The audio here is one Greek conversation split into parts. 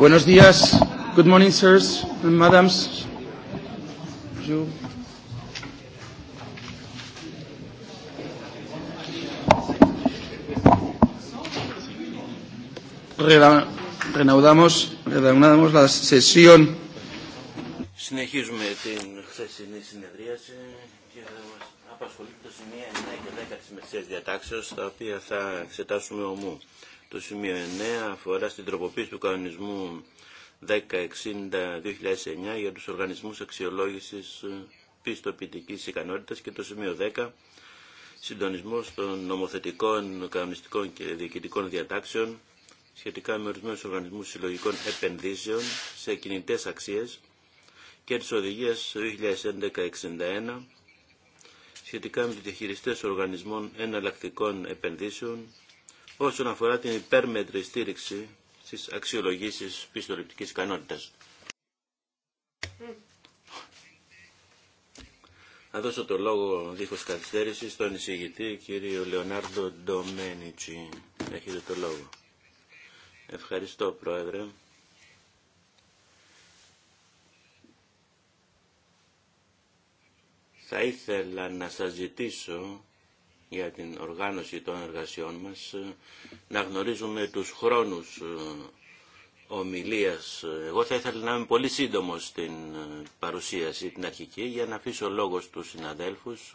Buenos días. Good morning, sirs and madams. Renaudamos, renaudamos la sesión. Συνεχίζουμε την χθεσινή συνεδρίαση και θα μας απασχολεί το σημείο 9 και 10 της μεσαίας διατάξεως, τα οποία θα εξετάσουμε ομού. Το σημείο 9 αφορά στην τροποποίηση του κανονισμού 1060-2009 για τους οργανισμούς αξιολόγησης πιστοποιητικής ικανότητας και το σημείο 10 συντονισμός των νομοθετικών, κανονιστικών και διοικητικών διατάξεων σχετικά με ορισμένου οργανισμούς συλλογικών επενδύσεων σε κινητές αξίες και τις οδηγιες 2011 2011-61 σχετικά με του διαχειριστέ οργανισμών εναλλακτικών επενδύσεων όσον αφορά την υπέρμετρη στήριξη στις αξιολογήσεις πιστοληπτικής ικανότητας. Θα δώσω το λόγο δίχως καθυστέρηση στον εισηγητή κύριο Λεωνάρντο Ντομένιτσι. Έχετε το λόγο. Ευχαριστώ Πρόεδρε. Θα ήθελα να σας ζητήσω για την οργάνωση των εργασιών μας, ε, να γνωρίζουμε τους χρόνους ε, ομιλίας. Εγώ θα ήθελα να είμαι πολύ σύντομο στην ε, παρουσίαση την αρχική για να αφήσω λόγο στους συναδέλφους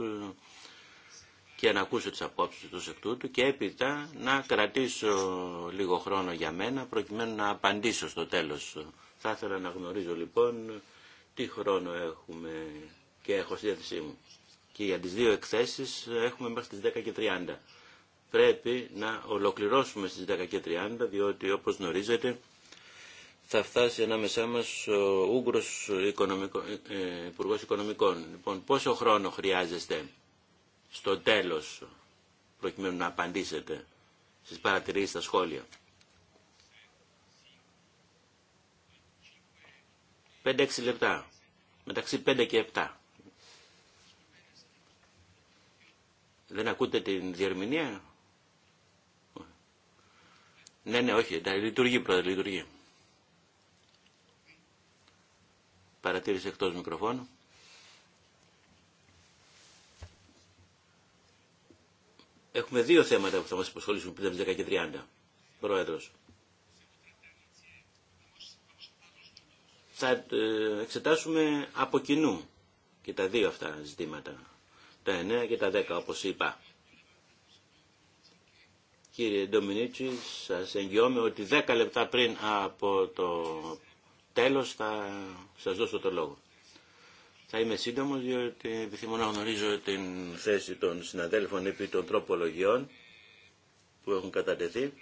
και να ακούσω τις απόψεις τους εκ τούτου και έπειτα να κρατήσω λίγο χρόνο για μένα προκειμένου να απαντήσω στο τέλος. Θα ήθελα να γνωρίζω λοιπόν τι χρόνο έχουμε και έχω στη διάθεσή μου και για τις δύο εκθέσεις έχουμε μέχρι τις 10 και 30. Πρέπει να ολοκληρώσουμε στις 10 και 30 διότι όπως γνωρίζετε θα φτάσει ανάμεσά μας ο Ούγγρος οικονομικό, ε, ε, Υπουργός Οικονομικών. Λοιπόν, πόσο χρόνο χρειάζεστε στο τέλος προκειμένου να απαντήσετε στις παρατηρήσεις στα σχόλια. 5-6 λεπτά. Μεταξύ 5 και 7. Δεν ακούτε την διερμηνία. Ναι, ναι, όχι, τα λειτουργεί πρώτα, λειτουργεί. Παρατήρησε εκτός μικροφώνου. Έχουμε δύο θέματα που θα μας υποσχολήσουν πριν από 10 και Πρόεδρος. Θα ε, εξετάσουμε από κοινού και τα δύο αυτά ζητήματα τα 9 και τα 10 όπως είπα. Κύριε Ντομινίτσι, σας εγγυώμαι ότι 10 λεπτά πριν από το τέλος θα σας δώσω το λόγο. Θα είμαι σύντομος διότι επιθυμώ να γνωρίζω την θέση των συναδέλφων επί των τροπολογιών που έχουν κατατεθεί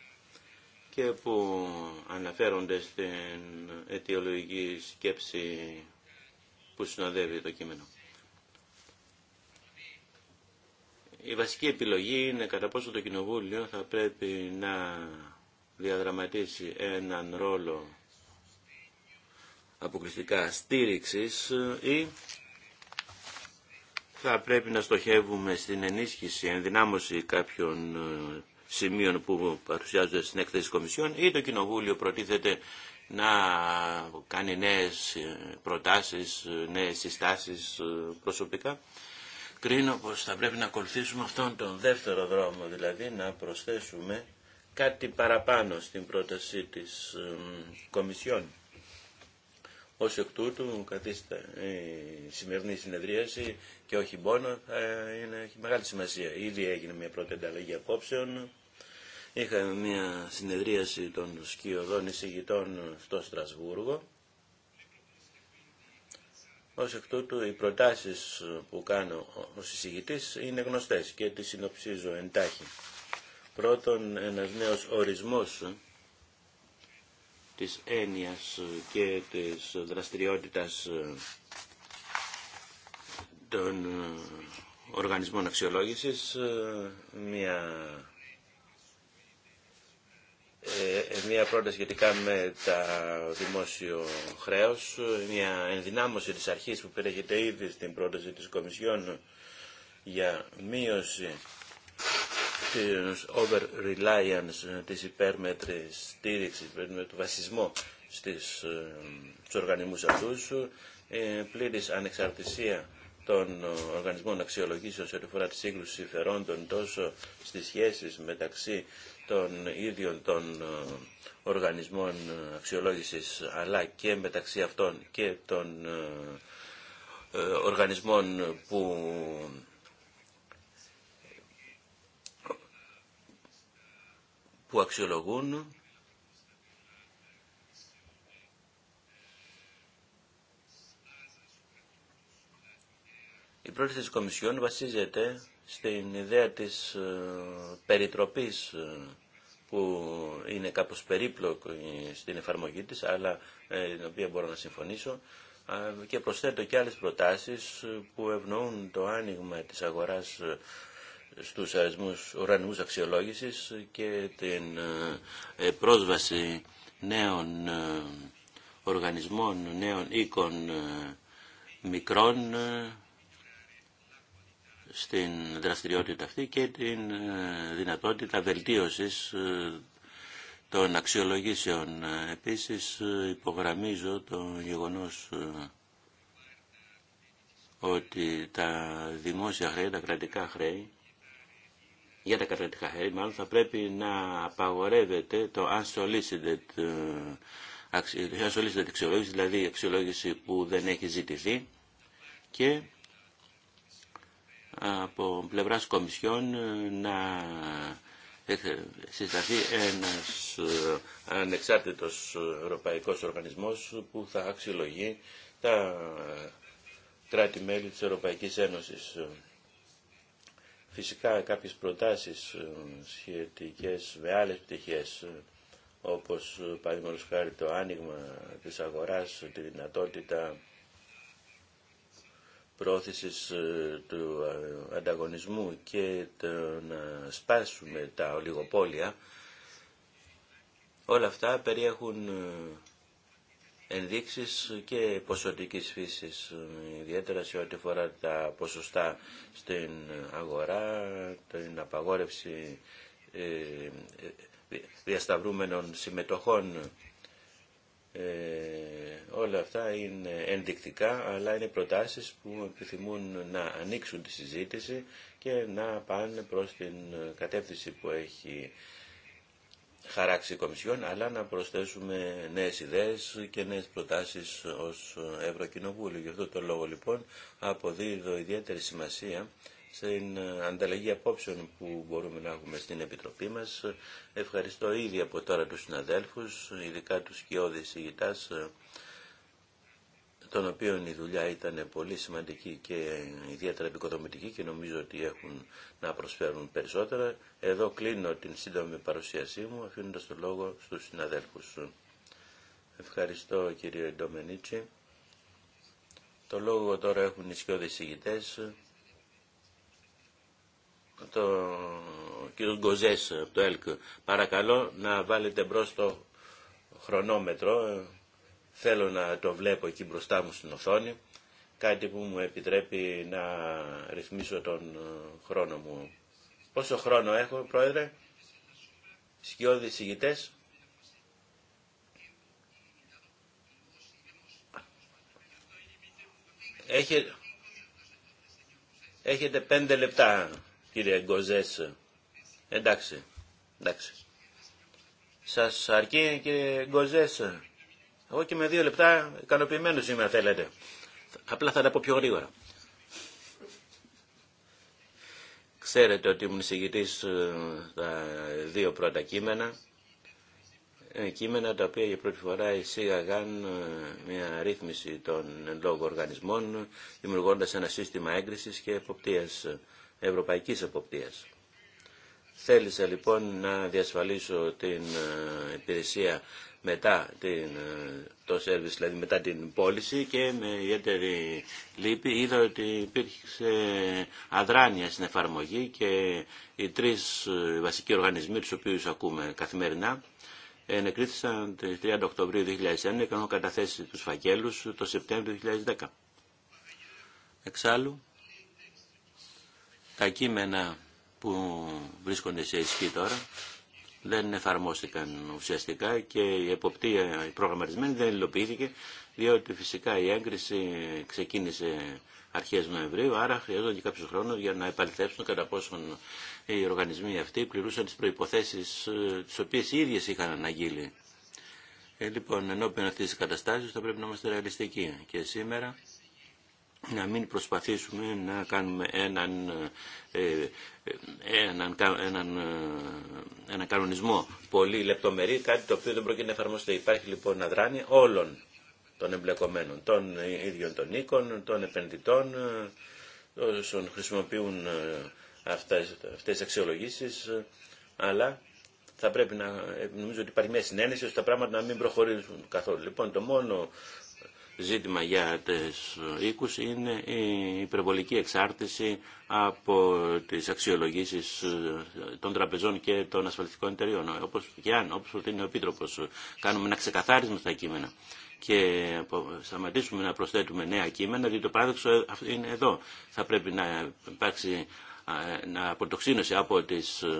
και που αναφέρονται στην αιτιολογική σκέψη που συνοδεύει το κείμενο. η βασική επιλογή είναι κατά πόσο το Κοινοβούλιο θα πρέπει να διαδραματίσει έναν ρόλο αποκλειστικά στήριξης ή θα πρέπει να στοχεύουμε στην ενίσχυση, ενδυνάμωση κάποιων ε, σημείων που παρουσιάζονται στην έκθεση της Κομισιόν ή το Κοινοβούλιο προτίθεται να κάνει νέες ε, προτάσεις, ε, νέες συστάσεις προσωπικά κρίνω πως θα πρέπει να ακολουθήσουμε αυτόν τον δεύτερο δρόμο, δηλαδή να προσθέσουμε κάτι παραπάνω στην πρόταση της Κομισιόν. Ως εκ τούτου, καθίστε η σημερινή συνεδρίαση και όχι μόνο, θα ε, είναι, έχει μεγάλη σημασία. Ήδη έγινε μια πρώτη ανταλλαγή απόψεων. Είχαμε μια συνεδρίαση των σκιωδών εισηγητών στο Στρασβούργο Ω εκ τούτου οι προτάσεις που κάνω ω εισηγητής είναι γνωστές και τις συνοψίζω εντάχει. Πρώτον, ένας νέος ορισμός της έννοια και της δραστηριότητας των οργανισμών αξιολόγηση. μια ε, ε, μια πρόταση σχετικά με τα δημόσιο χρέος, μια ενδυνάμωση της αρχής που περιέχεται ήδη στην πρόταση της Κομισιόν για μείωση της over-reliance, της υπέρμετρης στήριξης, του βασισμού στις, ε, στους οργανισμούς αυτούς, πλήρης ανεξαρτησία των οργανισμών αξιολογήσεων σε αφορά τη σύγκρουση συμφερόντων τόσο στις σχέσεις μεταξύ των ίδιων των ε, οργανισμών ε, αξιολόγησης αλλά και μεταξύ αυτών και των ε, οργανισμών που που αξιολογούν Η πρόταση της Κομισιόν βασίζεται στην ιδέα της ε, περιτροπής ε, που είναι κάπως περίπλοκη ε, στην εφαρμογή της, αλλά την οποία μπορώ να συμφωνήσω και προσθέτω και άλλες προτάσεις που ευνοούν το άνοιγμα της αγοράς στους αρισμούς, ουρανιούς αξιολόγησης και την πρόσβαση νέων οργανισμών, νέων οίκων μικρών στην δραστηριότητα αυτή και την ε, δυνατότητα βελτίωσης ε, των αξιολογήσεων. Επίσης ε, υπογραμμίζω το γεγονός ότι τα δημόσια χρέη, τα κρατικά χρέη, για τα κρατικά χρέη μάλλον θα πρέπει να απαγορεύεται το unsolicited, αξιολόγηση, δηλαδή αξιολόγηση που δεν έχει ζητηθεί και από πλευράς Κομισιόν ε, να συσταθεί ένας ε, ανεξάρτητος ευρωπαϊκός οργανισμός που θα αξιολογεί τα ε, κράτη-μέλη της Ευρωπαϊκής Ένωσης. Φυσικά κάποιες προτάσεις σχετικές με άλλες πτυχές όπως παραδείγματος χάρη το άνοιγμα της αγοράς, τη δυνατότητα πρόθεσης ε, του ε, ανταγωνισμού και το να σπάσουμε τα ολιγοπόλια, όλα αυτά περιέχουν ε, ενδείξεις και ποσοτικής φύσης, ιδιαίτερα σε ό,τι φορά τα ποσοστά στην αγορά, την απαγόρευση διασταυρούμενων συμμετοχών ε, όλα αυτά είναι ενδεικτικά, αλλά είναι προτάσεις που επιθυμούν να ανοίξουν τη συζήτηση και να πάνε προς την κατεύθυνση που έχει χαράξει η Κομισιόν, αλλά να προσθέσουμε νέες ιδέες και νέες προτάσεις ως Ευρωκοινοβούλιο. Γι' αυτό το λόγο λοιπόν αποδίδω ιδιαίτερη σημασία στην ανταλλαγή απόψεων που μπορούμε να έχουμε στην Επιτροπή μας. Ευχαριστώ ήδη από τώρα τους συναδέλφους, ειδικά τους κοιόδης ηγητάς, τον οποίων η δουλειά ήταν πολύ σημαντική και ιδιαίτερα επικοδομητική και νομίζω ότι έχουν να προσφέρουν περισσότερα. Εδώ κλείνω την σύντομη παρουσίασή μου, αφήνοντας το λόγο στους συναδέλφους. Ευχαριστώ κύριε Ντομενίτσι. Το λόγο τώρα έχουν οι σκιώδες ηγητές το κύριο Γκοζές από το ΕΛΚ. Παρακαλώ να βάλετε μπρος το χρονόμετρο. Θέλω να το βλέπω εκεί μπροστά μου στην οθόνη. Κάτι που μου επιτρέπει να ρυθμίσω τον ε, χρόνο μου. Πόσο χρόνο έχω, Πρόεδρε, σκιώδη ηγητές. έχετε πέντε λεπτά κύριε Γκοζές. Εντάξει, εντάξει. Σας αρκεί κύριε Γκοζές. Εγώ και με δύο λεπτά ικανοποιημένος είμαι θέλετε. Απλά θα τα πω πιο γρήγορα. Ξέρετε ότι ήμουν εισηγητής ε, τα δύο πρώτα κείμενα. Ε, κείμενα τα οποία για πρώτη φορά εισήγαγαν ε, μια ρύθμιση των λόγω οργανισμών, δημιουργώντας ένα σύστημα έγκρισης και εποπτείας ευρωπαϊκής εποπτείας. Θέλησα λοιπόν να διασφαλίσω την ε, υπηρεσία μετά την, ε, το σερβις, δηλαδή μετά την πώληση και με ιδιαίτερη λύπη είδα ότι υπήρχε αδράνεια στην εφαρμογή και οι τρεις ε, βασικοί οργανισμοί τους οποίους ακούμε καθημερινά ενεκρίθησαν το 30 Οκτωβρίου 2001 και έχουν καταθέσει τους φακέλους το Σεπτέμβριο 2010. Εξάλλου, τα κείμενα που βρίσκονται σε ισχύ τώρα δεν εφαρμόστηκαν ουσιαστικά και η εποπτεία η προγραμματισμένη δεν υλοποιήθηκε διότι φυσικά η έγκριση ξεκίνησε αρχές Νοεμβρίου, άρα χρειαζόταν και κάποιο χρόνο για να επαληθεύσουν κατά πόσον οι οργανισμοί αυτοί πληρούσαν τις προϋποθέσεις ε, τις οποίες οι ίδιες είχαν αναγγείλει. Ε, λοιπόν, ενώπιον αυτής της καταστάσεως θα πρέπει να είμαστε ρεαλιστικοί και σήμερα να μην προσπαθήσουμε να κάνουμε έναν, ε, ε, έναν, έναν, ε, έναν κανονισμό πολύ λεπτομερή, κάτι το οποίο δεν πρόκειται να εφαρμόσετε. Υπάρχει λοιπόν δράνει όλων των εμπλεκομένων, των ίδιων των οίκων, των επενδυτών, όσων χρησιμοποιούν αυτές, αυτές τις αξιολογήσεις, αλλά θα πρέπει να, νομίζω ότι υπάρχει μια συνένεση ώστε τα πράγματα να μην προχωρήσουν καθόλου. Λοιπόν, το μόνο ζήτημα για τις οίκους είναι η υπερβολική εξάρτηση από τις αξιολογήσεις των τραπεζών και των ασφαλιστικών εταιριών. Όπως, και αν, όπως προτείνει ο Επίτροπος, κάνουμε ένα ξεκαθάρισμα στα κείμενα και σταματήσουμε να προσθέτουμε νέα κείμενα, διότι το παράδοξο είναι εδώ. Θα πρέπει να υπάρξει να αποτοξίνωση από τις, από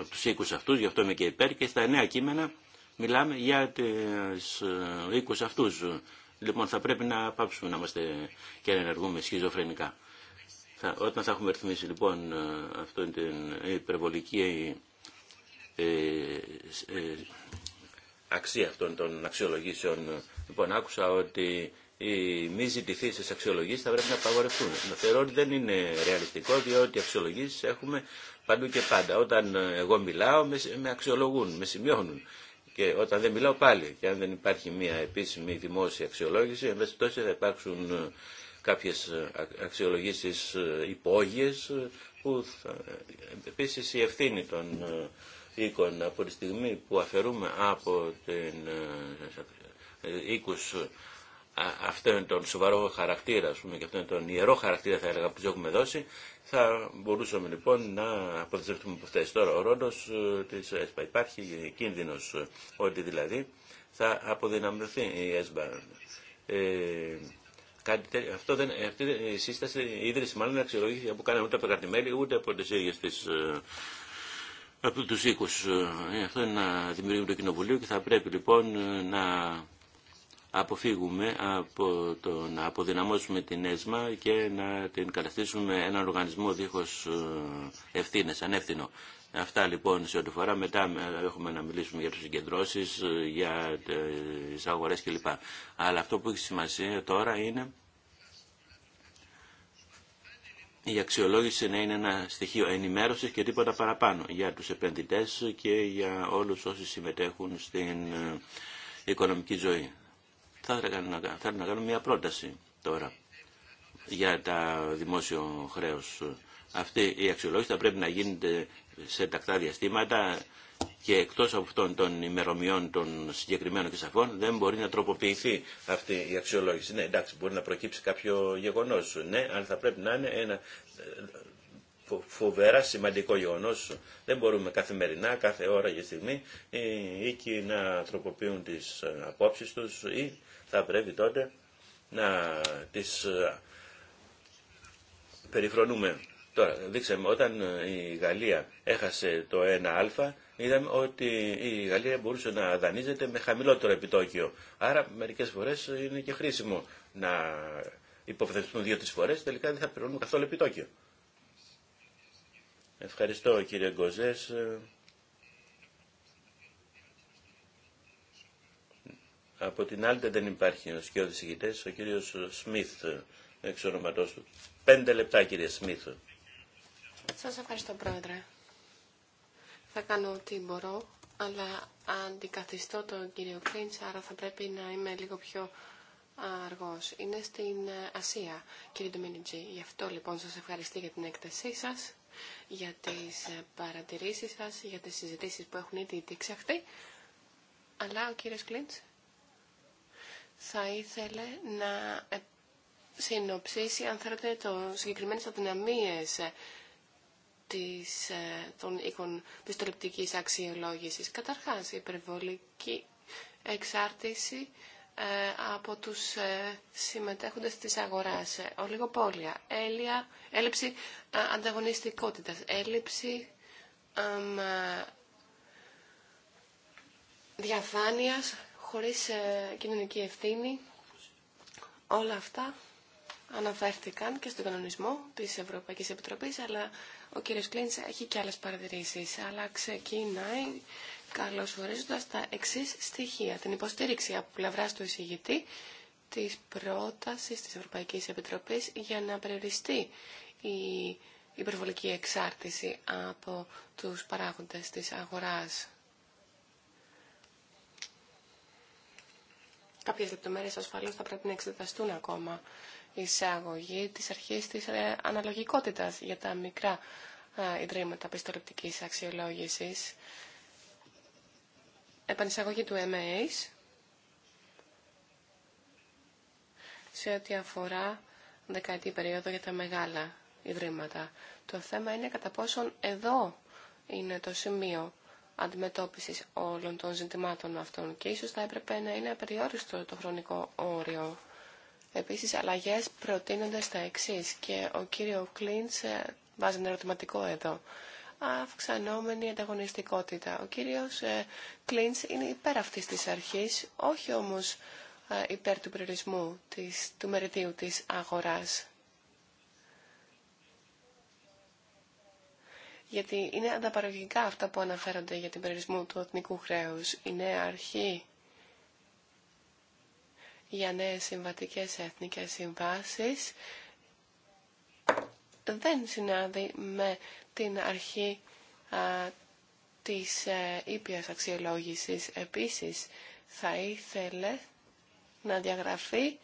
ε, τους οίκους αυτούς, γι' αυτό είμαι και υπέρ, και στα νέα κείμενα μιλάμε για τις ε, οίκους αυτούς. Λοιπόν, θα πρέπει να πάψουμε να είμαστε και να ενεργούμε σχιζοφρενικά. όταν θα έχουμε ρυθμίσει λοιπόν ε, αυτή την υπερβολική ε, ε, ε, αξία αυτών των αξιολογήσεων, λοιπόν άκουσα ότι οι μη ζητηθήσει αξιολογήσει θα πρέπει να απαγορευτούν. Θεωρώ ότι δεν είναι ρεαλιστικό διότι αξιολογήσει έχουμε παντού και πάντα. Όταν εγώ μιλάω, με αξιολογούν, με σημειώνουν. Και όταν δεν μιλάω πάλι και αν δεν υπάρχει μια επίσημη δημόσια αξιολόγηση, εν θα υπάρξουν ε, κάποιες ε, αξιολογήσεις ε, υπόγειες που θα... επίσης η ευθύνη των οίκων από τη στιγμή που αφαιρούμε από την οίκους αυτό είναι τον σοβαρό χαρακτήρα, πούμε, και αυτό είναι τον ιερό χαρακτήρα, θα που του έχουμε δώσει, θα μπορούσαμε λοιπόν να αποδεχτούμε από αυτέ. Τώρα, ο ρόλο ε, τη ΕΣΠΑ υπάρχει κίνδυνο ε, ότι δηλαδή θα αποδυναμωθεί η ΕΣΠΑ. Ε, κάτι αυτό δεν, αυτή η σύσταση, η ίδρυση μάλλον δεν αξιολογήθηκε από κανένα ούτε από τα κρατημέλη ούτε από τις ίδιε ε, από τους οίκους. Αυτό είναι να δημιουργείο το κοινοβουλίο και θα πρέπει λοιπόν να αποφύγουμε από να αποδυναμώσουμε την ΕΣΜΑ και να την καταστήσουμε έναν οργανισμό δίχως ε, ευθύνες, ανεύθυνο. Αυτά λοιπόν σε ό,τι φορά. Μετά ε, έχουμε να μιλήσουμε για τις συγκεντρώσει, ε, για τις αγορές κλπ. Αλλά αυτό που έχει σημασία τώρα είναι η αξιολόγηση να είναι ένα στοιχείο ενημέρωσης και τίποτα παραπάνω για τους επενδυτές και για όλους όσοι συμμετέχουν στην οικονομική ζωή. Θα ήθελα να κάνω μια πρόταση τώρα για τα δημόσιο χρέος. Αυτή η αξιολόγηση θα πρέπει να γίνεται σε τακτά διαστήματα και εκτός από αυτών των ημερομιών των συγκεκριμένων και σαφών δεν μπορεί να τροποποιηθεί αυτή η αξιολόγηση. Ναι, εντάξει, μπορεί να προκύψει κάποιο γεγονός, ναι, αλλά θα πρέπει να είναι ένα φοβερά σημαντικό γεγονό. Δεν μπορούμε καθημερινά, κάθε ώρα και στιγμή οι οίκοι να τροποποιούν τις ε, απόψεις τους ή θα πρέπει τότε να τις ε, περιφρονούμε. Τώρα, δείξαμε, όταν ε, η Γαλλία έχασε το 1α, είδαμε ότι η Γαλλία μπορούσε να δανείζεται με χαμηλότερο επιτόκιο. Άρα, μερικές φορές είναι και χρήσιμο να υποφευθούν δυο δύο-τρει φορέ τελικά δεν θα πληρώνουν καθόλου επιτόκιο. Ευχαριστώ κύριε Γκοζές. Από την άλλη δεν υπάρχει ο σκιώδης ηγητές, ο κύριος Σμιθ, εξ ονοματός του. Πέντε λεπτά κύριε Σμιθ. Σας ευχαριστώ πρόεδρε. Θα κάνω ό,τι μπορώ, αλλά αντικαθιστώ τον κύριο Κρίντς, άρα θα πρέπει να είμαι λίγο πιο αργός. Είναι στην Ασία, κύριε Ντομίνιτζη. Γι' αυτό λοιπόν σας ευχαριστώ για την έκθεσή σας για τις ε, παρατηρήσεις σας, για τις συζητήσεις που έχουν ήδη διεξαχθεί. Αλλά ο κύριος Κλίντς θα ήθελε να ε, συνοψίσει, αν θέλετε, το συγκεκριμένες αδυναμίες ε, της, των οίκων της αξιολόγησης. Καταρχάς, η υπερβολική εξάρτηση ε, από τους ε, συμμετέχοντες της αγοράς. Ε, Ολιγοπόλια, έλεια, έλλειψη ανταγωνιστικότητας, έλλειψη διαφάνειας χωρίς κοινωνική ευθύνη. Όλα αυτά αναφέρθηκαν και στον κανονισμό της Ευρωπαϊκής Επιτροπής, αλλά ο κύριος Κλίντς έχει και άλλες παρατηρήσεις, αλλά ξεκινάει καλωσορίζοντας τα εξή στοιχεία. Την υποστήριξη από πλευρά του εισηγητή της πρότασης της Ευρωπαϊκής Επιτροπής για να περιοριστεί η υπερβολική εξάρτηση από τους παράγοντες της αγοράς. Κάποιες λεπτομέρειες ασφαλώς θα πρέπει να εξεταστούν ακόμα εισαγωγή της αρχής της ε, αναλογικότητας για τα μικρά ε, ιδρύματα πιστοληπτικής αξιολόγησης, επανεισαγωγή του MAs σε ό,τι αφορά δεκαετή περίοδο για τα μεγάλα ιδρύματα. Το θέμα είναι κατά πόσον εδώ είναι το σημείο αντιμετώπισης όλων των ζητημάτων αυτών και ίσως θα έπρεπε να είναι απεριόριστο το χρονικό όριο Επίσης, αλλαγές προτείνονται στα εξή και ο κύριο Κλίντς ε, βάζει ένα ερωτηματικό εδώ. Αυξανόμενη ανταγωνιστικότητα. Ο κύριος ε, Κλίντς είναι υπέρ αυτής της αρχής, όχι όμως ε, υπέρ του περιορισμού της, του μεριδίου της αγοράς. Γιατί είναι ανταπαραγωγικά αυτά που αναφέρονται για την περιορισμό του εθνικού χρέους. είναι αρχή για νέες συμβατικές εθνικές συμβάσεις δεν συνάδει με την αρχή της ε, ήπιας αξιολόγησης. Επίσης, θα ήθελε να διαγραφεί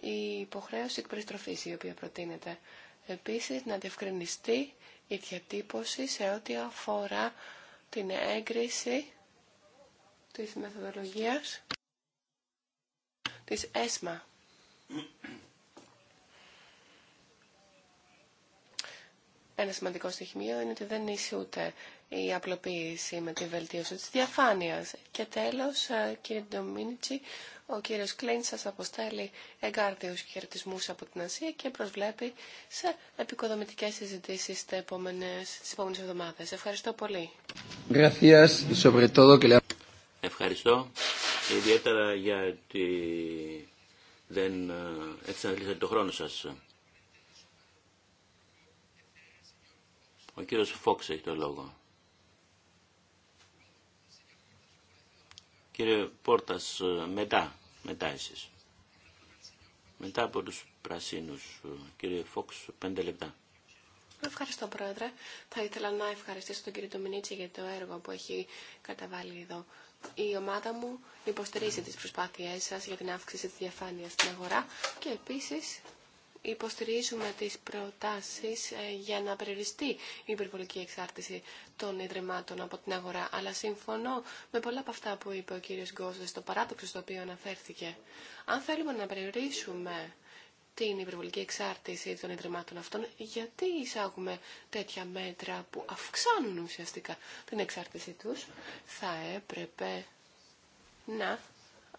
η υποχρέωση εκπεριστροφής η οποία προτείνεται. Επίσης, να διευκρινιστεί η διατύπωση σε ό,τι αφορά την έγκριση της μεθοδολογίας της ΕΣΜΑ. Ένα σημαντικό στοιχείο είναι ότι δεν ούτε η απλοποίηση με τη βελτίωση της διαφάνειας. Και τέλος, ε, κύριε Ντομίνιτσι, ο κύριος Κλέιν σας αποστέλει εγκάρδιους χαιρετισμούς από την Ασία και προσβλέπει σε επικοδομητικές συζητήσεις τις επόμενες, τις εβδομάδες. Ευχαριστώ πολύ. Ευχαριστώ ιδιαίτερα γιατί δεν εξαντλήσατε το χρόνο σας. Ο κύριος Φόξ έχει το λόγο. Κύριε Πόρτας, ε, μετά, μετά εσείς. Μετά από τους πρασίνους, ε, κύριε Φόξ, πέντε λεπτά. Ευχαριστώ, Πρόεδρε. Θα ήθελα να ευχαριστήσω τον κύριο Ντομινίτση για το έργο που έχει καταβάλει εδώ η ομάδα μου υποστηρίζει τις προσπάθειές σας για την αύξηση της διαφάνειας στην αγορά και επίσης υποστηρίζουμε τις προτάσεις ε, για να περιοριστεί η υπερβολική εξάρτηση των ιδρυμάτων από την αγορά. Αλλά συμφωνώ με πολλά από αυτά που είπε ο κύριος Γκόζε στο παράδοξο στο οποίο αναφέρθηκε. Αν θέλουμε να περιορίσουμε την υπερβολική εξάρτηση των ιδρυμάτων αυτών, γιατί εισάγουμε τέτοια μέτρα που αυξάνουν ουσιαστικά την εξάρτησή τους, θα έπρεπε να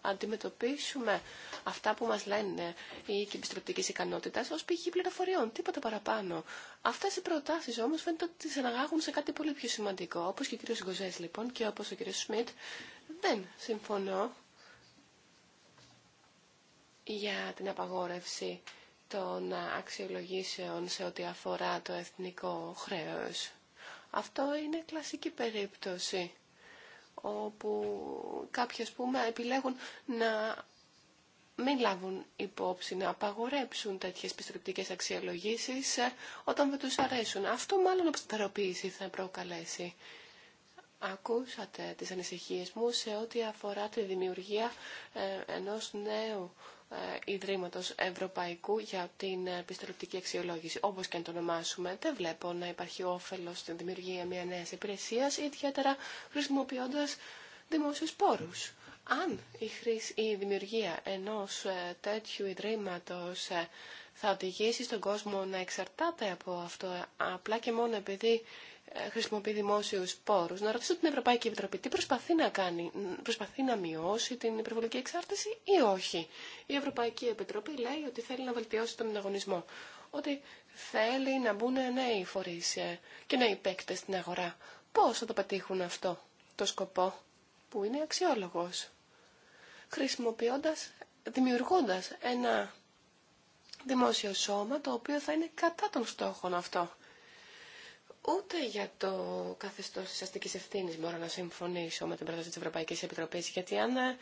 αντιμετωπίσουμε αυτά που μας λένε οι κυμπιστροπτικής ικανότητες ως πηγή πληροφοριών, τίποτα παραπάνω. Αυτές οι προτάσεις όμως φαίνεται ότι τις αναγάγουν σε κάτι πολύ πιο σημαντικό, όπως και ο κ. Γκοζές λοιπόν και όπως ο κ. Σμιτ. Δεν συμφωνώ για την απαγόρευση των αξιολογήσεων σε ό,τι αφορά το εθνικό χρέος. Αυτό είναι κλασική περίπτωση όπου κάποιοι ας πούμε επιλέγουν να μην λάβουν υπόψη να απαγορέψουν τέτοιες πιστρεπτικές αξιολογήσεις ε, όταν δεν τους αρέσουν. Αυτό μάλλον αποσταθεροποίηση θα προκαλέσει. Ακούσατε τις ανησυχίες μου σε ό,τι αφορά τη δημιουργία ε, ενός νέου ε, Ιδρύματος Ευρωπαϊκού για την επιστροφική αξιολόγηση, όπως και να το ονομάσουμε. Δεν βλέπω να υπάρχει όφελος στην δημιουργία μια νέα υπηρεσία, ιδιαίτερα χρησιμοποιώντας δημόσιους πόρους. Αν η, η δημιουργία ενός ε, τέτοιου Ιδρύματος θα οδηγήσει στον κόσμο να εξαρτάται από αυτό, απλά και μόνο επειδή ε, χρησιμοποιεί δημόσιου πόρου. Να ρωτήσω την Ευρωπαϊκή Επιτροπή τι προσπαθεί να κάνει. Προσπαθεί να μειώσει την υπερβολική εξάρτηση ή όχι. Η Ευρωπαϊκή Επιτροπή λέει ότι θέλει να βελτιώσει τον ανταγωνισμό. Ότι θέλει να μπουν νέοι φορεί ε, και νέοι παίκτε στην αγορά. Πώ θα το πετύχουν αυτό το σκοπό που είναι αξιόλογο. Χρησιμοποιώντα, δημιουργώντα ένα δημόσιο σώμα το οποίο θα είναι κατά των στόχων αυτό. Ούτε για το καθεστώ τη αστική ευθύνη μπορώ να συμφωνήσω με την πρόταση τη Ευρωπαϊκή Επιτροπή, γιατί αν ε,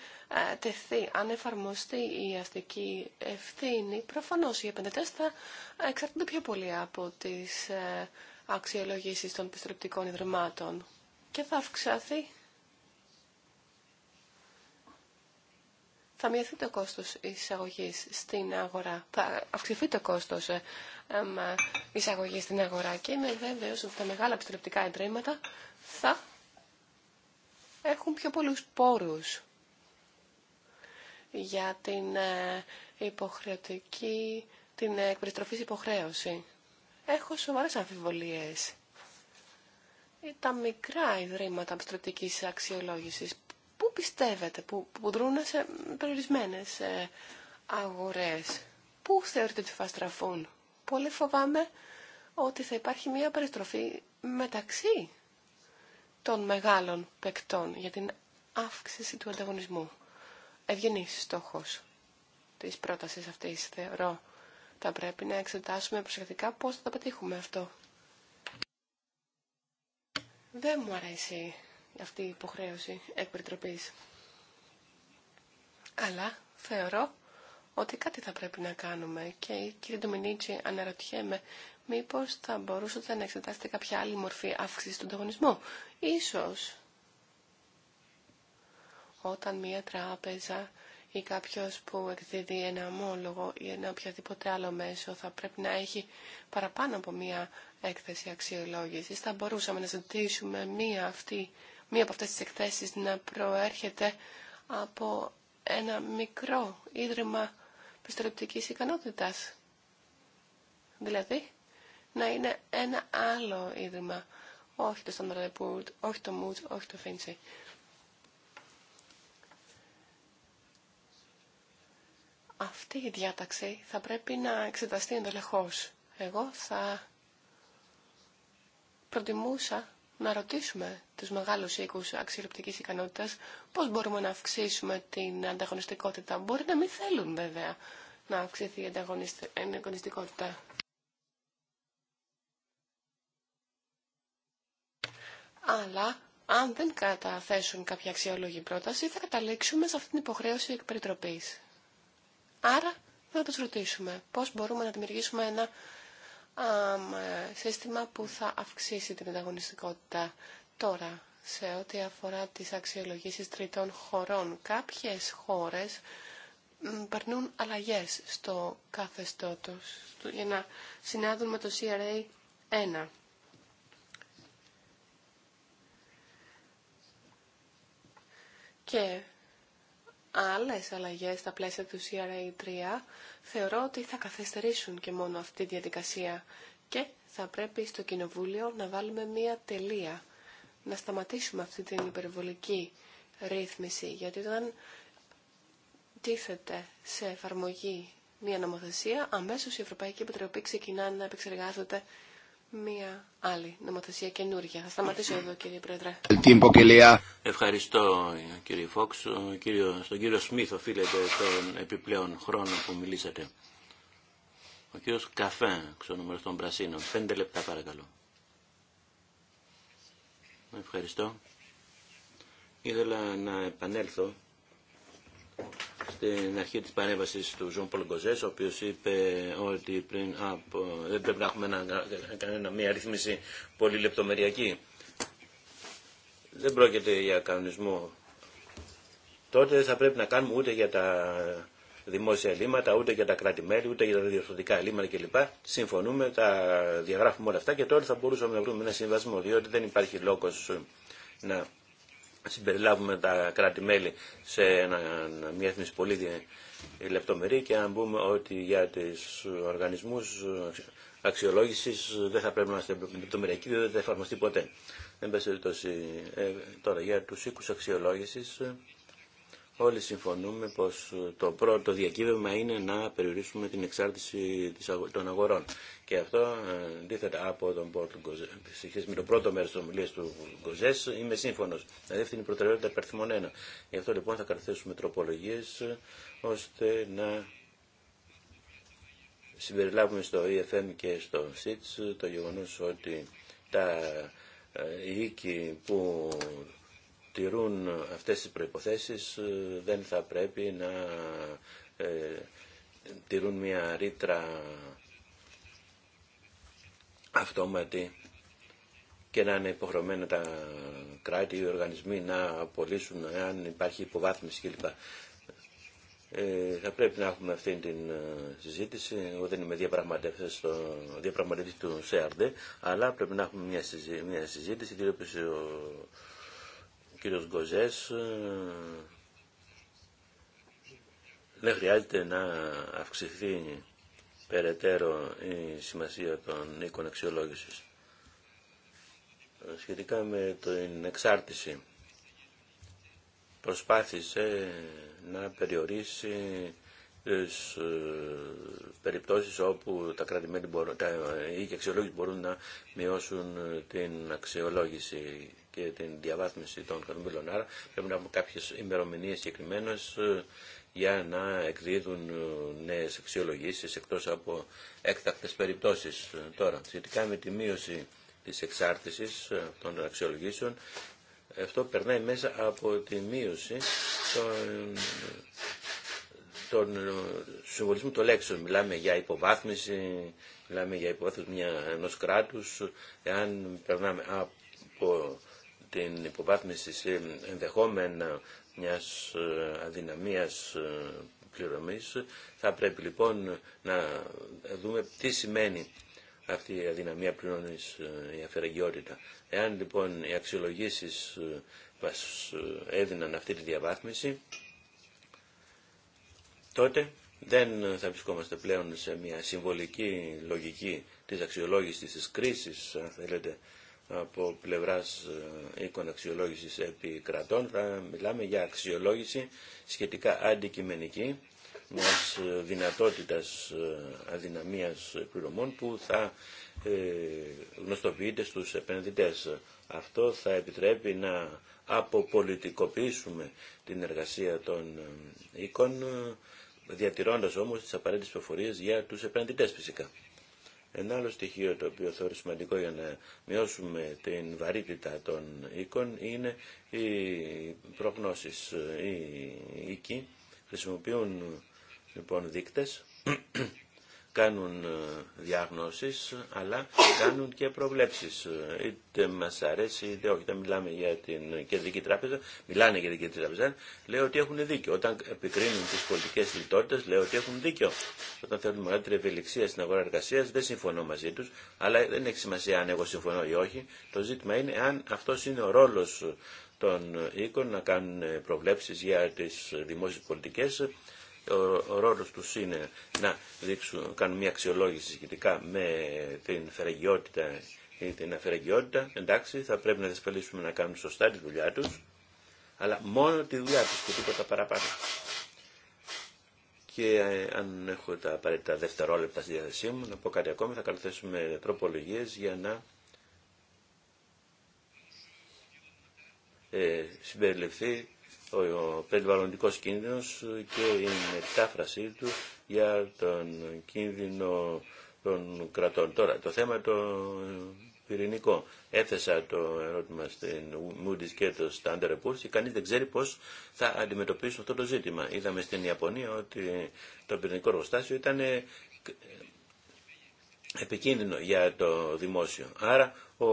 τεθεί, αν εφαρμοστεί η αστική ευθύνη, προφανώ οι επενδυτέ θα εξαρτούνται πιο πολύ από τι ε, αξιολογήσει των επιστρεπτικών ιδρυμάτων και θα αυξαθεί θα μειωθεί το κόστος εισαγωγής στην αγορά, θα αυξηθεί το κόστος ε, εισαγωγής στην αγορά και είμαι βέβαιος ότι τα μεγάλα επιστρεπτικά εντρήματα θα έχουν πιο πολλούς πόρους για την ε, υποχρεωτική, την εκπεριστροφή υποχρέωση. Έχω σοβαρές αμφιβολίες. Ε, τα μικρά ιδρύματα πιστροπτικής αξιολόγησης Πού πιστεύετε, που, που δρούν σε περιορισμένες ε, αγορές, πού θεωρείτε ότι θα στραφούν. Πολύ φοβάμαι ότι θα υπάρχει μια περιστροφή μεταξύ των μεγάλων παικτών για την αύξηση του ανταγωνισμού. Ευγενής στόχος της πρότασης αυτής, θεωρώ. Θα πρέπει να εξετάσουμε προσεκτικά πώς θα το πετύχουμε αυτό. Δεν μου αρέσει αυτή η υποχρέωση εκπεριτροπής. Αλλά θεωρώ ότι κάτι θα πρέπει να κάνουμε και κύριε Ντομινίτσι αναρωτιέμαι μήπως θα μπορούσατε να εξετάσετε κάποια άλλη μορφή αύξησης του ανταγωνισμού. Ίσως όταν μία τράπεζα ή κάποιος που εκδίδει ένα ομόλογο ή ένα οποιαδήποτε άλλο μέσο θα πρέπει να έχει παραπάνω από μία έκθεση αξιολόγησης. Θα μπορούσαμε να ζητήσουμε μία αυτή μία από αυτές τις εκθέσεις να προέρχεται από ένα μικρό ίδρυμα πιστοληπτικής ικανότητας. Δηλαδή, να είναι ένα άλλο ίδρυμα. Όχι το Standard όχι το Moods, όχι το Finchie. Αυτή η διάταξη θα πρέπει να εξεταστεί εντελεχώς. Εγώ θα προτιμούσα να ρωτήσουμε τους μεγάλους οίκους αξιολοπτικής ικανότητας πώς μπορούμε να αυξήσουμε την ανταγωνιστικότητα. Μπορεί να μην θέλουν βέβαια να αυξηθεί η ανταγωνιστικότητα. Αλλά αν δεν καταθέσουν κάποια αξιόλογη πρόταση θα καταλήξουμε σε αυτή την υποχρέωση εκπεριτροπής. Άρα θα τους ρωτήσουμε πώς μπορούμε να δημιουργήσουμε ένα ε, σύστημα που θα αυξήσει την ανταγωνιστικότητα τώρα σε ό,τι αφορά τις αξιολογήσεις τριτών χωρών. Κάποιες χώρες περνούν αλλαγές στο καθεστώ του για να συνάδουν με το CRA 1. Και άλλες αλλαγές στα πλαίσια του CRA3 θεωρώ ότι θα καθυστερήσουν και μόνο αυτή τη διαδικασία και θα πρέπει στο Κοινοβούλιο να βάλουμε μία τελεία, να σταματήσουμε αυτή την υπερβολική ρύθμιση, γιατί όταν τίθεται σε εφαρμογή μία νομοθεσία, αμέσως η Ευρωπαϊκή Επιτροπή ξεκινά να επεξεργάζεται μία άλλη νομοθεσία καινούργια. Θα σταματήσω εδώ κύριε Πρόεδρε. Ευχαριστώ κύριε Φόξ. κύριο, στον κύριο Σμίθ οφείλεται τον επιπλέον χρόνο που μιλήσατε. Ο κύριος Καφέ, ξενομέρος των Πρασίνων. Πέντε λεπτά παρακαλώ. Ευχαριστώ. Ήθελα να επανέλθω στην αρχή της παρέμβασης του Ζων Πολγκοζές, ο οποίος είπε ότι πριν δεν πρέπει να έχουμε κανένα, μια ρύθμιση πολύ λεπτομεριακή. Δεν πρόκειται για κανονισμό. Τότε δεν θα πρέπει να κάνουμε ούτε για τα δημόσια ελλείμματα, ούτε για τα κράτη-μέλη, ούτε για τα διορθωτικά ελλείμματα κλπ. Συμφωνούμε, τα διαγράφουμε όλα αυτά και τώρα θα μπορούσαμε να βρούμε ένα συμβασμό, διότι δεν υπάρχει λόγος να συμπεριλάβουμε τα κράτη-μέλη σε μια εθνική πολύ λεπτομερή και αν πούμε ότι για τις οργανισμούς αξιολόγησης δεν θα πρέπει να είμαστε λεπτομεριακοί, δεν θα εφαρμοστεί ποτέ. Δεν ε, τώρα για τους οίκους αξιολόγησης Όλοι συμφωνούμε πως ε, το πρώτο διακύβευμα είναι να περιορίσουμε την εξάρτηση των αγορών. Και αυτό, ε, αντίθετα από τον Πόρτο Γκοζέ. με το πρώτο μέρος της ομιλίας του Γκοζέ είμαι σύμφωνος. να δηλαδή, αυτή είναι προτεραιότητα υπερθυμών ένα. Γι' αυτό λοιπόν θα καταθέσουμε τροπολογίες ώστε να συμπεριλάβουμε στο EFM και στο SITS το γεγονός ότι τα ε, οίκοι που τηρούν αυτές τις προϋποθέσεις ε, δεν θα πρέπει να ε, τηρούν μια ρήτρα αυτόματη και να είναι υποχρεωμένα τα κράτη ή οι οργανισμοί να απολύσουν αν υπάρχει υποβάθμιση κλπ. Ε, θα πρέπει να έχουμε αυτή την ε, συζήτηση. Εγώ δεν είμαι διαπραγματευτής, του ΣΕΑΡΔΕ, αλλά πρέπει να έχουμε μια, συζήτηση, κύριος Γκοζές ε, δεν χρειάζεται να αυξηθεί περαιτέρω η σημασία των οίκων αξιολόγηση. Σχετικά με την εξάρτηση, προσπάθησε να περιορίσει τις ε, περιπτώσεις όπου τα κρατημένη μπορούν, τα αξιολόγηση μπορούν να μειώσουν την αξιολόγηση και την διαβάθμιση των κονδύλων. Άρα πρέπει να έχουμε κάποιε ημερομηνίε συγκεκριμένε ε, για να εκδίδουν ε, νέες αξιολογήσει εκτός από έκτακτες περιπτώσεις. Ε, τώρα, σχετικά με τη μείωση τη εξάρτηση των αξιολογήσεων, αυτό περνάει μέσα από τη μείωση των τον συμβολισμό των λέξεων. Μιλάμε για υποβάθμιση, μιλάμε για υποβάθμιση ενό ενός Εάν περνάμε από την υποβάθμιση σε ενδεχόμενα μιας ε, αδυναμίας ε, πληρωμής. Θα πρέπει λοιπόν να δούμε τι σημαίνει αυτή η αδυναμία πληρωμής, ε, η αφαιρεγιότητα. Εάν λοιπόν οι αξιολογήσεις μας έδιναν αυτή τη διαβάθμιση, τότε δεν θα βρισκόμαστε πλέον σε μια συμβολική λογική της αξιολόγησης της κρίσης, αν θέλετε, από πλευράς ε, οίκων αξιολόγησης επί κρατών. Θα μιλάμε για αξιολόγηση σχετικά αντικειμενική μιας ε, δυνατότητας ε, αδυναμίας πληρωμών που θα γνωστοποιείται στους επενδυτές. Αυτό θα επιτρέπει να αποπολιτικοποιήσουμε την εργασία των οίκων, διατηρώντας όμως τις απαραίτητες προφορίες για τους επενδυτές φυσικά. Ένα άλλο στοιχείο το οποίο θεωρεί σημαντικό για να μειώσουμε την βαρύτητα των οίκων είναι οι προγνώσεις. Οι οίκοι χρησιμοποιούν λοιπόν δείκτες κάνουν ε, διαγνώσεις αλλά κάνουν και προβλέψεις. Είτε μας αρέσει είτε όχι. όταν μιλάμε για την κεντρική τράπεζα, μιλάνε για την κεντρική τράπεζα, λέω ότι έχουν δίκιο. Όταν επικρίνουν τις πολιτικές λιτότητες λέω ότι έχουν δίκιο. Όταν θέλουν μεγαλύτερη ευελιξία στην αγορά εργασία, δεν συμφωνώ μαζί τους, αλλά δεν έχει σημασία αν εγώ συμφωνώ ή όχι. Το ζήτημα είναι αν αυτό είναι ο ρόλος των οίκων να κάνουν προβλέψεις για τις δημόσιες πολιτικές ο ρόλος τους είναι να δείξουν, κάνουν μια αξιολόγηση σχετικά με την φεραγιότητα ή την αφαιρεγιότητα. Εντάξει, θα πρέπει να δεσπελίσουμε να κάνουν σωστά τη δουλειά τους, αλλά μόνο τη δουλειά τους και τίποτα παραπάνω. Και ε, αν έχω τα απαραίτητα δευτερόλεπτα στη διάθεσή μου, να πω κάτι ακόμη, θα καλωθέσουμε τροπολογίες για να ε, συμπεριληφθεί ο περιβαλλοντικός κίνδυνος και η μετάφρασή του για τον κίνδυνο των κρατών. Τώρα, το θέμα το πυρηνικό. Έθεσα το ερώτημα στην Moody's και το Standard Poor's και κανείς δεν ξέρει πώς θα αντιμετωπίσουν αυτό το ζήτημα. Είδαμε στην Ιαπωνία ότι το πυρηνικό εργοστάσιο ήταν επικίνδυνο για το δημόσιο. Άρα ο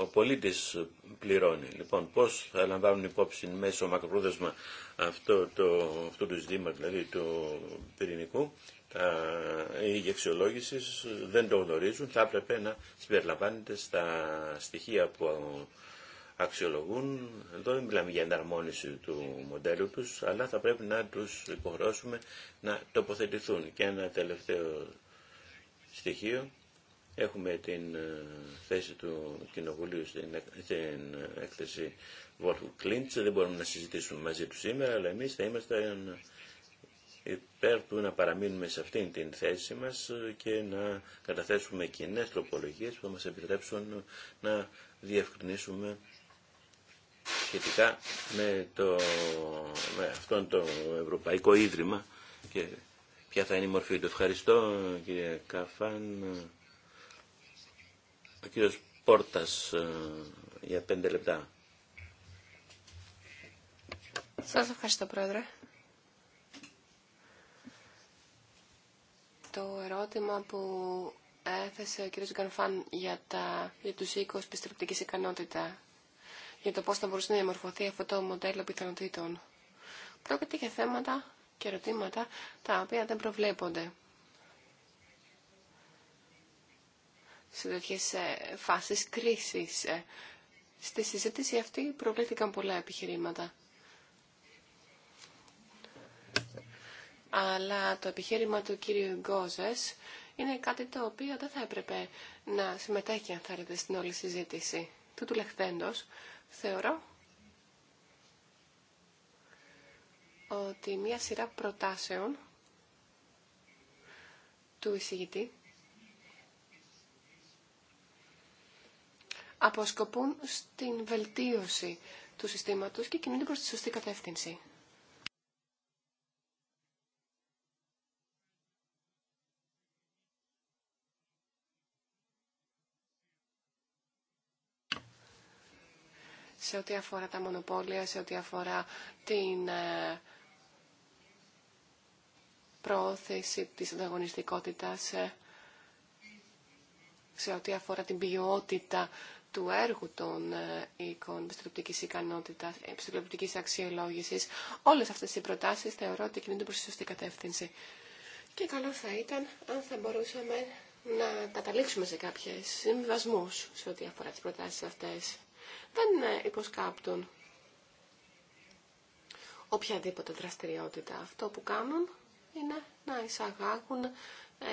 ο πολίτης πληρώνει. Λοιπόν, πώς θα λαμβάνουν υπόψη μέσω μακροπρόθεσμα αυτό το, αυτό το δηλαδή του πυρηνικού, η αξιολόγηση δεν το γνωρίζουν, θα έπρεπε να συμπεριλαμβάνεται στα στοιχεία που αξιολογούν. Εδώ δεν μιλάμε για εναρμόνιση του μοντέλου τους, αλλά θα πρέπει να τους υποχρεώσουμε να τοποθετηθούν. Και ένα τελευταίο στοιχείο Έχουμε την ε, θέση του Κοινοβουλίου στην ε, έκθεση Βόλφου Κλίντς. Δεν μπορούμε να συζητήσουμε μαζί του σήμερα, αλλά εμείς θα είμαστε υπέρ του να παραμείνουμε σε αυτήν την θέση μας ε, και να καταθέσουμε κοινέ τροπολογίες που θα μας επιτρέψουν να διευκρινίσουμε σχετικά με, το, αυτόν το Ευρωπαϊκό Ίδρυμα και ποια θα είναι η μορφή του. Ευχαριστώ κύριε Καφάν. Ο κύριος Πόρτας ε, για πέντε λεπτά. Σας ευχαριστώ, Πρόεδρε. Το ερώτημα που έθεσε ο κύριος Γκανφάν για, τα, για τους οίκους ικανότητα, για το πώς θα μπορούσε να διαμορφωθεί αυτό το μοντέλο πιθανότητων. Πρόκειται για θέματα και ερωτήματα τα οποία δεν προβλέπονται σε τέτοιες ε, φάσεις κρίσης. Ε, στη συζήτηση αυτή προβλήθηκαν πολλά επιχειρήματα. Αλλά το επιχείρημα του κύριου Γκόζες είναι κάτι το οποίο δεν θα έπρεπε να συμμετέχει, αν θέλετε, στην όλη συζήτηση. Του του λεχθέντος, θεωρώ ότι μία σειρά προτάσεων του εισηγητή αποσκοπούν στην βελτίωση του συστήματος και κινούνται προς τη σωστή κατεύθυνση. σε ό,τι αφορά τα μονοπόλια, σε ό,τι αφορά την ε, προώθηση της ανταγωνιστικότητας, ε, σε ό,τι αφορά την ποιότητα του έργου των ε, οίκων πιστοληπτικής ικανότητας, ε, πιστοληπτικής αξιολόγησης. Όλες αυτές οι προτάσεις θεωρώ ότι κινούνται προς τη σωστή κατεύθυνση. Και καλό θα ήταν αν θα μπορούσαμε να καταλήξουμε σε κάποιες συμβιβασμούς σε ό,τι αφορά τις προτάσεις αυτές. Δεν ε, υποσκάπτουν οποιαδήποτε δραστηριότητα. Αυτό που κάνουν είναι να εισαγάγουν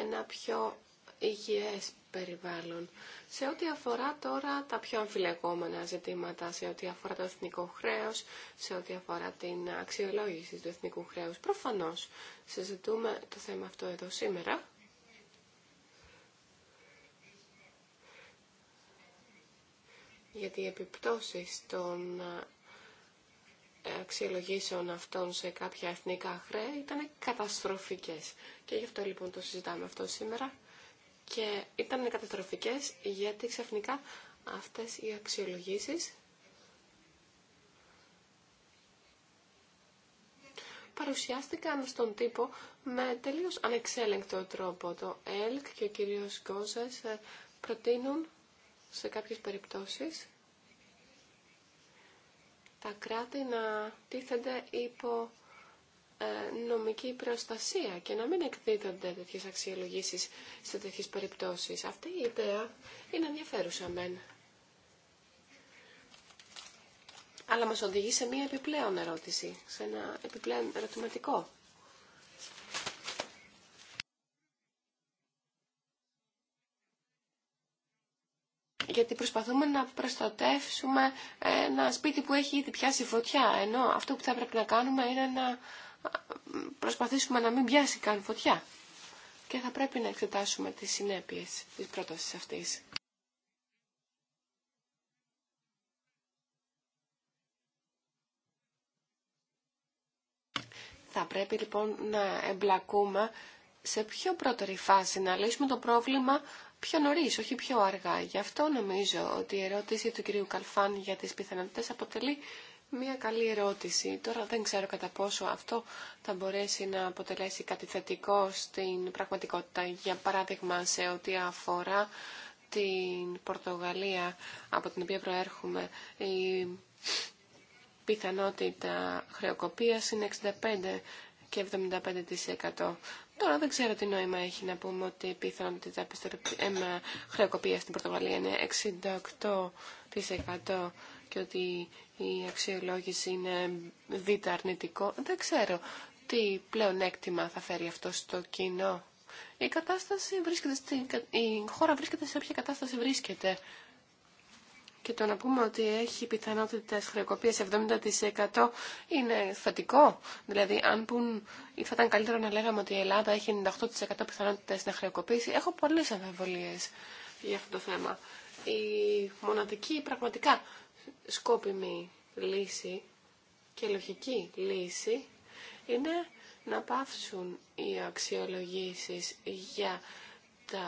ένα πιο υγιές περιβάλλον. Σε ό,τι αφορά τώρα τα πιο αμφιλεγόμενα ζητήματα, σε ό,τι αφορά το εθνικό χρέος, σε ό,τι αφορά την αξιολόγηση του εθνικού χρέους, προφανώς συζητούμε το θέμα αυτό εδώ σήμερα. Γιατί οι επιπτώσεις των αξιολογήσεων αυτών σε κάποια εθνικά χρέη ήταν καταστροφικές. Και γι' αυτό λοιπόν το συζητάμε αυτό σήμερα και ήταν καταστροφικές γιατί ξαφνικά αυτές οι αξιολογήσεις παρουσιάστηκαν στον τύπο με τελείως ανεξέλεγκτο τρόπο. Το ΕΛΚ και ο κύριος Γκόζες ε, προτείνουν σε κάποιες περιπτώσεις τα κράτη να τίθενται υπό ε, νομική προστασία και να μην εκδίδονται τέτοιε αξιολογήσεις σε τέτοιε περιπτώσει. Αυτή η ιδέα είναι ενδιαφέρουσα μεν. Αλλά μας οδηγεί σε μία επιπλέον ερώτηση, σε ένα επιπλέον ερωτηματικό. γιατί προσπαθούμε να προστατεύσουμε ένα σπίτι που έχει ήδη πιάσει φωτιά, ενώ αυτό που θα έπρεπε να κάνουμε είναι να προσπαθήσουμε να μην πιάσει καν φωτιά. Και θα πρέπει να εξετάσουμε τις συνέπειες της πρότασης αυτής. Θα πρέπει λοιπόν να εμπλακούμε σε πιο πρώτερη φάση, να λύσουμε το πρόβλημα πιο νωρί, όχι πιο αργά. Γι' αυτό νομίζω ότι η ερώτηση του κυρίου Καλφάν για τις πιθανότητες αποτελεί Μία καλή ερώτηση. Τώρα δεν ξέρω κατά πόσο αυτό θα μπορέσει να αποτελέσει κάτι θετικό στην πραγματικότητα. Για παράδειγμα, σε ό,τι αφορά την Πορτογαλία από την οποία προέρχομαι, η πιθανότητα χρεοκοπίας είναι 65% και 75%. Τώρα δεν ξέρω τι νόημα έχει να πούμε ότι η πιθανότητα ε, χρεοκοπία στην Πορτογαλία είναι 68% και ότι η αξιολόγηση είναι β' αρνητικό. Δεν ξέρω τι πλεονέκτημα θα φέρει αυτό στο κοινό. Η, κατάσταση βρίσκεται στην... η χώρα βρίσκεται σε όποια κατάσταση βρίσκεται. Και το να πούμε ότι έχει πιθανότητες χρεοκοπίας 70% είναι θετικό. Δηλαδή, αν πουν, θα ήταν καλύτερο να λέγαμε ότι η Ελλάδα έχει 98% πιθανότητες να χρεοκοπήσει. Έχω πολλές αμφιβολίες για αυτό το θέμα. Η μοναδική πραγματικά σκόπιμη λύση και λογική λύση είναι να πάυσουν οι αξιολογήσεις για τα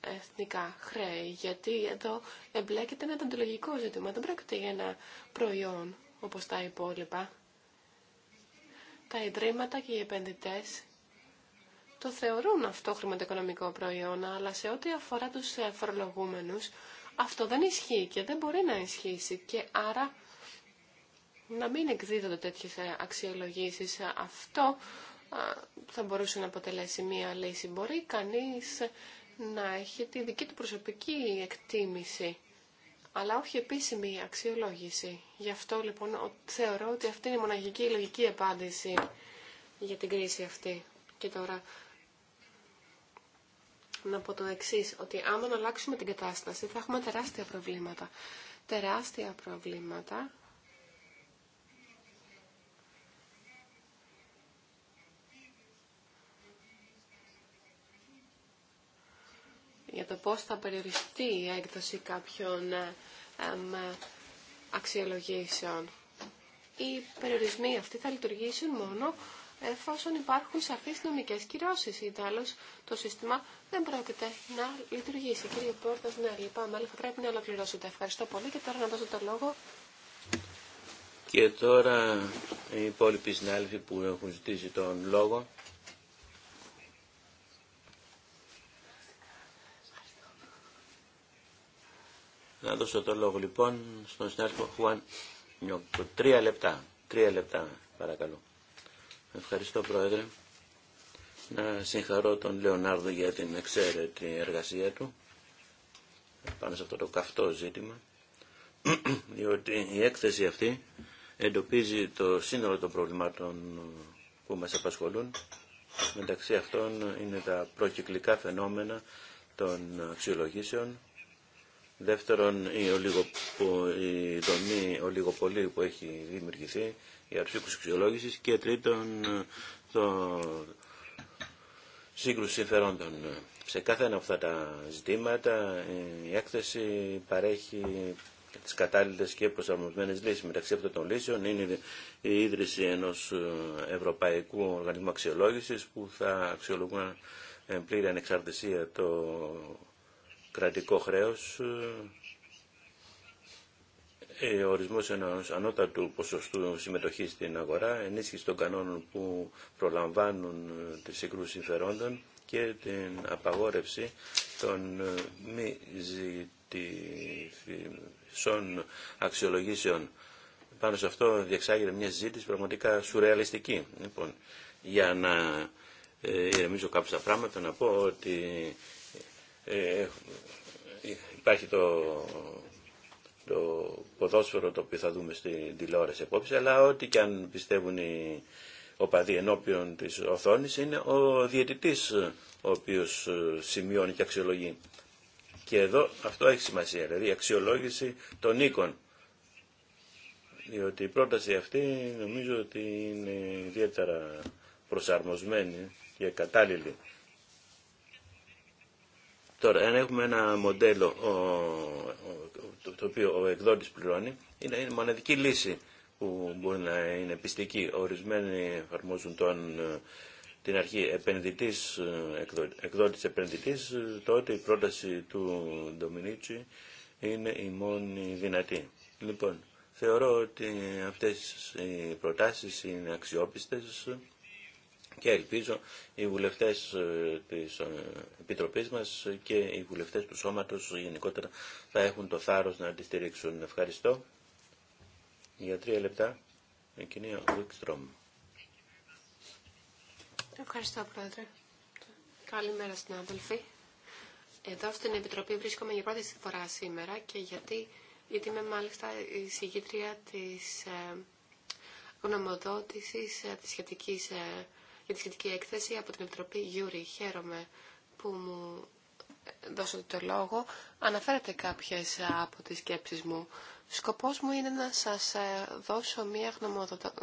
εθνικά χρέη, γιατί εδώ εμπλέκεται ένα αντιλογικό ζήτημα, δεν πρόκειται για ένα προϊόν όπως τα υπόλοιπα. Τα ιδρύματα και οι επενδυτές το θεωρούν αυτό χρηματοοικονομικό προϊόν, αλλά σε ό,τι αφορά τους φορολογούμενους, αυτό δεν ισχύει και δεν μπορεί να ισχύσει και άρα να μην εκδίδονται τέτοιες ε, αξιολογήσεις. Ε, αυτό ε, θα μπορούσε να αποτελέσει μία λύση. Μπορεί κανείς να έχει τη δική του προσωπική εκτίμηση, αλλά όχι επίσημη αξιολόγηση. Γι' αυτό λοιπόν θεωρώ ότι αυτή είναι η μοναχική λογική απάντηση για την κρίση αυτή. Και τώρα να πω το εξή, ότι άμα να αλλάξουμε την κατάσταση θα έχουμε τεράστια προβλήματα. Τεράστια προβλήματα για το πώς θα περιοριστεί η έκδοση κάποιων ε, αξιολογήσεων. Οι περιορισμοί αυτοί θα λειτουργήσουν μόνο εφόσον υπάρχουν σαφείς νομικές κυρώσεις. Ή το σύστημα δεν πρόκειται να λειτουργήσει. Κύριε Πόρτας, ναι, λυπάμαι, αλλά θα πρέπει να ολοκληρώσετε. Ευχαριστώ πολύ και τώρα να δώσω το λόγο. Και τώρα οι υπόλοιποι συνάδελφοι που έχουν ζητήσει τον λόγο. Να δώσω το λόγο λοιπόν στον συνάδελφο Χουάν Τρία λεπτά. Τρία λεπτά παρακαλώ. Ευχαριστώ Πρόεδρε. Να συγχαρώ τον Λεωνάρδο για την εξαίρετη εργασία του πάνω σε αυτό το καυτό ζήτημα διότι η έκθεση αυτή εντοπίζει το σύνολο των προβλημάτων που μας απασχολούν μεταξύ αυτών είναι τα προκυκλικά φαινόμενα των αξιολογήσεων δεύτερον η, ολιγο, η δομή ολιγοπολίου που έχει δημιουργηθεί για τους αξιολόγησης και τρίτον ε, το σύγκρουση συμφερόντων. Σε κάθε ένα από αυτά τα ζητήματα ε, η έκθεση παρέχει τις κατάλληλες και προσαρμοσμένες λύσεις. Μεταξύ αυτών των λύσεων είναι η ίδρυση ενός ε, Ευρωπαϊκού Οργανισμού Αξιολόγησης που θα αξιολογούν πλήρη ανεξαρτησία το κρατικό χρέος ε, ο ορισμός ενός ανώτατου ποσοστού συμμετοχής στην αγορά, ενίσχυση των κανόνων που προλαμβάνουν ε, τις συγκρούσεις συμφερόντων και την απαγόρευση των ε, μη ζητησών αξιολογήσεων. Πάνω σε αυτό διεξάγεται μια ζήτηση πραγματικά σουρεαλιστική. Λοιπόν, για να ηρεμίζω κάποια πράγματα, να πω ότι υπάρχει το το ποδόσφαιρο το οποίο θα δούμε στην τηλεόραση απόψε, αλλά ό,τι και αν πιστεύουν οι οπαδοί ενώπιον της οθόνης είναι ο διαιτητής ο οποίος ε, σημειώνει και αξιολογεί. Και εδώ αυτό έχει σημασία, δηλαδή η αξιολόγηση των οίκων. Διότι η πρόταση αυτή νομίζω ότι είναι ιδιαίτερα προσαρμοσμένη και κατάλληλη Τώρα, αν έχουμε ένα μοντέλο το οποίο ο εκδότης πληρώνει, είναι μοναδική λύση που μπορεί να είναι πιστική. Ορισμένοι εφαρμόζουν τον, ε, την αρχή επενδυτής, ε, εκδότης επενδυτής, ε, τότε η πρόταση του Ντομινίτσι είναι η μόνη δυνατή. Λοιπόν, θεωρώ ότι αυτές οι προτάσεις είναι αξιόπιστες και ελπίζω οι βουλευτές ε, της ε, Επιτροπής μας και οι βουλευτές του Σώματος γενικότερα θα έχουν το θάρρος να τη στηρίξουν. Ευχαριστώ. Για τρία λεπτά, η κυρία Βουικστρόμ. Ευχαριστώ, Πρόεδρε. Καλημέρα, συνάδελφοι. Εδώ στην Επιτροπή βρίσκομαι για πρώτη φορά σήμερα και γιατί, γιατί είμαι μάλιστα η συγκήτρια της ε, γνωμοδότησης ε, της σχετικής με τη σχετική έκθεση από την Επιτροπή Γιούρι. Χαίρομαι που μου δώσατε το λόγο. Αναφέρατε κάποιες από τις σκέψεις μου. Σκοπός μου είναι να σας ε, δώσω μία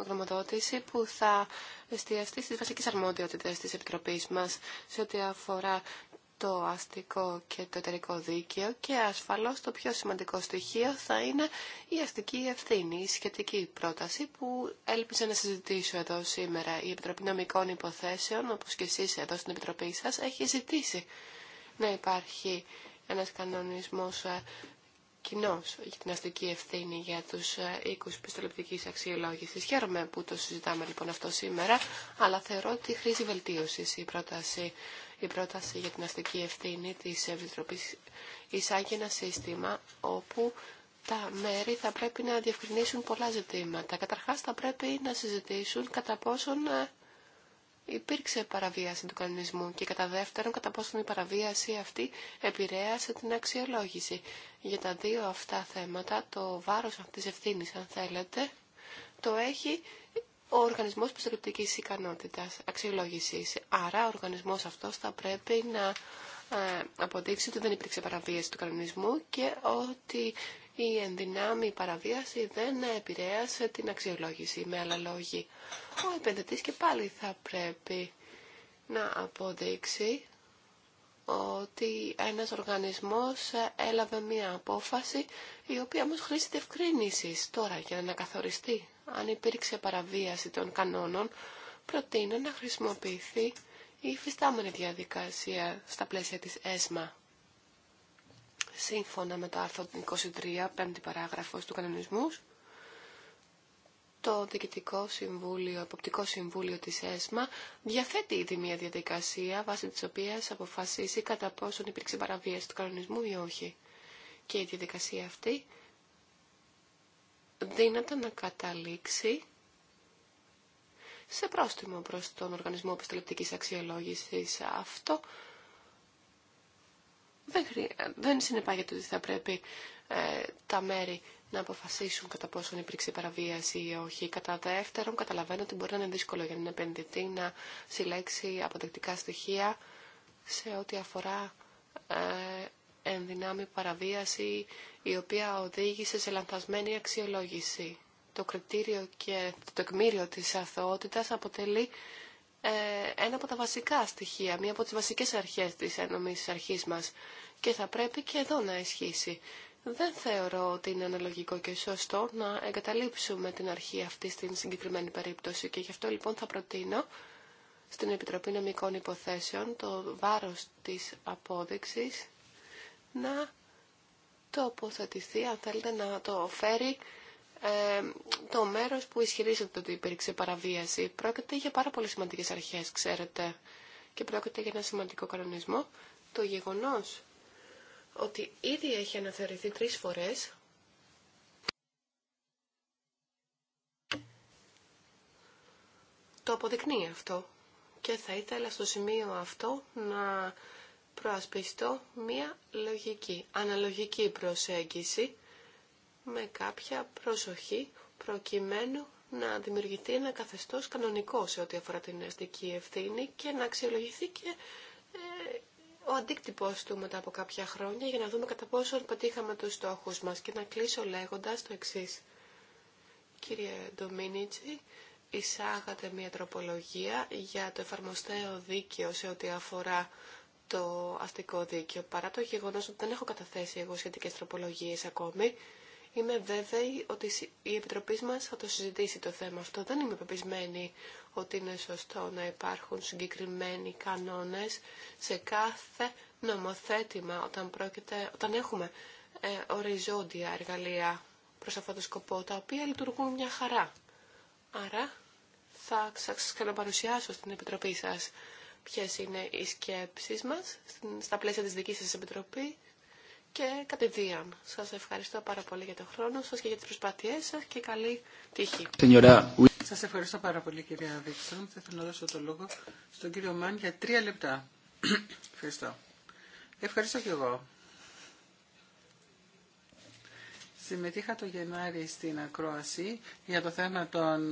γνωμοδότηση που θα εστιαστεί στις βασικές αρμόδιοτητες της Επιτροπής μας σε ό,τι αφορά το αστικό και το εταιρικό δίκαιο και ασφαλώς το πιο σημαντικό στοιχείο θα είναι η αστική ευθύνη, η σχετική πρόταση που έλπιζα να συζητήσω εδώ σήμερα. Η Επιτροπή Νομικών Υποθέσεων, όπως και εσείς εδώ στην Επιτροπή σας, έχει ζητήσει να υπάρχει ένας κανονισμός ε, κοινό για την αστική ευθύνη για του ε, οίκου πιστοληπτική αξιολόγηση. Χαίρομαι που το συζητάμε λοιπόν αυτό σήμερα, αλλά θεωρώ ότι χρήζει βελτίωση η πρόταση, η πρόταση για την αστική ευθύνη τη Επιτροπή εισάγει ένα σύστημα όπου τα μέρη θα πρέπει να διευκρινίσουν πολλά ζητήματα. Καταρχάς θα πρέπει να συζητήσουν κατά πόσον ε, υπήρξε παραβίαση του κανονισμού και κατά δεύτερον κατά πόσον η παραβίαση αυτή επηρέασε την αξιολόγηση. Για τα δύο αυτά θέματα το βάρος αυτής ευθύνης αν θέλετε το έχει ο οργανισμός πιστοληπτικής ικανότητας αξιολόγησης. Άρα ο οργανισμός αυτός θα πρέπει να ε, αποδείξει ότι δεν υπήρξε παραβίαση του κανονισμού και ότι η ενδυνάμει παραβίαση δεν επηρέασε την αξιολόγηση. Με άλλα λόγια, ο επενδυτής και πάλι θα πρέπει να αποδείξει ότι ένας οργανισμός έλαβε μία απόφαση η οποία όμως χρήσεται ευκρίνηση τώρα για να καθοριστεί αν υπήρξε παραβίαση των κανόνων προτείνω να χρησιμοποιηθεί η υφιστάμενη διαδικασία στα πλαίσια της ΕΣΜΑ σύμφωνα με το άρθρο 23, πέμπτη παράγραφος του κανονισμού, το Διοικητικό Συμβούλιο, Εποπτικό Συμβούλιο της ΕΣΜΑ διαθέτει ήδη μια διαδικασία βάσει της οποίας αποφασίσει κατά πόσον υπήρξε παραβίαση του κανονισμού ή όχι. Και η διαδικασία αυτή δύναται να καταλήξει σε πρόστιμο προς τον Οργανισμό Επιστολεπτικής Αξιολόγησης. Αυτό δεν, δεν συνεπάγεται ότι θα πρέπει ε, τα μέρη να αποφασίσουν κατά πόσον υπήρξε παραβίαση ή όχι. Κατά δεύτερον, καταλαβαίνω ότι μπορεί να είναι δύσκολο για έναν επενδυτή να συλλέξει αποδεκτικά στοιχεία σε ό,τι αφορά ε, ενδυνάμει παραβίαση η οποία οδήγησε σε λανθασμένη αξιολόγηση. Το κριτήριο και το τεκμήριο της αθωότητας αποτελεί ε, ένα από τα βασικά στοιχεία, μία από τις βασικές αρχές της αρχής μας και θα πρέπει και εδώ να ισχύσει. Δεν θεωρώ ότι είναι αναλογικό και σωστό να εγκαταλείψουμε την αρχή αυτή στην συγκεκριμένη περίπτωση και γι' αυτό λοιπόν θα προτείνω στην Επιτροπή Νομικών Υποθέσεων το βάρος της απόδειξης να τοποθετηθεί, αν θέλετε να το φέρει ε, το μέρος που ισχυρίζεται ότι υπήρξε παραβίαση. Πρόκειται για πάρα πολύ σημαντικές αρχές, ξέρετε, και πρόκειται για ένα σημαντικό κανονισμό. Το γεγονός ότι ήδη έχει αναθεωρηθεί τρεις φορές το αποδεικνύει αυτό. Και θα ήθελα στο σημείο αυτό να προασπιστώ μία λογική, αναλογική προσέγγιση με κάποια προσοχή προκειμένου να δημιουργηθεί ένα καθεστώς κανονικό σε ό,τι αφορά την αστική ευθύνη και να αξιολογηθεί και ε, ο αντίκτυπος του μετά από κάποια χρόνια για να δούμε κατά πόσο πετύχαμε τους στόχους μας και να κλείσω λέγοντας το εξής. Κύριε Ντομίνιτσι, εισάγατε μια τροπολογία για το εφαρμοστέο δίκαιο σε ό,τι αφορά το αστικό δίκαιο. Παρά το γεγονός ότι δεν έχω καταθέσει εγώ σχετικές τροπολογίες ακόμη, Είμαι βέβαιη ότι η Επιτροπή μας θα το συζητήσει το θέμα αυτό. Δεν είμαι πεπισμένη ότι είναι σωστό να υπάρχουν συγκεκριμένοι κανόνες σε κάθε νομοθέτημα όταν, πρόκειται, όταν έχουμε ε, οριζόντια εργαλεία προς αυτό το σκοπό, τα οποία λειτουργούν μια χαρά. Άρα θα σας ξαναπαρουσιάσω στην Επιτροπή σας ποιες είναι οι σκέψεις μας στα πλαίσια της δικής σας Επιτροπής και κατευθείαν Σας ευχαριστώ πάρα πολύ για τον χρόνο σας και για τις προσπάθειές σας και καλή τύχη. Σα ευχαριστώ πάρα πολύ κυρία Βίξον. Θα ήθελα να δώσω το λόγο στον κύριο Μαν για τρία λεπτά. ευχαριστώ. Ευχαριστώ και εγώ. Συμμετείχα το Γενάρη στην ακρόαση για το θέμα των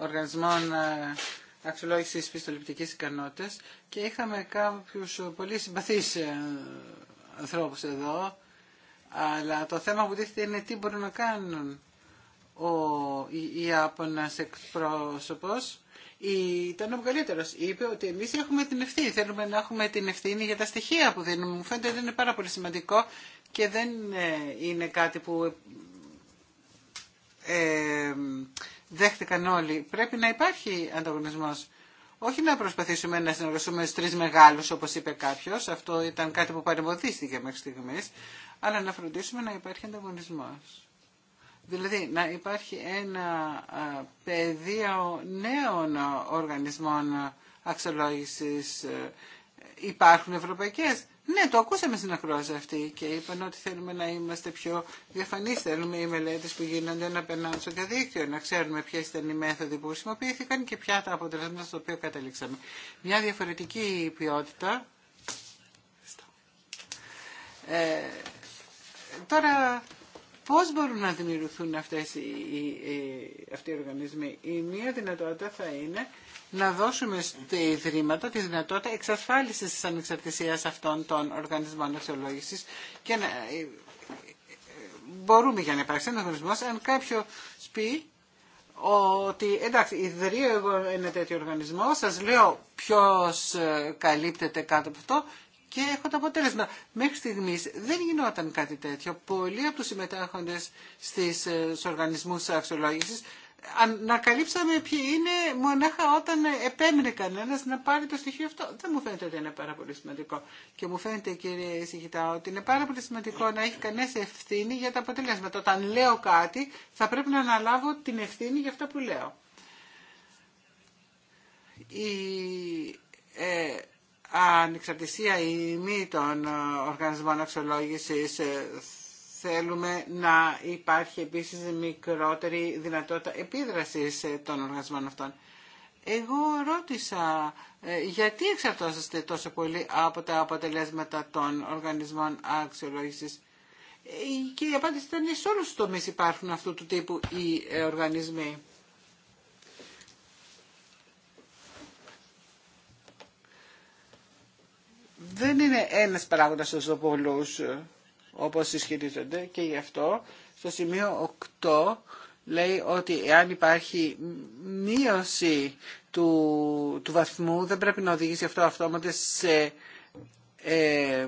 οργανισμών ε, αξιολόγηση πιστοληπτική ικανότητα και είχαμε κάποιου πολύ συμπαθεί. Ε, ανθρώπους εδώ, αλλά το θέμα που τίθεται είναι τι μπορούν να κάνουν ο Ιάπωνας εκπρόσωπος ήταν ο μεγαλύτερο. Είπε ότι εμείς έχουμε την ευθύνη. Θέλουμε να έχουμε την ευθύνη για τα στοιχεία που δίνουμε. Μου φαίνεται ότι είναι πάρα πολύ σημαντικό και δεν ε, είναι κάτι που ε, ε, δέχτηκαν όλοι. Πρέπει να υπάρχει ανταγωνισμός όχι να προσπαθήσουμε να συνεργαστούμε στου τρει μεγάλους όπως είπε κάποιος, αυτό ήταν κάτι που παρεμποδίστηκε μέχρι στιγμής, αλλά να φροντίσουμε να υπάρχει ανταγωνισμός. Δηλαδή να υπάρχει ένα πεδίο νέων οργανισμών αξιολόγηση. Ε, υπάρχουν ευρωπαϊκές ναι, το ακούσαμε στην ακρόαση αυτή και είπαν ότι θέλουμε να είμαστε πιο διαφανεί. θέλουμε οι μελέτε που γίνονται να περνάνε στο διαδίκτυο, να ξέρουμε ποιε ήταν οι μέθοδοι που χρησιμοποιήθηκαν και ποια τα αποτελέσματα στο οποίο καταλήξαμε. Μια διαφορετική ποιότητα. Ε, τώρα, πώ μπορούν να δημιουργηθούν αυτές οι, αυτοί οι οργανισμοί. Η μία δυνατότητα θα είναι να δώσουμε στα Ιδρύματα τη δυνατότητα εξασφάλισης της ανεξαρτησίας αυτών των οργανισμών αξιολόγησης και να, ε, ε, μπορούμε για να υπάρξει ένα οργανισμό αν κάποιο πει ότι εντάξει ιδρύω εγώ ένα τέτοιο οργανισμό, σας λέω ποιος ε, καλύπτεται κάτω από αυτό και έχω το αποτέλεσμα. Μέχρι στιγμή δεν γινόταν κάτι τέτοιο. Πολλοί από του συμμετέχοντε στις, οργανισμού οργανισμούς ανακαλύψαμε ποιοι είναι μονάχα όταν επέμεινε κανένας να πάρει το στοιχείο αυτό. Δεν μου φαίνεται ότι είναι πάρα πολύ σημαντικό. Και μου φαίνεται κύριε Σιγητά ότι είναι πάρα πολύ σημαντικό να έχει κανένας ευθύνη για τα αποτελέσματα. Όταν λέω κάτι θα πρέπει να αναλάβω την ευθύνη για αυτά που λέω. Η ε, ανεξαρτησία ή μη των ε, οργανισμών αξιολόγησης ε, θέλουμε να υπάρχει επίσης μικρότερη δυνατότητα επίδρασης ε, των οργανισμών αυτών. Εγώ ρώτησα ε, γιατί εξαρτώσαστε τόσο πολύ από τα αποτελέσματα των οργανισμών αξιολόγησης. Ε, και η απάντηση ήταν ναι, σε όλους τους τομείς υπάρχουν αυτού του τύπου οι οργανισμοί. Δεν είναι ένας παράγοντας τοσο πολλούς όπως συσχετίζονται, και γι' αυτό στο σημείο 8 λέει ότι εάν υπάρχει μείωση του, του βαθμού δεν πρέπει να οδηγήσει αυτό αυτόματα σε, ε,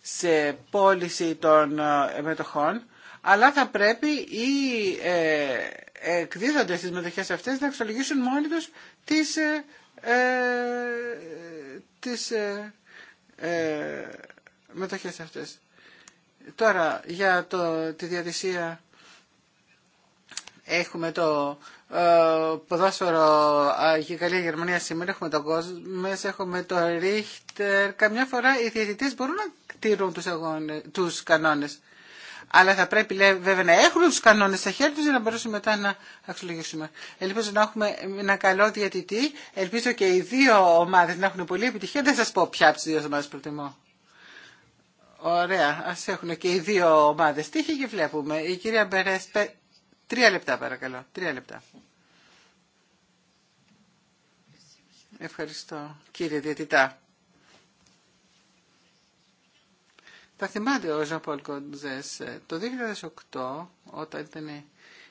σε πώληση των ε, μετοχών αλλά θα πρέπει οι ε, εκδίδοντες τις μετοχές αυτές να αξιολογήσουν μόνοι τους τις, ε, ε τις ε, μετοχές αυτές. Τώρα για το, τη διατησία έχουμε το ε, ποδόσφαιρο ε, Γαλλία Γερμανία σήμερα, έχουμε το κόσμο, έχουμε το Ρίχτερ. Καμιά φορά οι διαιτητές μπορούν να κτηρούν τους, αγώνες, τους κανόνες. Αλλά θα πρέπει βέβαια να έχουν τους κανόνες στα χέρια τους για να μπορούσουμε μετά να αξιολογήσουμε. Ελπίζω να έχουμε ένα καλό διατητή. Ελπίζω και οι δύο ομάδες να έχουν πολλή επιτυχία. Δεν σας πω ποια από τις δύο ομάδες προτιμώ. Ωραία, α έχουν και οι δύο ομάδες τύχη και βλέπουμε. Η κυρία Πε... τρία λεπτά παρακαλώ, τρία λεπτά. Ευχαριστώ κύριε Διαιτητά. Θα θυμάται ο Πολ Κοντζές ε, το 2008 όταν ήταν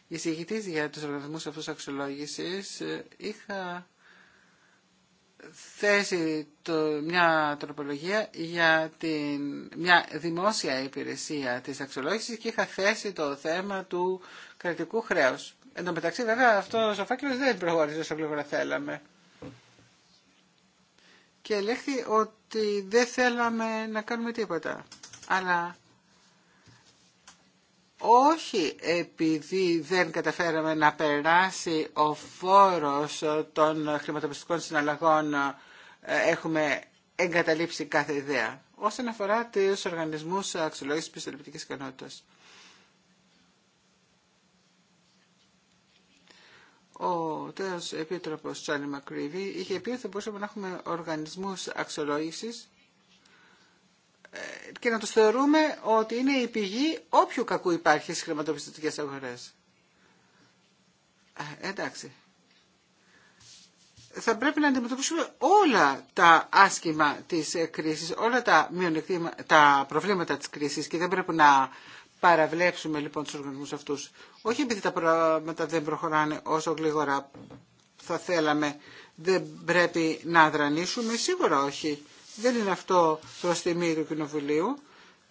εισηγητής για τους οργανισμού αυτούς αξιολόγηση. Ε, είχα θέσει το, μια τροπολογία για την, μια δημόσια υπηρεσία της αξιολόγησης και είχα θέσει το θέμα του κρατικού χρέους. Εν τω μεταξύ βέβαια αυτό ο φάκελος δεν προχώρησε όσο πλευρά θέλαμε. Και λέχθη ότι δεν θέλαμε να κάνουμε τίποτα. Αλλά όχι επειδή δεν καταφέραμε να περάσει ο φόρος των χρηματοπιστικών συναλλαγών ε, έχουμε εγκαταλείψει κάθε ιδέα όσον αφορά τους οργανισμούς αξιολόγησης πιστοληπτικής ικανότητας. Ο τέος επίτροπος Τσάνι Μακρύβη είχε πει ότι θα μπορούσαμε να έχουμε οργανισμούς αξιολόγησης ε, και να το θεωρούμε ότι είναι η πηγή όποιου κακού υπάρχει στις χρηματοπιστωτικέ αγορές. Ε, εντάξει. Θα πρέπει να αντιμετωπίσουμε όλα τα άσχημα της ε, κρίσης, όλα τα, τα προβλήματα της κρίσης και δεν πρέπει να παραβλέψουμε λοιπόν τους οργανισμούς αυτούς. Όχι επειδή τα πράγματα δεν προχωράνε όσο γλίγορα θα θέλαμε, δεν πρέπει να δρανίσουμε, σίγουρα όχι. Δεν είναι αυτό προς τιμή του Κοινοβουλίου.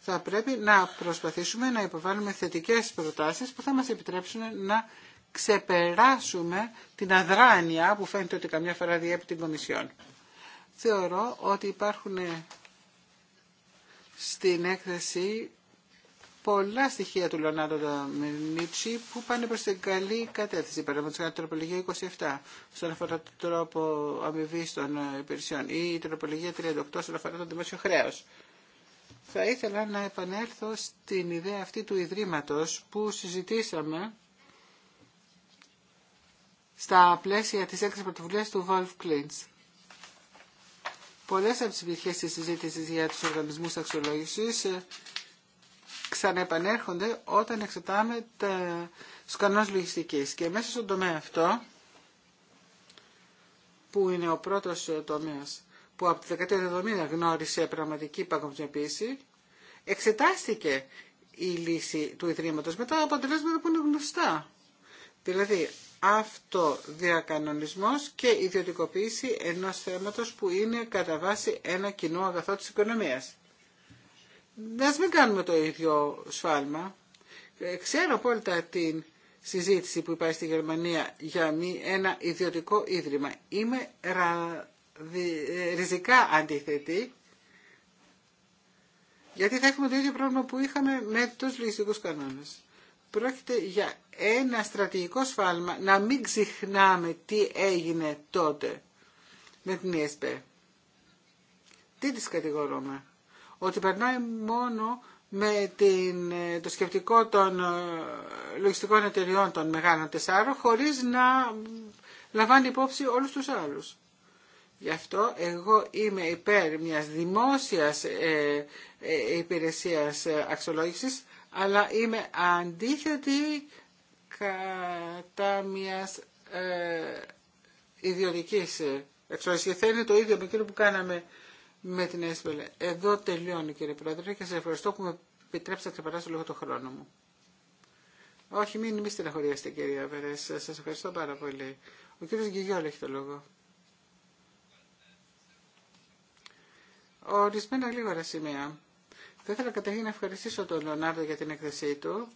Θα πρέπει να προσπαθήσουμε να υποβάλουμε θετικές προτάσεις που θα μας επιτρέψουν να ξεπεράσουμε την αδράνεια που φαίνεται ότι καμιά φορά διέπει την Κομισιόν. Θεωρώ ότι υπάρχουν στην έκθεση πολλά στοιχεία του Λονάδο Μινίτσι που πάνε προ την καλή κατεύθυνση. Παραδείγματος χάρη τροπολογία 27 στον αφορά τον τρόπο αμοιβή των ε, υπηρεσιών ή η τροπολογία 38 στον αφορά το δημόσιο χρέο. Θα ήθελα να επανέλθω στην ιδέα αυτή του ιδρύματο που συζητήσαμε στα πλαίσια της έξι πρωτοβουλίας του Βολφ Klintz. Πολλές από τις πτυχές της συζήτησης για τους οργανισμούς αξιολογήση. Ε, ξαναεπανέρχονται όταν εξετάμε τα κανόνες λογιστικής. Και μέσα στον τομέα αυτό, που είναι ο πρώτος ε, τομέας που από τη δεκαετία του γνώρισε πραγματική παγκοσμιοποίηση, εξετάστηκε η λύση του Ιδρύματος μετά από αποτελέσματα που είναι γνωστά. Δηλαδή, αυτοδιακανονισμός και ιδιωτικοποίηση ενός θέματος που είναι κατά βάση ένα κοινό αγαθό της οικονομίας να μην κάνουμε το ίδιο σφάλμα. Ε, ξέρω απόλυτα την συζήτηση που υπάρχει στη Γερμανία για μη ένα ιδιωτικό ίδρυμα. Είμαι ρα... δι... Ε, ριζικά αντίθετη γιατί θα έχουμε το ίδιο πρόβλημα που είχαμε με τους λογιστικούς κανόνες. Πρόκειται για ένα στρατηγικό σφάλμα να μην ξεχνάμε τι έγινε τότε με την ΕΣΠΕ. E τι τις κατηγορούμε ότι περνάει μόνο με την, ε, το σκεπτικό των ε, λογιστικών εταιριών των μεγάλων τεσσάρων χωρίς να λαμβάνει υπόψη όλους τους άλλους. Γι' αυτό εγώ είμαι υπέρ μιας δημόσιας ε, ε, υπηρεσίας ε, αξιολόγησης, αλλά είμαι αντίθετη κατά μιας ε, ιδιωτικής Και θα το ίδιο με εκείνο που κάναμε με την Εδώ τελειώνει κύριε Πρόεδρε και σας ευχαριστώ που με επιτρέψατε να ξεπεράσω λίγο το χρόνο μου. Όχι, μην μη στεναχωριέστε κύριε Βερές. Σας ευχαριστώ πάρα πολύ. Ο κύριο Γκυγιόλ έχει το λόγο. Ορισμένα λίγο σημεία. Θα ήθελα καταρχήν να ευχαριστήσω τον Λεωνάρδο για την έκθεσή του.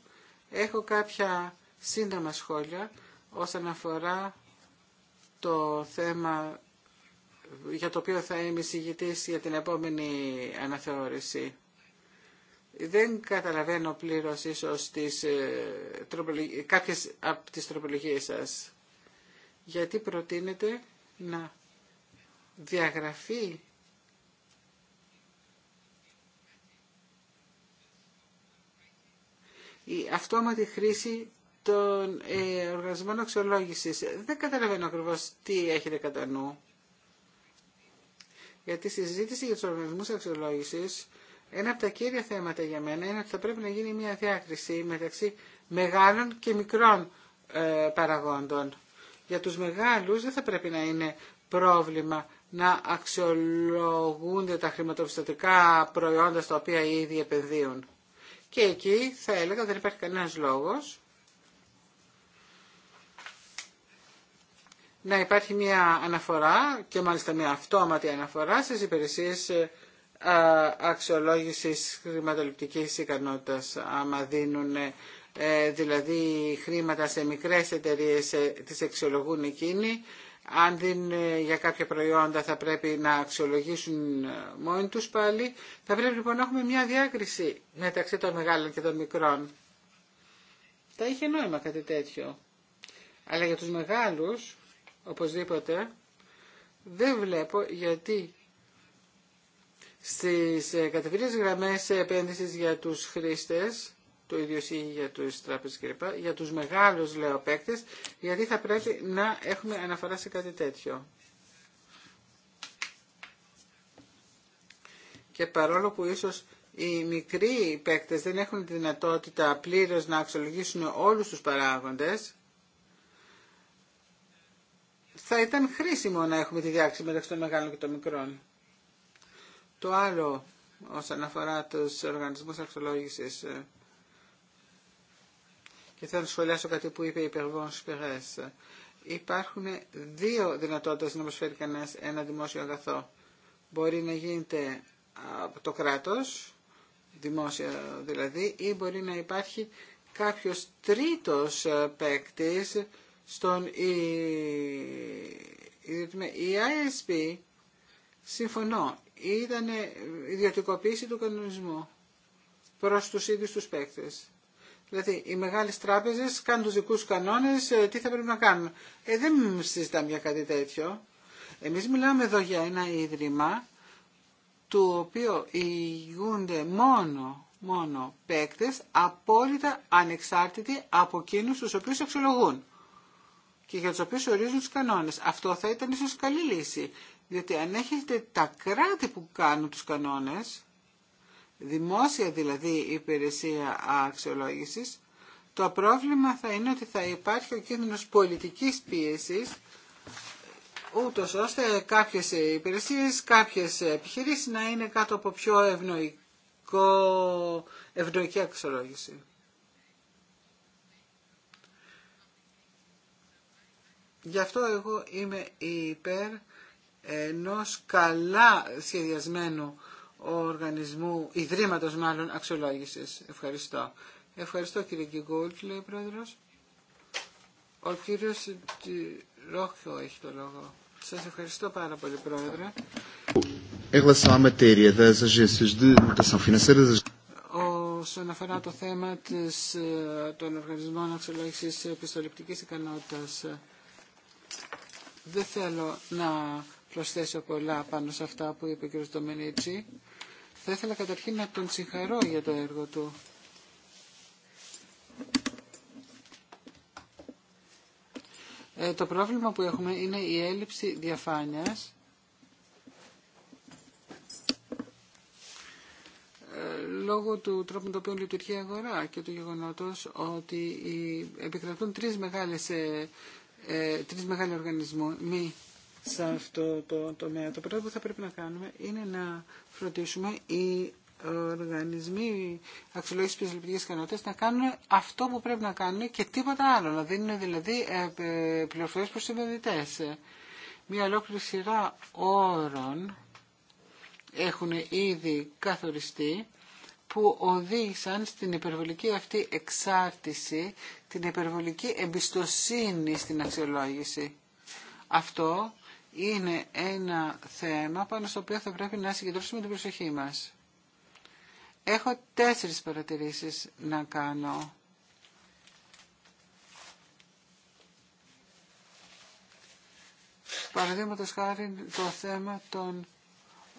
Έχω κάποια σύντομα σχόλια όσον αφορά το θέμα για το οποίο θα είμαι συγητής για την επόμενη αναθεώρηση. Δεν καταλαβαίνω πλήρως ίσως τις, ε, κάποιες από τις τροπολογίες σας. Γιατί προτείνετε να διαγραφεί η αυτόματη χρήση των ε, οργανισμών αξιολόγησης. Δεν καταλαβαίνω ακριβώς τι έχετε κατά νου για τη συζήτηση για του οργανισμού αξιολόγηση, ένα από τα κύρια θέματα για μένα είναι ότι θα πρέπει να γίνει μια διάκριση μεταξύ μεγάλων και μικρών ε, παραγόντων. Για τους μεγάλους δεν θα πρέπει να είναι πρόβλημα να αξιολογούνται τα χρηματοπιστωτικά προϊόντα στα οποία ήδη επενδύουν. Και εκεί θα έλεγα δεν υπάρχει κανένας λόγος να υπάρχει μια αναφορά και μάλιστα μια αυτόματη αναφορά στις υπηρεσίες ε, αξιολόγησης χρηματοληπτικής ικανότητας άμα δίνουν ε, δηλαδή χρήματα σε μικρές εταιρείες ε, τις αξιολογούν εκείνοι αν δίνουν για κάποια προϊόντα θα πρέπει να αξιολογήσουν μόνοι τους πάλι θα πρέπει λοιπόν να έχουμε μια διάκριση μεταξύ των μεγάλων και των μικρών θα είχε νόημα κάτι τέτοιο αλλά για τους μεγάλους οπωσδήποτε, δεν βλέπω γιατί στις ε, κατευθυντικές γραμμές επένδυσης για τους χρήστες, το ίδιο για τους τράπεζες κλπ, για τους μεγάλους λέω παίκτες, γιατί θα πρέπει να έχουμε αναφορά σε κάτι τέτοιο. Και παρόλο που ίσως οι μικροί παίκτες δεν έχουν τη δυνατότητα πλήρως να αξιολογήσουν όλους τους παράγοντες, θα ήταν χρήσιμο να έχουμε τη διάκριση μεταξύ των μεγάλων και των μικρών. Το άλλο όσον αφορά τους οργανισμούς αξιολόγηση ε, και θέλω να σχολιάσω κάτι που είπε η Περβόν Σπυρές. Ε, υπάρχουν δύο δυνατότητες να προσφέρει κανένα ένα δημόσιο αγαθό. Μπορεί να γίνεται από το κράτος, δημόσιο δηλαδή, ή μπορεί να υπάρχει κάποιος τρίτος ε, παίκτης στον η ISP συμφωνώ ήταν ιδιωτικοποίηση του κανονισμού προς τους ίδιους τους παίκτες. Δηλαδή, οι μεγάλες τράπεζες κάνουν του δικού κανόνε, ε, τι θα πρέπει να κάνουν. Ε, δεν συζητάμε για κάτι τέτοιο. Εμεί μιλάμε εδώ για ένα ίδρυμα του οποίου ηγούνται μόνο, μόνο παίκτες απόλυτα ανεξάρτητοι από εκείνους του οποίου αξιολογούν και για τους οποίους ορίζουν τους κανόνες. Αυτό θα ήταν ίσως καλή λύση, διότι αν έχετε τα κράτη που κάνουν τους κανόνες, δημόσια δηλαδή υπηρεσία αξιολόγησης, το πρόβλημα θα είναι ότι θα υπάρχει ο κίνδυνος πολιτικής πίεσης, ούτω ώστε κάποιες υπηρεσίες, κάποιες επιχειρήσεις να είναι κάτω από πιο ευνοϊκό, ευνοϊκή αξιολόγηση. Γι' αυτό εγώ είμαι υπέρ ενό καλά σχεδιασμένου οργανισμού, ιδρύματος μάλλον, αξιολόγησης. Ευχαριστώ. Ευχαριστώ κύριε Γκιγκούλτ, λέει ο πρόεδρος. Ο κύριος Ρόχιο έχει το λόγο. Σας ευχαριστώ πάρα πολύ πρόεδρε. Όσον αφορά το θέμα της, ε, των οργανισμών αξιολόγησης επιστολεπτικής ικανότητας, δεν θέλω να προσθέσω πολλά πάνω σε αυτά που είπε ο κ. Ντομενίτσι. Θα ήθελα καταρχήν να τον συγχαρώ για το έργο του. Ε, το πρόβλημα που έχουμε είναι η έλλειψη διαφάνειας ε, λόγω του τρόπου με τον οποίο λειτουργεί η αγορά και του γεγονότος ότι επικρατούν τρεις μεγάλες ε, ε, τρεις μεγάλοι οργανισμοί σε αυτό το τομέα. Το πρώτο που θα πρέπει να κάνουμε είναι να φροντίσουμε οι οργανισμοί αξιολόγηση πιστοληπτικής ικανότητας να κάνουν αυτό που πρέπει να κάνουν και τίποτα άλλο, να δίνουν δηλαδή ε, ε, πληροφορίες προς τους Μία ολόκληρη σειρά όρων έχουν ήδη καθοριστεί που οδήγησαν στην υπερβολική αυτή εξάρτηση, την υπερβολική εμπιστοσύνη στην αξιολόγηση. Αυτό είναι ένα θέμα πάνω στο οποίο θα πρέπει να συγκεντρώσουμε την προσοχή μας. Έχω τέσσερις παρατηρήσεις να κάνω. Παραδείγματο χάρη το θέμα των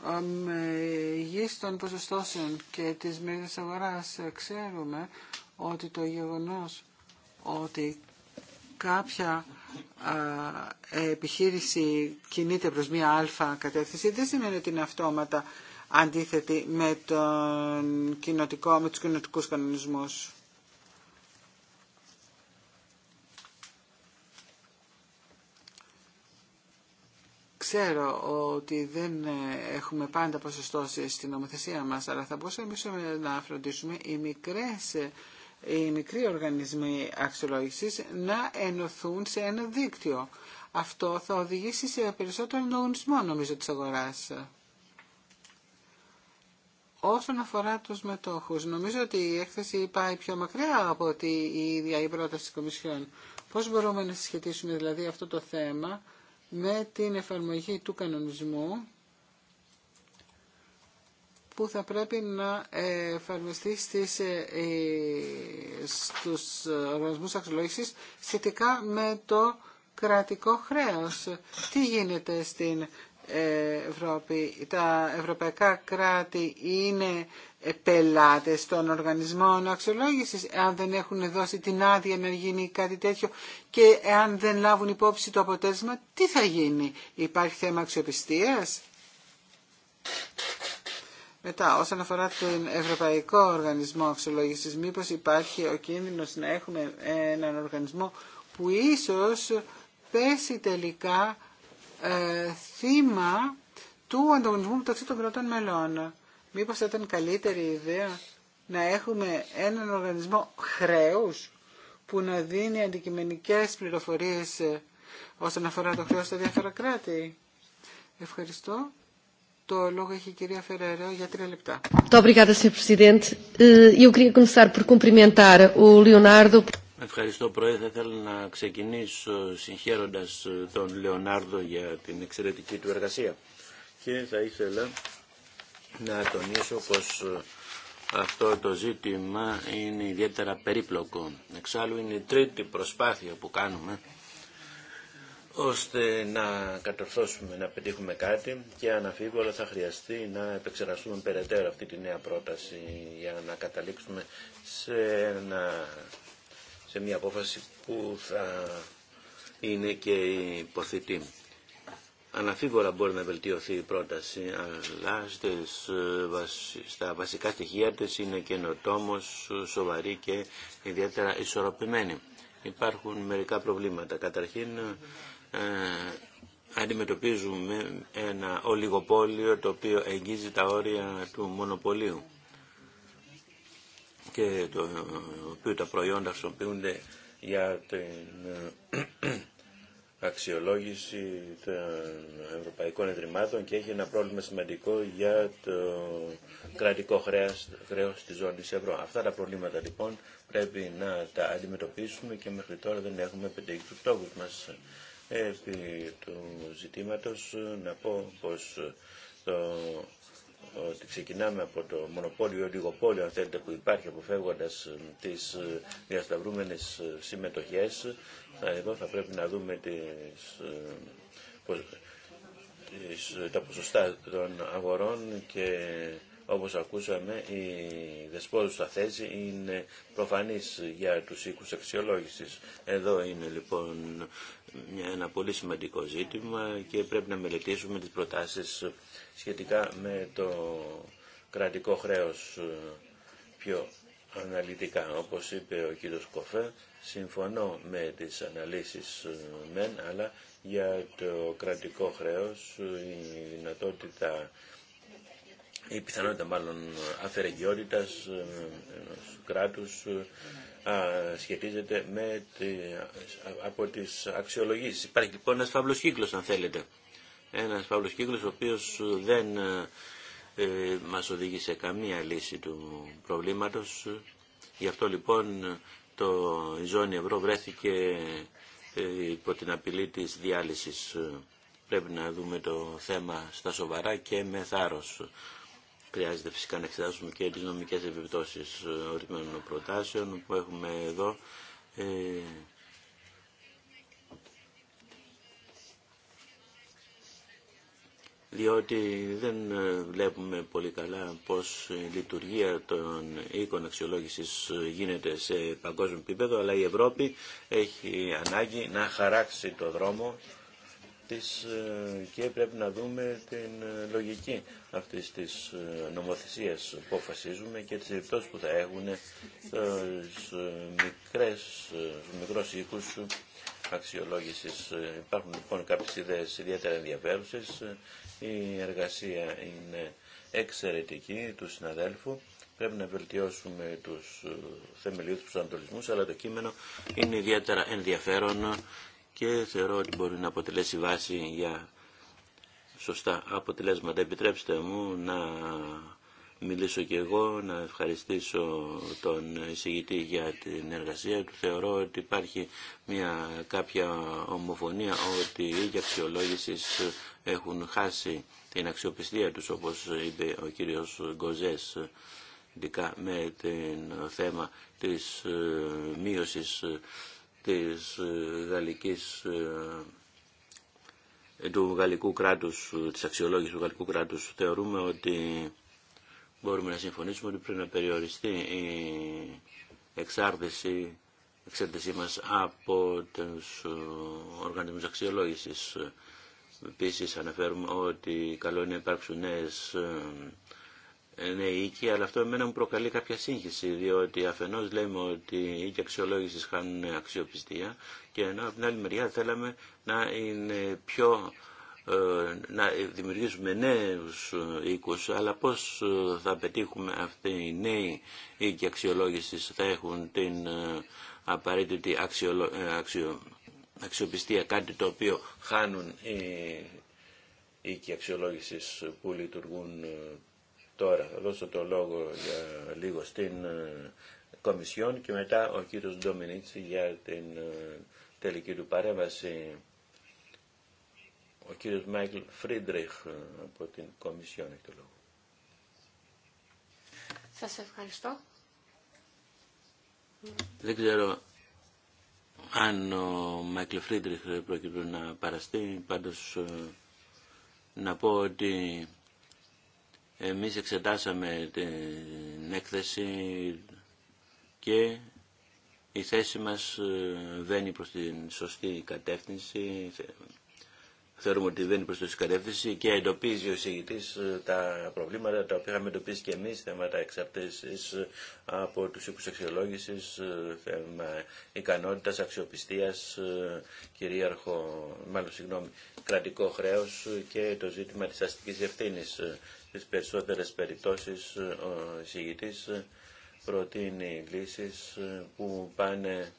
ε, γη των ποσοστώσεων και της τη αγοράς ε, ξέρουμε ότι το γεγονός ότι κάποια επιχείρηση κινείται προς μία αλφα κατεύθυνση δεν σημαίνει ότι είναι αυτόματα αντίθετη με, τον κοινοτικό, με τους κοινοτικούς κανονισμούς. ξέρω ότι δεν ε, έχουμε πάντα ποσοστώσεις στην νομοθεσία μας, αλλά θα μπορούσαμε να φροντίσουμε οι μικρές ε, οι μικροί οργανισμοί αξιολόγησης να ενωθούν σε ένα δίκτυο. Αυτό θα οδηγήσει σε περισσότερο ανταγωνισμό νομίζω της αγοράς. Όσον αφορά τους μετόχους, νομίζω ότι η έκθεση πάει πιο μακριά από τη η ίδια η πρόταση της Κομισιόν. Πώς μπορούμε να συσχετίσουμε δηλαδή αυτό το θέμα με την εφαρμογή του κανονισμού που θα πρέπει να εφαρμοστεί στις, ε, ε, στους οργανισμούς αξιολόγησης σχετικά με το κρατικό χρέος. Τι γίνεται στην Ευρώπη. Τα ευρωπαϊκά κράτη είναι πελάτες των οργανισμών αξιολόγησης αν δεν έχουν δώσει την άδεια να γίνει κάτι τέτοιο και αν δεν λάβουν υπόψη το αποτέλεσμα τι θα γίνει. Υπάρχει θέμα αξιοπιστίας. Μετά, όσον αφορά τον Ευρωπαϊκό Οργανισμό Αξιολόγησης, μήπως υπάρχει ο κίνδυνος να έχουμε έναν οργανισμό που ίσως πέσει τελικά ε, θύμα του ανταγωνισμού μεταξύ των κρατών μελών. Μήπως θα ήταν καλύτερη ιδέα να έχουμε έναν οργανισμό χρέους που να δίνει αντικειμενικές πληροφορίες ε, όσον αφορά το χρέος στα διάφορα κράτη. Ευχαριστώ. Το λόγο έχει η κυρία Φερέρα. για τρία λεπτά. Ευχαριστώ Πρόεδρε. Θέλω να ξεκινήσω συγχαίροντας τον Λεωνάρδο για την εξαιρετική του εργασία. Και θα ήθελα να τονίσω πως ε, αυτό το ζήτημα είναι ιδιαίτερα περίπλοκο. Εξάλλου είναι η τρίτη προσπάθεια που κάνουμε ώστε να κατορθώσουμε να πετύχουμε κάτι και αναφίβολα θα χρειαστεί να επεξεργαστούμε περαιτέρω αυτή τη νέα πρόταση για να καταλήξουμε σε ένα σε μια απόφαση που θα είναι και υποθητή. Αναφίβολα μπορεί να βελτιωθεί η πρόταση, αλλά στα βασικά στοιχεία της είναι καινοτόμος, σοβαρή και ιδιαίτερα ισορροπημένη. Υπάρχουν μερικά προβλήματα. Καταρχήν, ε, αντιμετωπίζουμε ένα ολιγοπόλιο το οποίο εγγίζει τα όρια του μονοπωλίου και το οποίο τα προϊόντα χρησιμοποιούνται για την ε, αξιολόγηση των ευρωπαϊκών εδρυμάτων και έχει ένα πρόβλημα σημαντικό για το κρατικό χρέος, χρέος της ζώνης ευρώ. Αυτά τα προβλήματα λοιπόν πρέπει να τα αντιμετωπίσουμε και μέχρι τώρα δεν έχουμε πετύχει τους στόχους μας. Επί του ζητήματος ε, να πω πως το ότι ξεκινάμε από το μονοπόλιο ή λιγοπόλιο αν θέλετε που υπάρχει αποφεύγοντας ε, τις ε, διασταυρούμενες ε, συμμετοχές εδώ θα πρέπει να δούμε τις, τα ποσοστά των αγορών και όπως ακούσαμε η δεσπόζουσα θέση είναι προφανής για τους οίκους αξιολόγησης. Εδώ είναι λοιπόν ένα πολύ σημαντικό ζήτημα και πρέπει να μελετήσουμε τις προτάσεις σχετικά με το κρατικό χρέος ε, πιο αναλυτικά. Όπως είπε ο κύριος Κοφέ, συμφωνώ με τις αναλύσεις ε, μεν, αλλά για το κρατικό χρέος ε, η δυνατότητα η πιθανότητα μάλλον αφαιρεγγιότητας ενός κράτους α, σχετίζεται με τη, από τις αξιολογήσεις. Υπάρχει λοιπόν ένας φαύλος κύκλος αν θέλετε ένας παύλος κύκλος ο οποίος ε, δεν ε, ε, μας οδηγεί σε καμία λύση του προβλήματος. Γι' αυτό λοιπόν το, η ζώνη ευρώ βρέθηκε υπό την απειλή της διάλυσης. Πρέπει να δούμε το θέμα στα σοβαρά και με θάρρος. Χρειάζεται φυσικά να εξετάσουμε και τις νομικές επιπτώσεις ορισμένων προτάσεων που έχουμε εδώ. διότι δεν ε, βλέπουμε πολύ καλά πώς η λειτουργία των οίκων αξιολόγησης γίνεται σε παγκόσμιο επίπεδο, αλλά η Ευρώπη έχει ανάγκη να χαράξει το δρόμο της ε, και πρέπει να δούμε την ε, λογική αυτής της νομοθεσίας που αποφασίζουμε και τις επιπτώσεις που θα έχουν στους μικρές, στους μικρούς οίκους αξιολόγησης. Υπάρχουν λοιπόν κάποιες ιδέες ιδιαίτερα ενδιαφέρουσες η εργασία είναι εξαιρετική του συναδέλφου. Πρέπει να βελτιώσουμε τους του ε, προσανατολισμούς, αλλά το κείμενο είναι ιδιαίτερα ενδιαφέρον και θεωρώ ότι μπορεί να αποτελέσει βάση για σωστά αποτελέσματα. Επιτρέψτε μου να μιλήσω και εγώ, να ευχαριστήσω τον εισηγητή για την εργασία του. Θεωρώ ότι υπάρχει μια κάποια ομοφωνία ότι οι ίδιοι έχουν χάσει την αξιοπιστία τους, όπως είπε ο κύριος Γκοζές, ειδικά με το θέμα της ε, μείωσης ε, της ε, γαλλικής του γαλλικού κράτους, της αξιολόγησης του γαλλικού κράτους. Θεωρούμε ότι μπορούμε να συμφωνήσουμε ότι πρέπει να περιοριστεί η εξάρτηση, εξάρτησή μας από τους ε, οργανισμούς αξιολόγησης. Επίσης αναφέρουμε ότι καλό είναι να υπάρξουν νέες ε, νέοι οίκοι, αλλά αυτό εμένα μου προκαλεί κάποια σύγχυση, διότι αφενός λέμε ότι οι οίκοι αξιολόγησης χάνουν αξιοπιστία και ενώ από την άλλη μεριά θέλαμε να είναι πιο ε, να δημιουργήσουμε νέους ε, οίκους, αλλά πώς ε, θα πετύχουμε αυτοί οι νέοι οίκοι αξιολόγησης θα έχουν την απαραίτητη αξιοπιστία, κάτι το οποίο χάνουν οι οίκοι αξιολόγησης που λειτουργούν τώρα. Θα δώσω το λόγο για λίγο στην Κομισιόν και μετά ο κύριος Ντομινίτση για την τελική του παρέμβαση. Ο κύριος Μάικλ Φρίντριχ ε, από την Κομισιόν έχει το λόγο. Σας ευχαριστώ. Δεν ξέρω αν ο Μάικλ Φρίντριχ πρόκειται να παραστεί, πάντως ε, να πω ότι εμείς εξετάσαμε την έκθεση και η θέση μας ε, βαίνει προς την σωστή κατεύθυνση θεωρούμε ότι δεν είναι προς τη κατεύθυνση και εντοπίζει ο Συγητή ε, τα προβλήματα τα οποία είχαμε εντοπίσει και εμείς, θέματα εξαρτήσει ε, από του οίκου αξιολόγηση, ε, θέμα ικανότητας, αξιοπιστίας, κυρίαρχο, μάλλον συγγνώμη, κρατικό χρέος και το ζήτημα της αστικής ευθύνης. στι περισσότερε περιπτώσει ο συγητής προτείνει λύσει που πάνε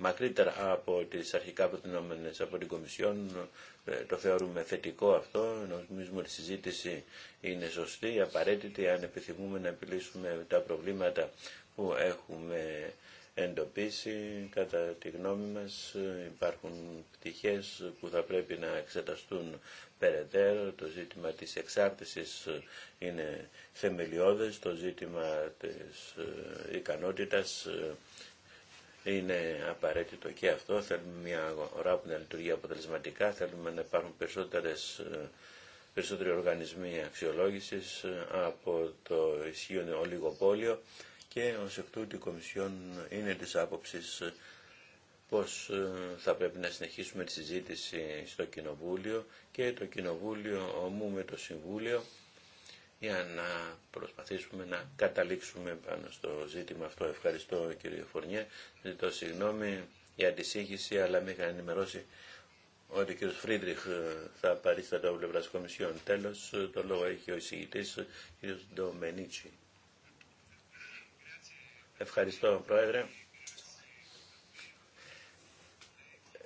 μακρύτερα από τις αρχικά προτινόμενες από την Κομισιόν. Ε, το θεωρούμε θετικό αυτό. Νομίζουμε ότι η συζήτηση είναι σωστή, απαραίτητη, αν επιθυμούμε να επιλύσουμε τα προβλήματα που έχουμε εντοπίσει. Κατά τη γνώμη μας ε, υπάρχουν πτυχές που θα πρέπει να εξεταστούν περαιτέρω. Το ζήτημα της εξάρτησης ε, είναι θεμελιώδες, το ζήτημα της ικανότητας είναι απαραίτητο και αυτό. Θέλουμε μια αγορά που να λειτουργεί αποτελεσματικά, θέλουμε να υπάρχουν ε, περισσότεροι οργανισμοί αξιολόγησης ε, από το ισχύον ολιγοπόλιο και ως εκ τούτου η Κομισιόν είναι της άποψης ε, πως θα πρέπει να συνεχίσουμε τη συζήτηση στο Κοινοβούλιο και το Κοινοβούλιο ομού με το Συμβούλιο για να προσπαθήσουμε να καταλήξουμε πάνω στο ζήτημα αυτό. Ευχαριστώ κύριε Φορνιέ. Ζητώ συγγνώμη για τη σύγχυση, αλλά με είχαν ενημερώσει ότι ο κύριος Φρίντριχ ε, θα παρίσταται από πλευρά Κομισιόν. Τέλος, ε, το λόγο έχει ο εισηγητής κύριος Ντομενίτσι. Ευχαριστώ, Πρόεδρε.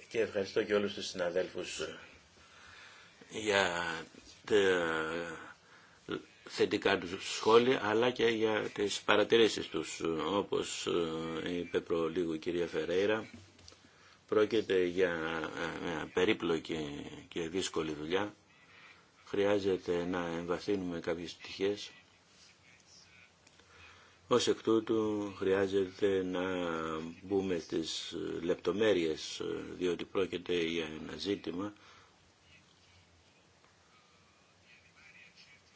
Και ευχαριστώ και όλους τους συναδέλφους ε, για τα θετικά του σχόλια αλλά και για τις παρατηρήσεις τους. Όπως ε, είπε προλίγου η κυρία Φερέιρα, πρόκειται για ε, περίπλοκη και δύσκολη δουλειά. Χρειάζεται να εμβαθύνουμε κάποιες στοιχείες. Ως εκ τούτου χρειάζεται να μπούμε στις λεπτομέρειες, ε, διότι πρόκειται για ένα ζήτημα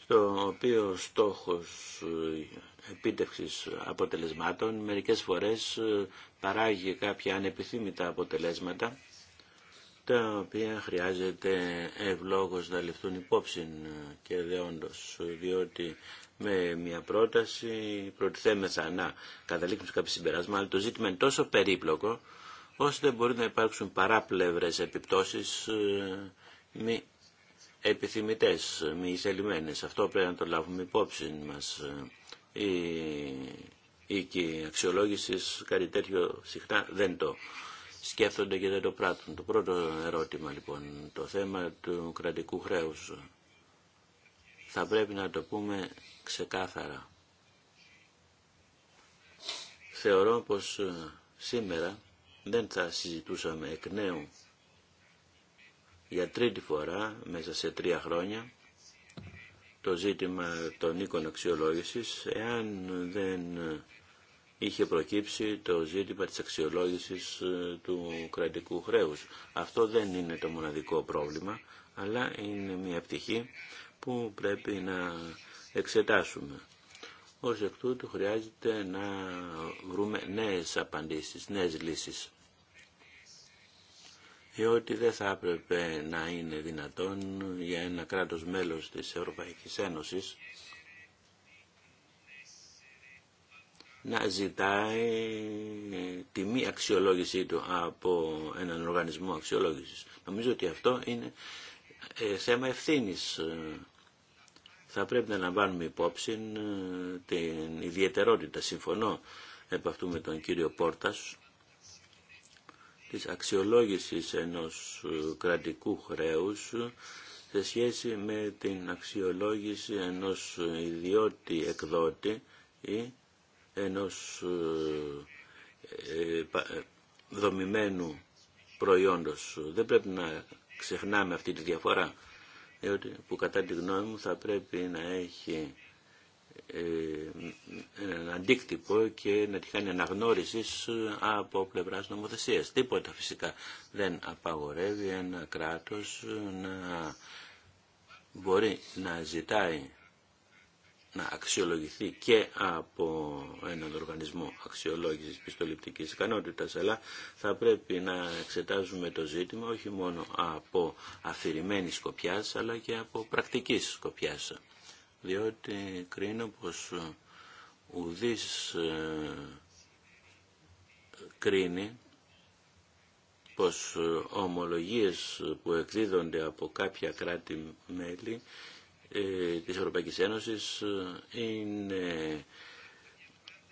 στο οποίο στόχος ε, επίτευξης αποτελεσμάτων μερικές φορές ε, παράγει κάποια ανεπιθύμητα αποτελέσματα τα οποία χρειάζεται ευλόγως να ληφθούν υπόψη ε, και δεόντως, διότι με μια πρόταση προτιθέμεθα να καταλήξουμε σε κάποιο συμπεράσμα, αλλά το ζήτημα είναι τόσο περίπλοκο, ώστε μπορεί να υπάρξουν παράπλευρες επιπτώσεις επιθυμητές, μη εισελημένες. Αυτό πρέπει να το λάβουμε υπόψη μας. Η οίκοι αξιολόγησης κάτι τέτοιο συχνά δεν το σκέφτονται και δεν το πράττουν. Το πρώτο ερώτημα λοιπόν, το θέμα του κρατικού χρέους. Θα πρέπει να το πούμε ξεκάθαρα. Θεωρώ πως σήμερα δεν θα συζητούσαμε εκ νέου για τρίτη φορά μέσα σε τρία χρόνια το ζήτημα των οίκων αξιολόγηση εάν δεν είχε προκύψει το ζήτημα της αξιολόγησης ε, του κρατικού χρέους. Αυτό δεν είναι το μοναδικό πρόβλημα, αλλά είναι μια πτυχή που πρέπει να εξετάσουμε. Ως εκ τούτου χρειάζεται να βρούμε νέες απαντήσεις, νέες λύσεις διότι δεν θα έπρεπε να είναι δυνατόν για ένα κράτος μέλος της Ευρωπαϊκής Ένωσης να ζητάει τη μη αξιολόγησή του από έναν οργανισμό αξιολόγησης. Νομίζω ότι αυτό είναι ε, θέμα ευθύνης. Θα πρέπει να λαμβάνουμε υπόψη ε, την ιδιαιτερότητα. Συμφωνώ επ' αυτού με τον κύριο Πόρτας της αξιολόγησης ενός ε, κρατικού χρέους ε, σε σχέση με την αξιολόγηση ενός ε, ιδιώτη εκδότη ή ενός δομημένου προϊόντος. Δεν πρέπει να ξεχνάμε αυτή τη διαφορά, διότι που κατά τη γνώμη μου θα πρέπει να έχει έναν ε, ε, αντίκτυπο και να τη κάνει αναγνώριση ε, από πλευρά νομοθεσία. Τίποτα φυσικά δεν απαγορεύει ένα κράτο να μπορεί να ζητάει να αξιολογηθεί και από έναν οργανισμό αξιολόγησης πιστοληπτικής ικανότητας, αλλά θα πρέπει να εξετάζουμε το ζήτημα όχι μόνο από αφηρημένη σκοπιάς, αλλά και από πρακτικής σκοπιάς διότι κρίνω πως ουδής ε, κρίνει πως ε, ομολογίες που εκδίδονται από κάποια κράτη-μέλη ε, της Ευρωπαϊκής Ένωσης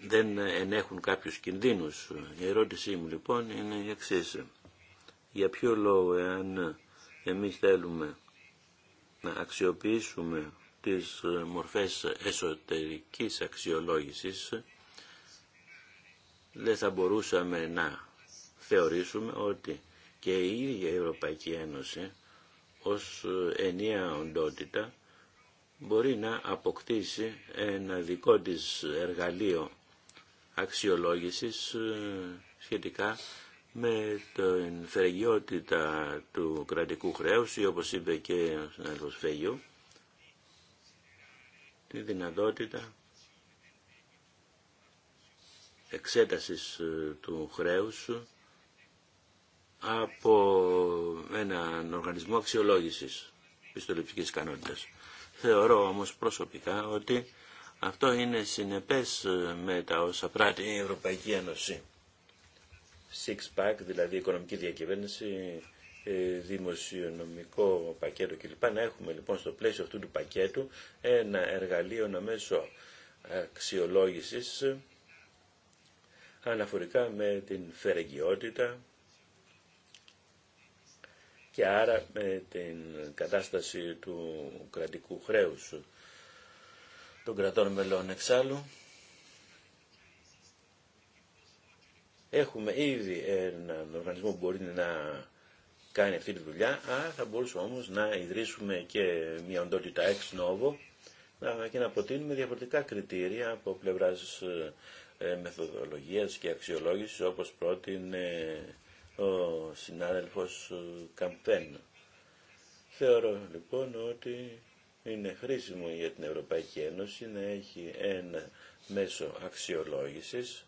δεν ενέχουν κάποιους κινδύνους. Η ερώτησή μου λοιπόν είναι η εξής. Για ποιο λόγο εάν εμείς θέλουμε να αξιοποιήσουμε τις ε, μορφές εσωτερικής αξιολόγησης δεν θα μπορούσαμε να θεωρήσουμε ότι και η ίδια η Ευρωπαϊκή Ένωση ως ε, ενιαία οντότητα μπορεί να αποκτήσει ένα δικό της εργαλείο αξιολόγησης ε, σχετικά με την φεργιότητα του κρατικού χρέους ή όπως είπε και ο συνάδελφος η δυνατότητα εξέτασης ε, του χρέους από έναν οργανισμό αξιολόγησης πιστοληπτικής κανότητας. Θεωρώ όμως προσωπικά ότι αυτό είναι συνεπές ε, με τα όσα πράττει η Ευρωπαϊκή Ένωση. Six pack, δηλαδή οικονομική διακυβέρνηση, ε, δημοσιονομικό πακέτο κλπ. Να έχουμε λοιπόν στο πλαίσιο αυτού του πακέτου ένα εργαλείο, να μέσο αξιολόγησης αναφορικά με την φερεγγιότητα και άρα με την κατάσταση του κρατικού χρέους των κρατών μελών εξάλλου. Έχουμε ήδη έναν οργανισμό που μπορεί να κάνει αυτή τη δουλειά, α, θα μπορούσαμε όμως να ιδρύσουμε και μια οντότητα ex novo και να προτείνουμε διαφορετικά κριτήρια από πλευράς ε, μεθοδολογίας και αξιολόγησης όπως πρότεινε ο συνάδελφος ε, Καμπέν. Θεωρώ λοιπόν ότι είναι χρήσιμο για την Ευρωπαϊκή Ένωση να έχει ένα μέσο αξιολόγησης,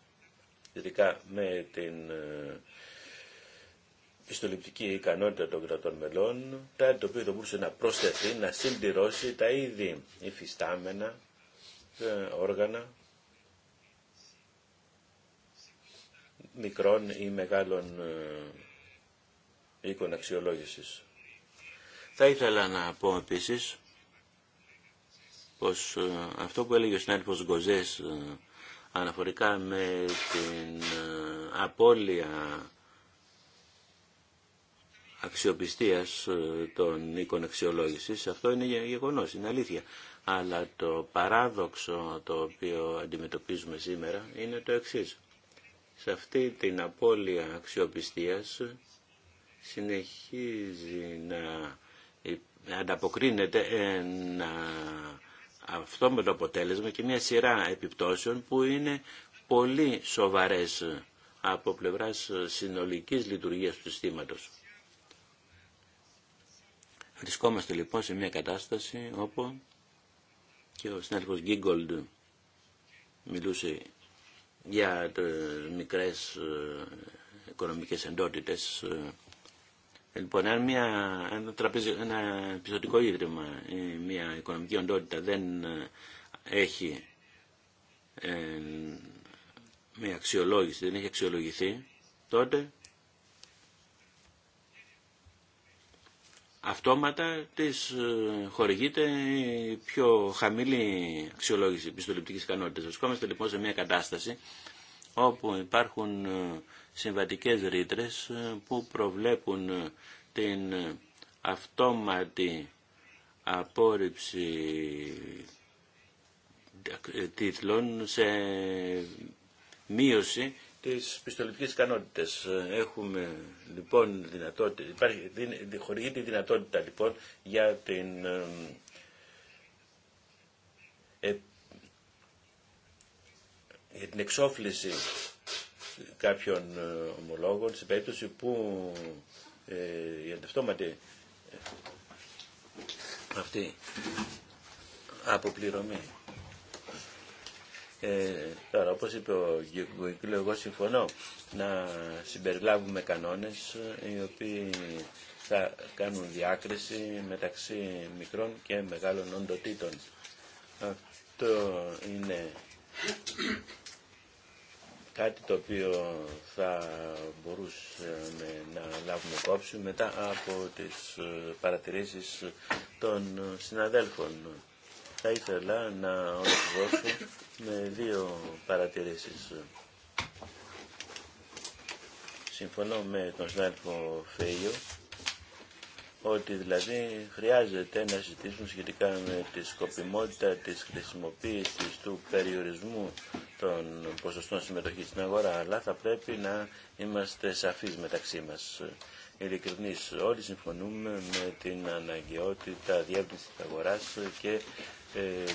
ειδικά με την ε, πιστοληπτική ικανότητα των κρατών μελών, κάτι το οποίο θα μπορούσε να προσθεθεί, να συμπληρώσει τα ήδη υφιστάμενα ε, όργανα μικρών ή μεγάλων ε, οίκων αξιολόγησης. Θα ήθελα να πω επίσης πως ε, αυτό που έλεγε ο συνάδελφος Γκοζές αναφορικά με την απώλεια αξιοπιστίας ε, των οίκων Αυτό είναι γεγονός, είναι αλήθεια. Αλλά το παράδοξο το οποίο αντιμετωπίζουμε σήμερα είναι το εξής. Σε αυτή την απώλεια αξιοπιστίας συνεχίζει να ανταποκρίνεται ένα αυτό με το αποτέλεσμα και μια σειρά επιπτώσεων που είναι πολύ σοβαρές από πλευράς συνολικής λειτουργίας του συστήματος. Βρισκόμαστε λοιπόν σε μια κατάσταση όπου και ο συνάδελφος Γκίγκολντ μιλούσε για μικρές ε, οικονομικές εντότητες. Ε, λοιπόν, αν, μια, τραπεζι ένα πιστοτικό ίδρυμα ή μια οικονομική εντότητα δεν ε, έχει μια αξιολόγηση, δεν έχει αξιολογηθεί, τότε αυτόματα της ε, χορηγείται η πιο χαμηλή αξιολόγηση πιστοληπτικής ικανότητας. Βρισκόμαστε λοιπόν σε μια κατάσταση όπου υπάρχουν ε, συμβατικές ρήτρε ε, που προβλέπουν την αυτόματη απόρριψη τίτλων σε μείωση τις πιστοληπτικές ικανότητες. Έχουμε λοιπόν δυνατότητα, υπάρχει, χορηγείται τη δυνατότητα λοιπόν για την ε, εξόφληση κάποιων ε, ομολόγων σε περίπτωση που ε, η αντευτόματη ε, αυτή αποπληρωμή ε, τώρα, όπως είπε ο Γκουικλού, εγώ συμφωνώ να συμπεριλάβουμε κανόνες ε, οι οποίοι θα κάνουν διάκριση μεταξύ μικρών και μεγάλων οντοτήτων. Αυτό είναι κάτι το οποίο θα μπορούσαμε να λάβουμε υπόψη μετά από τις ε, παρατηρήσεις των συναδέλφων θα ήθελα να ολοκληρώσω με δύο παρατηρήσεις. Συμφωνώ με τον συνάδελφο Φέγιο ότι δηλαδή χρειάζεται να συζητήσουμε σχετικά με τη σκοπιμότητα της χρησιμοποίησης του περιορισμού των ποσοστών συμμετοχής στην αγορά, αλλά θα πρέπει να είμαστε σαφείς μεταξύ μας. Ειλικρινείς όλοι συμφωνούμε με την αναγκαιότητα διεύθυνσης της αγοράς και ε,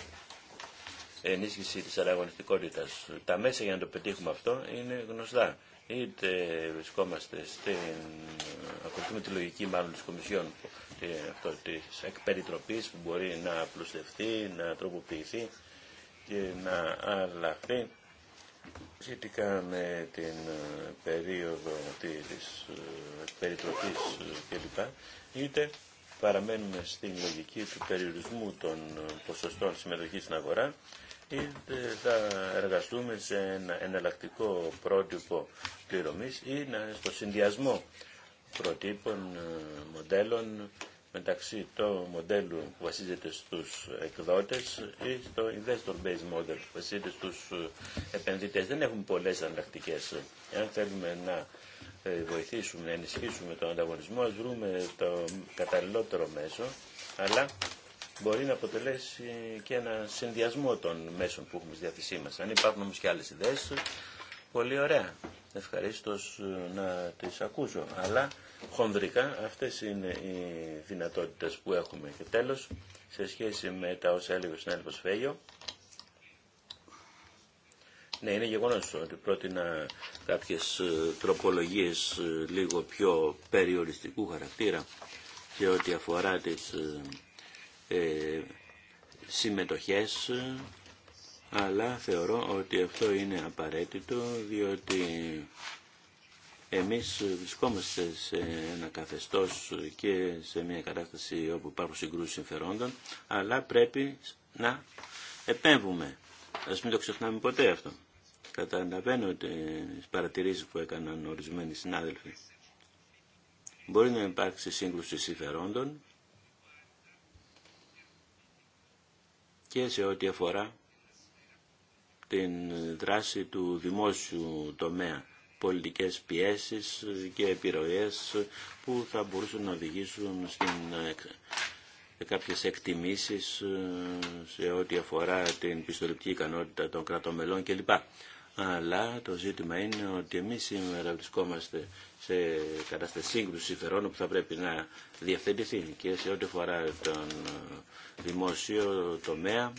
ενίσχυση της ανταγωνιστικότητας. Τα μέσα για να το πετύχουμε αυτό είναι γνωστά. Είτε βρισκόμαστε στην... ακολουθούμε τη λογική μάλλον της Κομισιόν ε, αυτό, της εκπεριτροπής που μπορεί να απλουστευτεί, να τροποποιηθεί και να αλλάχθει σχετικά με την ε, περίοδο της περιτροπής κλπ. Είτε παραμένουμε στην λογική του περιορισμού των ποσοστών συμμετοχής στην αγορά ή θα εργαστούμε σε ένα εναλλακτικό πρότυπο πληρωμή ή στο συνδυασμό προτύπων, ε, μοντέλων μεταξύ του μοντέλου που βασίζεται στους εκδότες ή στο investor based model που βασίζεται στους ε, επενδυτές. Δεν έχουμε πολλές εναλλακτικές. Εάν θέλουμε να ε, βοηθήσουμε, να ενισχύσουμε τον ανταγωνισμό, ας βρούμε το καταλληλότερο μέσο, αλλά μπορεί να αποτελέσει και ένα συνδυασμό των μέσων που έχουμε στη διάθεσή μας. Αν υπάρχουν όμως και άλλες ιδέες, πολύ ωραία. Ευχαρίστω ε, να τις ακούσω. Αλλά χονδρικά αυτές είναι οι δυνατότητες που έχουμε. Και τέλος, σε σχέση με τα όσα έλεγε ο συνάδελφος Φέγιο, ναι, είναι γεγονό ότι πρότεινα κάποιες ε, τροπολογίες ε, λίγο πιο περιοριστικού χαρακτήρα και ότι αφορά τις ε, ε συμμετοχές αλλά θεωρώ ότι αυτό είναι απαραίτητο διότι εμείς βρισκόμαστε σε ένα καθεστώς και σε μια κατάσταση όπου υπάρχουν συγκρούσεις συμφερόντων αλλά πρέπει να επέμβουμε. Ας μην το ξεχνάμε ποτέ αυτό. Καταλαβαίνω τις παρατηρήσεις που έκαναν ορισμένοι συνάδελφοι. Μπορεί να υπάρξει σύγκρουση συμφερόντων και σε ό,τι αφορά την δράση του δημόσιου τομέα πολιτικές πιέσεις και επιρροές που θα μπορούσαν να οδηγήσουν στην, ε, κάποιες εκτιμήσεις ε, σε ό,τι αφορά την πιστοληπτική ικανότητα των κρατομελών μελών κλπ αλλά το ζήτημα είναι ότι εμεί σήμερα βρισκόμαστε σε κατάσταση σύγκρουση συμφερόνων που θα πρέπει να διευθετηθεί και σε ό,τι αφορά τον δημόσιο τομέα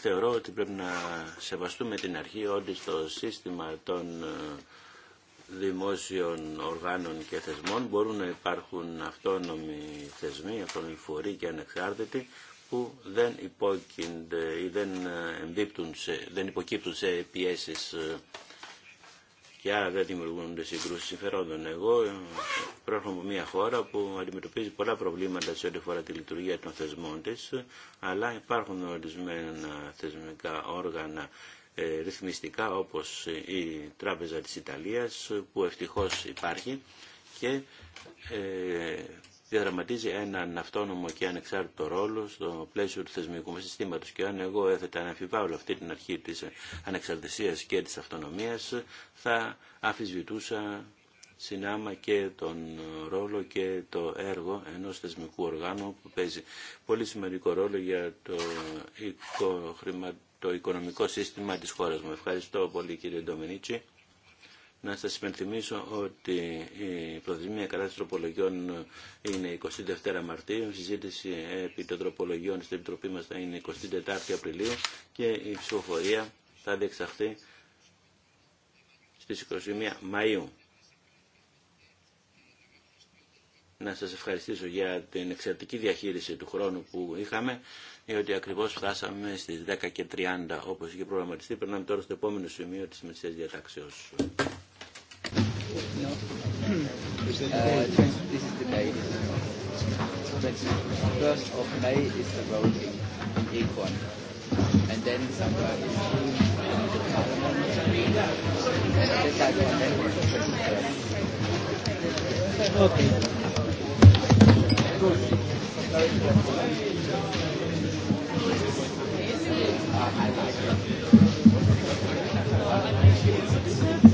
θεωρώ ότι πρέπει να σεβαστούμε την αρχή ότι στο σύστημα των ε, δημόσιων οργάνων και θεσμών μπορούν να υπάρχουν αυτόνομοι θεσμοί, αυτόνομοι φορεί και ανεξάρτητοι που δεν ή δεν, ε, εμπίπτουν σε, δεν υποκύπτουν σε πιέσεις ε, και άρα δεν δημιουργούνται συγκρούσεις συμφερόντων. Εγώ ε, προέρχομαι από μια χώρα που αντιμετωπίζει πολλά προβλήματα σε ό,τι αφορά τη λειτουργία των θεσμών της, αλλά υπάρχουν ορισμένα θεσμικά όργανα ρυθμιστικά όπως η Τράπεζα της Ιταλίας που ευτυχώς υπάρχει και διαδραματίζει έναν αυτόνομο και ανεξάρτητο ρόλο στο πλαίσιο του θεσμικού μα συστήματος. Και αν εγώ έθετα να αμφιβάλλω αυτή την αρχή τη ανεξαρτησία και τη αυτονομία, θα αφισβητούσα συνάμα και τον ρόλο και το έργο ενός θεσμικού οργάνου που παίζει πολύ σημαντικό ρόλο για το, οικο, το οικονομικό σύστημα της χώρας μου. Ευχαριστώ πολύ κύριε Ντομινίτσι. Να σας υπενθυμίσω ότι η προθεσμία κατά τροπολογιών είναι 22 Μαρτίου, η συζήτηση επί των τροπολογιών στην Επιτροπή μας θα είναι 24 Απριλίου και η ψηφοφορία θα διεξαχθεί στις 21 Μαΐου. Να σας ευχαριστήσω για την εξαιρετική διαχείριση του χρόνου που είχαμε, διότι ακριβώς φτάσαμε στις 10.30 όπω όπως είχε προγραμματιστεί. Περνάμε τώρα στο επόμενο σημείο της Μεσσίας Διατάξεως. No. this is the day. First first of May is the voting in And then somewhere is June, the parliament. Okay.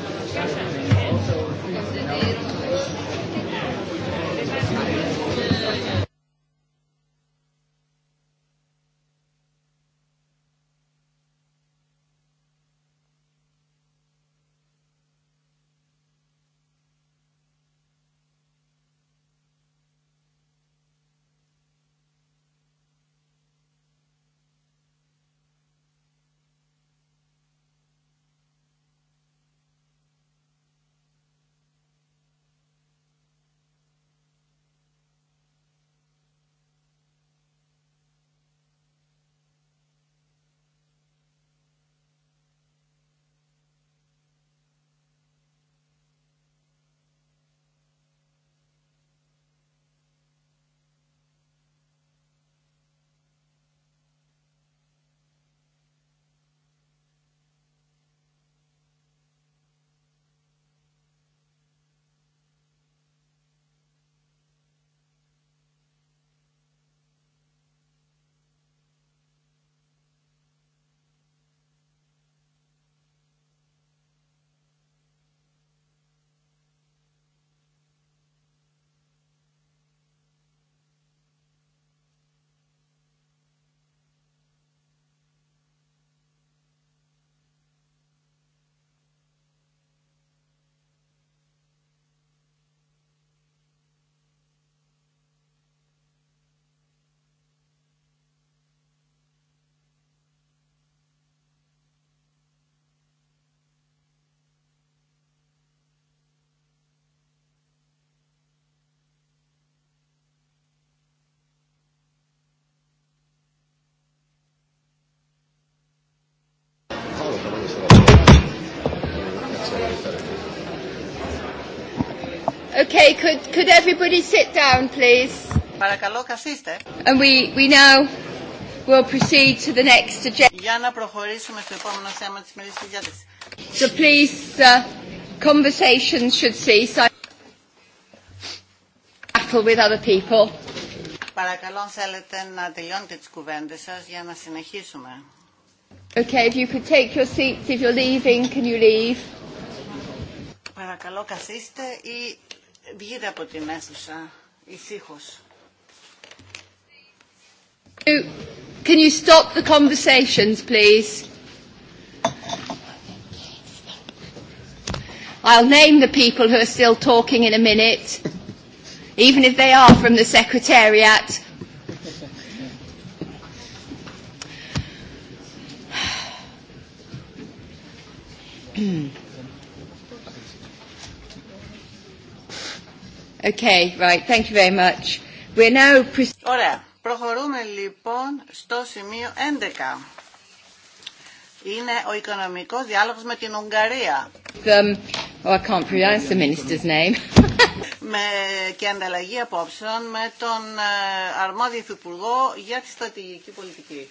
Gracias. Okay, could, could everybody sit down, please? Παρακαλώ, καθίστε. And we, we now will proceed to the next agenda. Για να προχωρήσουμε στο επόμενο θέμα της μερικής διάταξης. So please, uh, conversations should cease. I battle with other people. Παρακαλώ, αν θέλετε να τελειώνετε τις κουβέντες σας για να συνεχίσουμε. Okay, if you could take your seats, if you're leaving, can you leave? Παρακαλώ, καθίστε ή βγείτε από την αίθουσα ησύχως. Can you stop the conversations, please? I'll name the people who are still talking in a minute, even if they are from the Secretariat. Okay, Ωραία. Προχωρούμε λοιπόν στο σημείο 11. Είναι ο οικονομικός διάλογος με την Ουγγαρία. Um, oh, με, και ανταλλαγή απόψεων με τον ε, αρμόδιο υφυπουργό για τη στρατηγική πολιτική.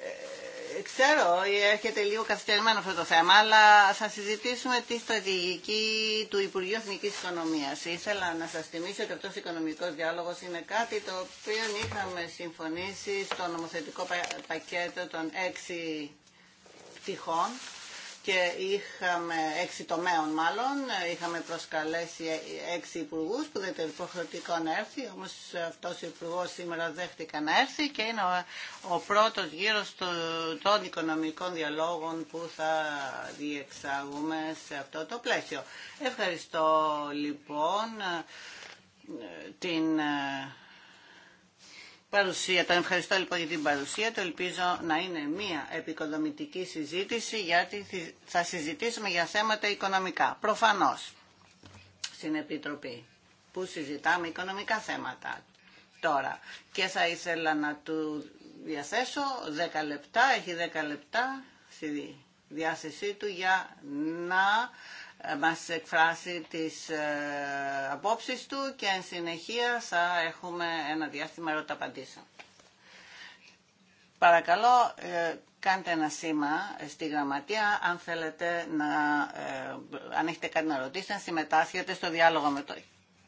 Ε, ξέρω, έρχεται λίγο καθυστερημένο αυτό το θέμα, αλλά θα συζητήσουμε τη στρατηγική του Υπουργείου Εθνική Οικονομίας. Ήθελα να σας θυμίσω ότι αυτός ο οικονομικός διάλογος είναι κάτι το οποίο είχαμε συμφωνήσει στο νομοθετικό πακέτο των έξι πτυχών και είχαμε έξι τομέων μάλλον, είχαμε προσκαλέσει έξι υπουργού που δεν ήταν υποχρεωτικό να έρθει, όμως αυτός ο υπουργό σήμερα δέχτηκε να έρθει και είναι ο, ο πρώτος γύρος των οικονομικών διαλόγων που θα διεξάγουμε σε αυτό το πλαίσιο. Ευχαριστώ λοιπόν ε, την ε, παρουσία. Τον ευχαριστώ λοιπόν για την παρουσία του. Ελπίζω να είναι μια επικοδομητική συζήτηση γιατί θα συζητήσουμε για θέματα οικονομικά. Προφανώς στην Επιτροπή που συζητάμε οικονομικά θέματα τώρα. Και θα ήθελα να του διαθέσω 10 λεπτά, έχει 10 λεπτά στη διάθεσή του για να ε, μας εκφράσει τις ε, απόψεις του και εν συνεχεία θα έχουμε ένα διάστημα ερωταπαντήσεων. Παρακαλώ, ε, κάντε ένα σήμα στη γραμματεία αν θέλετε να, αν έχετε κάτι να ρωτήσετε, να συμμετάσχετε στο διάλογο με το.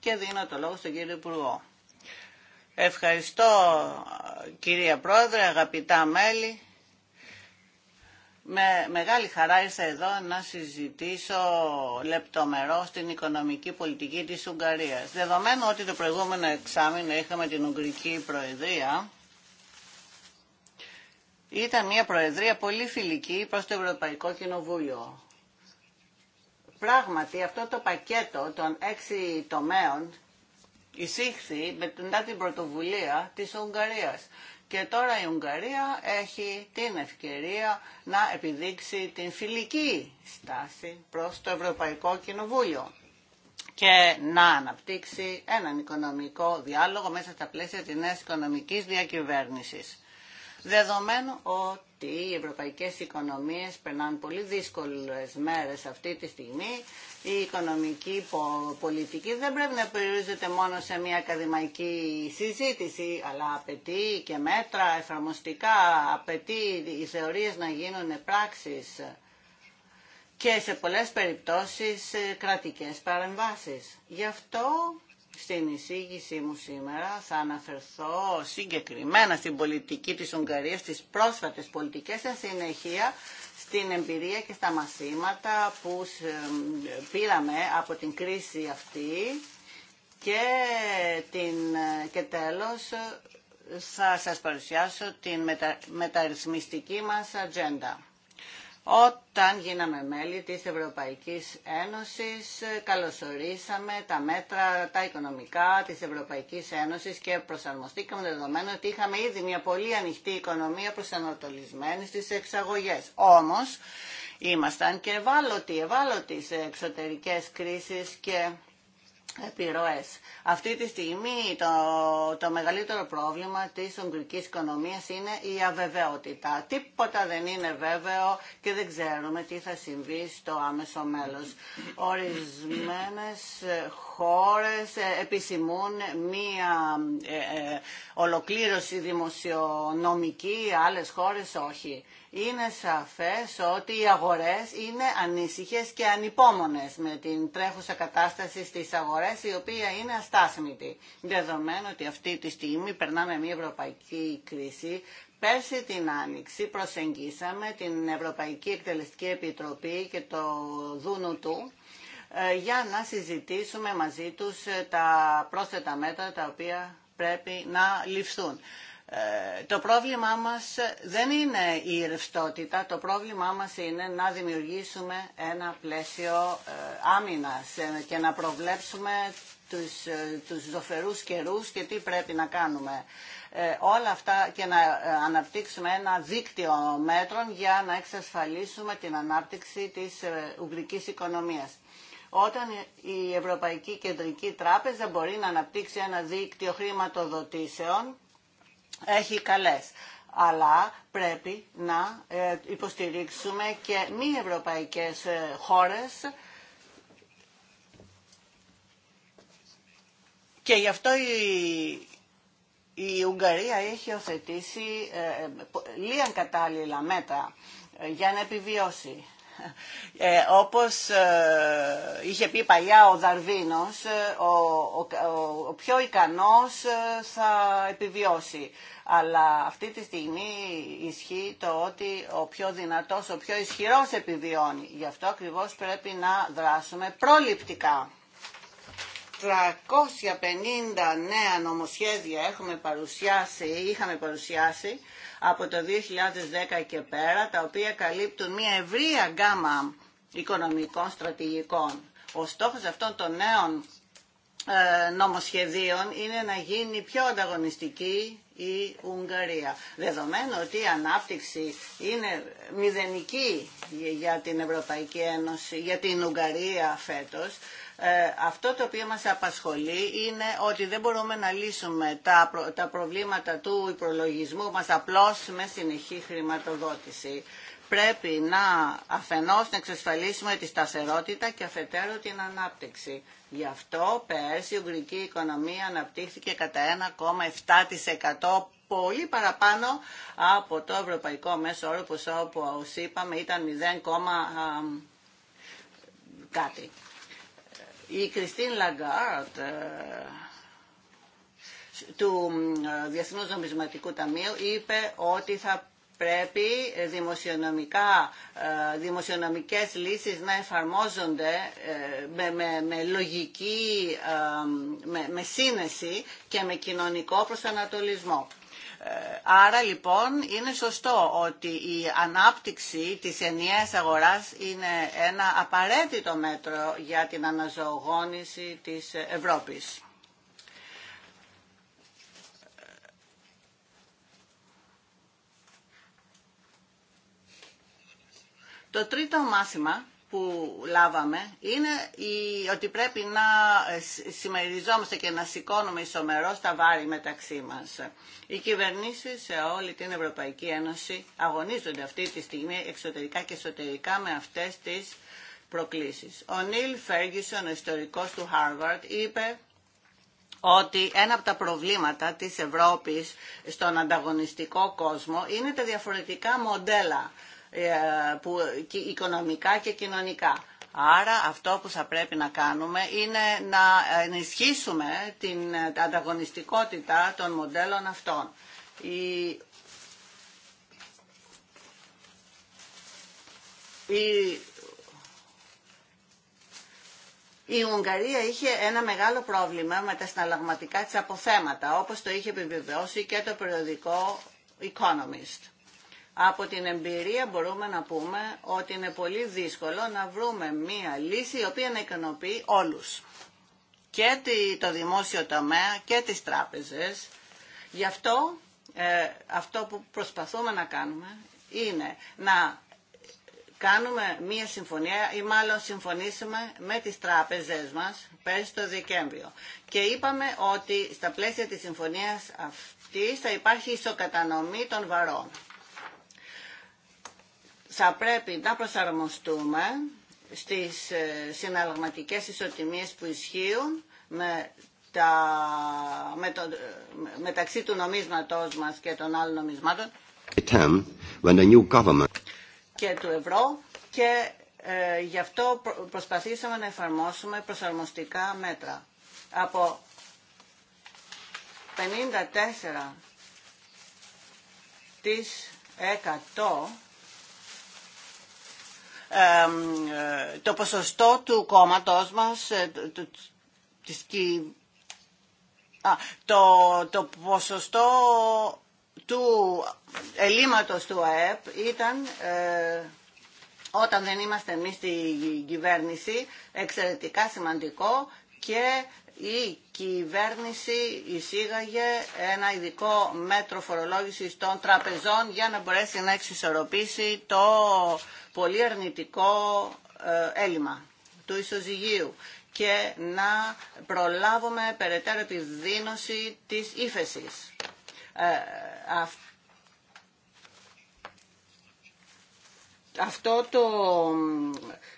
Και δίνω το λόγο στον κύριο Υπουργό. Ευχαριστώ κυρία Πρόεδρε, αγαπητά μέλη. Με μεγάλη χαρά ήρθα εδώ να συζητήσω λεπτομερό στην οικονομική πολιτική της Ουγγαρίας. Δεδομένου ότι το προηγούμενο εξάμεινο είχαμε την Ουγγρική Προεδρία, ήταν μια Προεδρία πολύ φιλική προς το Ευρωπαϊκό Κοινοβούλιο. Πράγματι αυτό το πακέτο των έξι τομέων εισήχθη μετά την πρωτοβουλία της Ουγγαρίας και τώρα η Ουγγαρία έχει την ευκαιρία να επιδείξει την φιλική στάση προς το Ευρωπαϊκό Κοινοβούλιο και να αναπτύξει έναν οικονομικό διάλογο μέσα στα πλαίσια της νέας οικονομικής διακυβέρνησης. Δεδομένου ότι οι ευρωπαϊκές οικονομίες περνάνε πολύ δύσκολες μέρες αυτή τη στιγμή, η οικονομική πολιτική δεν πρέπει να περιορίζεται μόνο σε μια ακαδημαϊκή συζήτηση, αλλά απαιτεί και μέτρα εφαρμοστικά, απαιτεί οι θεωρίες να γίνουν πράξεις και σε πολλές περιπτώσεις ε, κρατικές παρεμβάσεις. Γι' αυτό στην εισήγησή μου σήμερα θα αναφερθώ συγκεκριμένα στην πολιτική της Ουγγαρίας, στις πρόσφατες πολιτικές, σε συνεχεία στην εμπειρία και στα μαθήματα που πήραμε από την κρίση αυτή και, την, και τέλος θα σας παρουσιάσω την μετα, μεταρρυθμιστική μας ατζέντα. Όταν γίναμε μέλη της Ευρωπαϊκής Ένωσης, καλωσορίσαμε τα μέτρα, τα οικονομικά της Ευρωπαϊκής Ένωσης και προσαρμοστήκαμε δεδομένου ότι είχαμε ήδη μια πολύ ανοιχτή οικονομία προσανατολισμένη στις εξαγωγές. Όμως, ήμασταν και ευάλωτοι, ευάλωτοι σε εξωτερικές κρίσεις και επιρροές. Αυτή τη στιγμή το, το μεγαλύτερο πρόβλημα της ουγγρικής οικονομίας είναι η αβεβαιότητα. Τίποτα δεν είναι βέβαιο και δεν ξέρουμε τι θα συμβεί στο άμεσο μέλος. Ορισμένες χώρες επισημούν μία ε, ε, ολοκλήρωση δημοσιονομική, άλλες χώρες όχι είναι σαφές ότι οι αγορές είναι ανήσυχες και ανυπόμονες με την τρέχουσα κατάσταση στις αγορές η οποία είναι αστάσμητη. Δεδομένου ότι αυτή τη στιγμή περνάμε μια ευρωπαϊκή κρίση, Πέρσι την Άνοιξη προσεγγίσαμε την Ευρωπαϊκή Εκτελεστική Επιτροπή και το Δούνου του ε, για να συζητήσουμε μαζί τους ε, τα πρόσθετα μέτρα τα οποία πρέπει να ληφθούν. Ε, το πρόβλημά μας δεν είναι η ρευστότητα, το πρόβλημά μας είναι να δημιουργήσουμε ένα πλαίσιο ε, άμυνας ε, και να προβλέψουμε τους, τους ζωφερούς καιρούς και τι πρέπει να κάνουμε. όλα αυτά και να αναπτύξουμε ένα δίκτυο μέτρων για να εξασφαλίσουμε την ανάπτυξη της ουγγρικής οικονομίας όταν η Ευρωπαϊκή Κεντρική Τράπεζα μπορεί να αναπτύξει ένα δίκτυο χρηματοδοτήσεων έχει καλές. Αλλά πρέπει να ε, υποστηρίξουμε και μη ευρωπαϊκές ε, χώρες και γι' αυτό η, η Ουγγαρία έχει οθετήσει ε, λίγα κατάλληλα μέτρα για να επιβιώσει. Ε, όπως ε, είχε πει παλιά ο Δαρβίνος, ε, ο, πιο ικανός θα επιβιώσει. Αλλά αυτή τη στιγμή ισχύει το ότι ο πιο δυνατός, ο πιο ισχυρός επιβιώνει. Γι' αυτό ακριβώς πρέπει να δράσουμε προληπτικά. 350 νέα νομοσχέδια έχουμε παρουσιάσει, είχαμε παρουσιάσει από το 2010 και πέρα, τα οποία καλύπτουν μια ευρία γκάμα οικονομικών στρατηγικών. Ο στόχος αυτών των νέων ε, νομοσχεδίων είναι να γίνει πιο ανταγωνιστική η Ουγγαρία. Δεδομένου ότι η ανάπτυξη είναι μηδενική για την Ευρωπαϊκή Ένωση, για την Ουγγαρία φέτος, ε, αυτό το οποίο μας απασχολεί είναι ότι δεν μπορούμε να λύσουμε τα, τα προβλήματα του υπρολογισμού μας απλώς με συνεχή χρηματοδότηση. Πρέπει να αφενός να εξασφαλίσουμε τη σταθερότητα και αφετέρου την ανάπτυξη. Γι' αυτό πέρσι η ουγγρική οικονομία αναπτύχθηκε κατά 1,7% πολύ παραπάνω από το ευρωπαϊκό μέσο όρο που όπως είπαμε ήταν 0, κάτι η Κριστίν Λαγκάρτ ε, του ε, Διεθνούς Νομισματικού Ταμείου είπε ότι θα πρέπει δημοσιονομικά, ε, δημοσιονομικές λύσεις να εφαρμόζονται με, με, λογική, με, με σύνεση και με κοινωνικό προσανατολισμό. Άρα λοιπόν είναι σωστό ότι η ανάπτυξη της ενιαίας αγοράς είναι ένα απαραίτητο μέτρο για την αναζωογόνηση της Ευρώπης. Το τρίτο μάθημα που λάβαμε είναι ότι πρέπει να ε, συμμεριζόμαστε και να σηκώνουμε ισομερό τα βάρη μεταξύ μας. Οι κυβερνήσεις σε όλη την Ευρωπαϊκή Ένωση αγωνίζονται αυτή τη στιγμή εξωτερικά και εσωτερικά με αυτές τις προκλήσεις. Ο Νίλ Φέργισον, ο ιστορικός του Χάρβαρτ, είπε ότι ένα από τα προβλήματα της Ευρώπης στον ανταγωνιστικό κόσμο είναι τα διαφορετικά μοντέλα ε, που, οικονομικά και κοινωνικά. Άρα αυτό που θα πρέπει να κάνουμε είναι να ενισχύσουμε την ανταγωνιστικότητα των μοντέλων αυτών. Η, η Ουγγαρία είχε ένα μεγάλο πρόβλημα με τα συναλλαγματικά της αποθέματα, όπως το είχε επιβεβαιώσει και το περιοδικό Economist. Από την εμπειρία μπορούμε να πούμε ότι είναι πολύ δύσκολο να βρούμε μία λύση η οποία να ικανοποιεί όλους. Και το δημόσιο τομέα και τις τράπεζες. Γι' αυτό ε, αυτό που προσπαθούμε να κάνουμε είναι να κάνουμε μία συμφωνία ή μάλλον συμφωνήσουμε με τις τράπεζες μας πέρσι το Δεκέμβριο. Και είπαμε ότι στα πλαίσια της συμφωνίας αυτής θα υπάρχει ισοκατανομή των βαρών θα πρέπει να προσαρμοστούμε στις ε, συναλλαγματικές ισοτιμίες που ισχύουν με τα, με μεταξύ του νομίσματός μας και των άλλων νομισμάτων και του ευρώ και ε, γι' αυτό προσπαθήσαμε να εφαρμόσουμε προσαρμοστικά μέτρα. Από 54 της 100 ε, το ποσοστό του κόμματός μας, ε, της, το, το ποσοστό του ελλείμματος του ΑΕΠ ήταν, ε, όταν δεν είμαστε εμείς στη κυβέρνηση, εξαιρετικά σημαντικό και η κυβέρνηση εισήγαγε ένα ειδικό μέτρο φορολόγησης των τραπεζών για να μπορέσει να εξισορροπήσει το πολύ αρνητικό ε, έλλειμμα του ισοζυγίου και να προλάβουμε περαιτέρω επιδείνωση της ύφεσης. Ε, αυτό το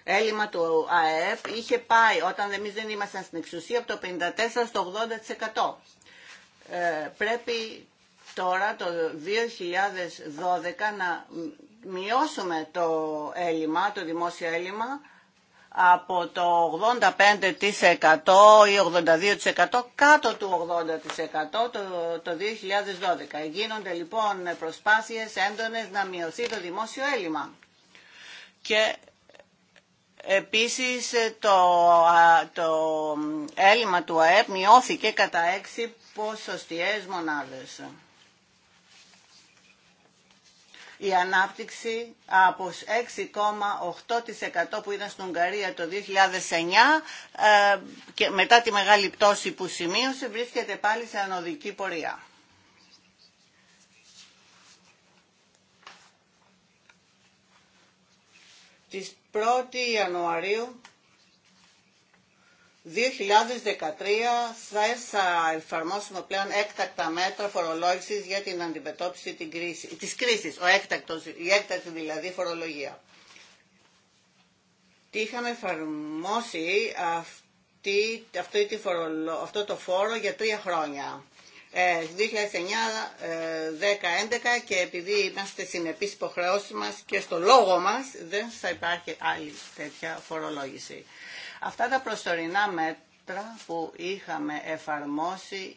έλλειμμα του ΑΕΠ είχε πάει όταν εμεί δεν ήμασταν στην εξουσία από το 54% στο 80%. Ε, πρέπει τώρα το 2012 να μειώσουμε το έλλειμμα, το δημόσιο έλλειμμα από το 85% ή 82% κάτω του 80% το, το 2012. Γίνονται λοιπόν προσπάθειες έντονες να μειωθεί το δημόσιο έλλειμμα και επίσης ε, το, το έλλειμμα του ΑΕΠ μειώθηκε κατά 6 ποσοστιαίες μονάδες. Η ανάπτυξη από 6,8% που ήταν στην Ουγγαρία το 2009 ε, και μετά τη μεγάλη πτώση που σημείωσε βρίσκεται πάλι σε ανωδική πορεία. της 1η Ιανουαρίου 2013 θα εφαρμόσουμε πλέον έκτακτα μέτρα φορολόγησης για την αντιμετώπιση της κρίσης, ο έκτακτος, η έκτακτη δηλαδή φορολογία. Τι είχαμε εφαρμόσει αυτό το φόρο για τρία χρόνια. 2009 ε, 2011 ε, και επειδή είμαστε συνεπείς υποχρεώσεις μας και στο λόγο μας δεν θα υπάρχει άλλη τέτοια φορολόγηση. Αυτά τα προσωρινά μέτρα που είχαμε εφαρμόσει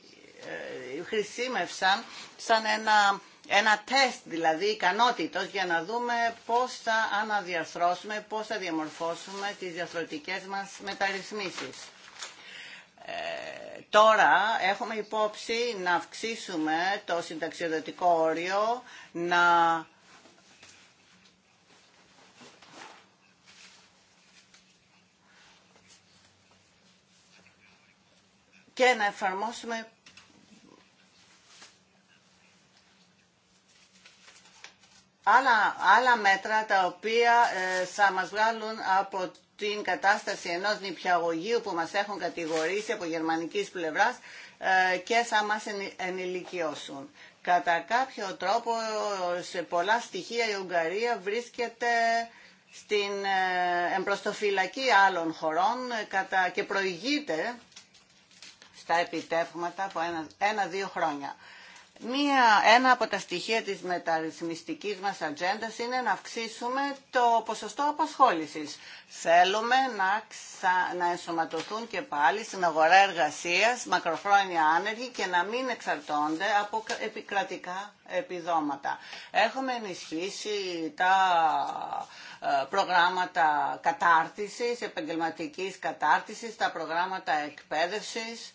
ε, χρησιμεύσαν σαν ένα, ένα τεστ δηλαδή ικανότητος για να δούμε πώς θα αναδιαρθρώσουμε, πώς θα διαμορφώσουμε τις διαθροτικές μας μεταρρυθμίσεις τώρα έχουμε υπόψη να αυξήσουμε το συνταξιοδοτικό όριο, να και να εφαρμόσουμε άλλα, μέτρα τα οποία ε, θα μας βγάλουν από την κατάσταση ενός νηπιαγωγείου που μας έχουν κατηγορήσει από γερμανικής πλευράς ε, και θα μας ενηλικιώσουν. Κατά κάποιο τρόπο σε πολλά στοιχεία η Ουγγαρία βρίσκεται στην ε, εμπροστοφυλακή άλλων χωρών ε, και προηγείται στα επιτεύγματα από ένα-δύο χρόνια. Μία, ένα από τα στοιχεία της μεταρρυθμιστικής μας ατζέντα είναι να αυξήσουμε το ποσοστό απασχόλησης. Θέλουμε να, ξα, να ενσωματωθούν και πάλι στην αγορά εργασίας μακροχρόνια άνεργοι και να μην εξαρτώνται από επικρατικά επιδόματα. Έχουμε ενισχύσει τα ε, προγράμματα κατάρτισης, επαγγελματικής κατάρτισης, τα προγράμματα εκπαίδευσης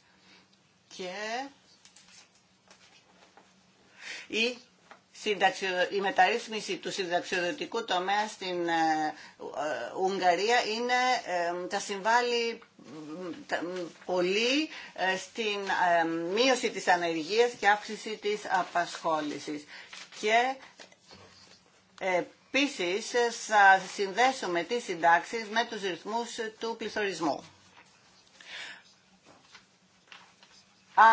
και η η μεταρρύθμιση του συνταξιοδοτικού τομέα στην ε, ε, Ουγγαρία είναι, ε, τα συμβάλλει πολύ στην μείωση της ανεργίας και αύξηση της απασχόλησης. Και επίσης θα συνδέσουμε τις συντάξεις με τους ρυθμούς του πληθωρισμού.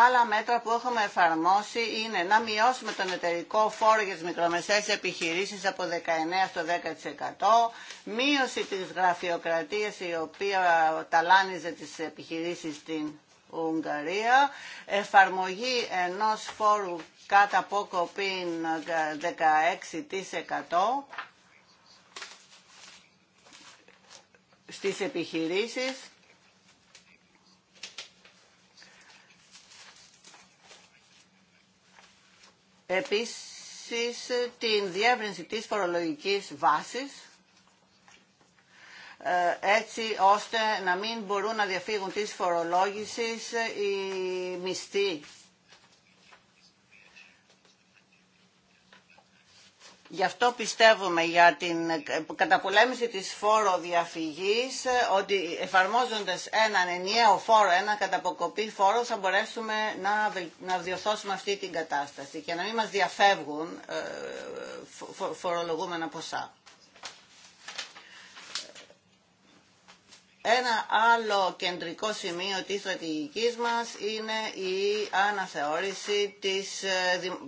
Άλλα μέτρα που έχουμε εφαρμόσει είναι να μειώσουμε τον εταιρικό φόρο για τις μικρομεσαίες επιχειρήσεις από 19% στο 10%, μείωση της γραφειοκρατίας η οποία ταλάνιζε τις επιχειρήσεις στην Ουγγαρία, εφαρμογή ενός φόρου κατά απόκοπήν 16% στις επιχειρήσεις Επίσης την διεύρυνση της φορολογικής βάσης ε, έτσι ώστε να μην μπορούν να διαφύγουν τις φορολόγησης οι μισθοί Γι' αυτό πιστεύουμε για την καταπολέμηση της διαφυγής, ότι εφαρμόζοντας έναν ενιαίο φόρο, ένα καταποκοπή φόρο θα μπορέσουμε να, να διορθώσουμε αυτή την κατάσταση και να μην μας διαφεύγουν ε, φορολογούμενα ποσά. Ένα άλλο κεντρικό σημείο της στρατηγικής μας είναι η αναθεώρηση της, ε,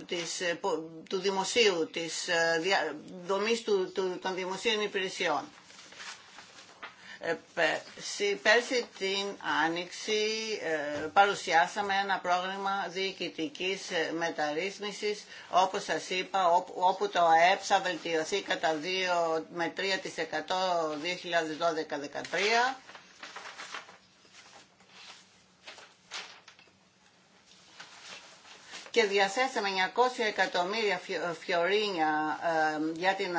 της, ε, του δημοσίου, της ε, δομής του, του, των δημοσίων υπηρεσιών. Πέρσι την Άνοιξη παρουσιάσαμε ένα πρόγραμμα διοικητικής μεταρρύθμισης, όπως σας είπα, όπου το ΑΕΠ θα βελτιωθεί κατά 2 με 3% 2012-2013 και διαθέσαμε 900 εκατομμύρια φιωρίνια ε, για την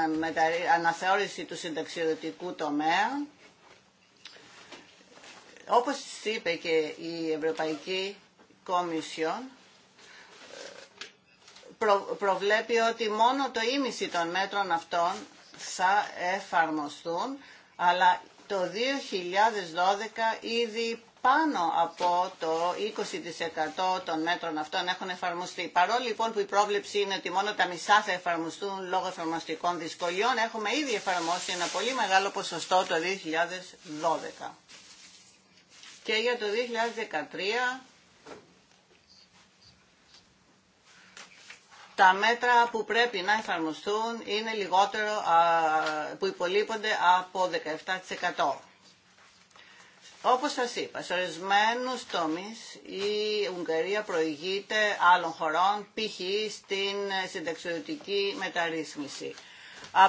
αναθεώρηση του συνταξιδοτικού τομέα. Όπως είπε και η Ευρωπαϊκή Κόμισιον, ε, προβλέπει ότι μόνο το ίμιση των μέτρων αυτών θα εφαρμοστούν, αλλά το 2012 ήδη πάνω από το 20% των μέτρων αυτών έχουν εφαρμοστεί. Παρόλο λοιπόν που η πρόβλεψη είναι ότι μόνο τα μισά θα εφαρμοστούν λόγω εφαρμοστικών δυσκολιών, έχουμε ήδη εφαρμόσει ένα πολύ μεγάλο ποσοστό το 2012. Και για το 2013 τα μέτρα που πρέπει να εφαρμοστούν είναι λιγότερο, που υπολείπονται από 17%. Όπως σας είπα, σε ορισμένου τομεί η Ουγγαρία προηγείται άλλων χωρών, π.χ. στην συνταξιδοτική μεταρρύθμιση.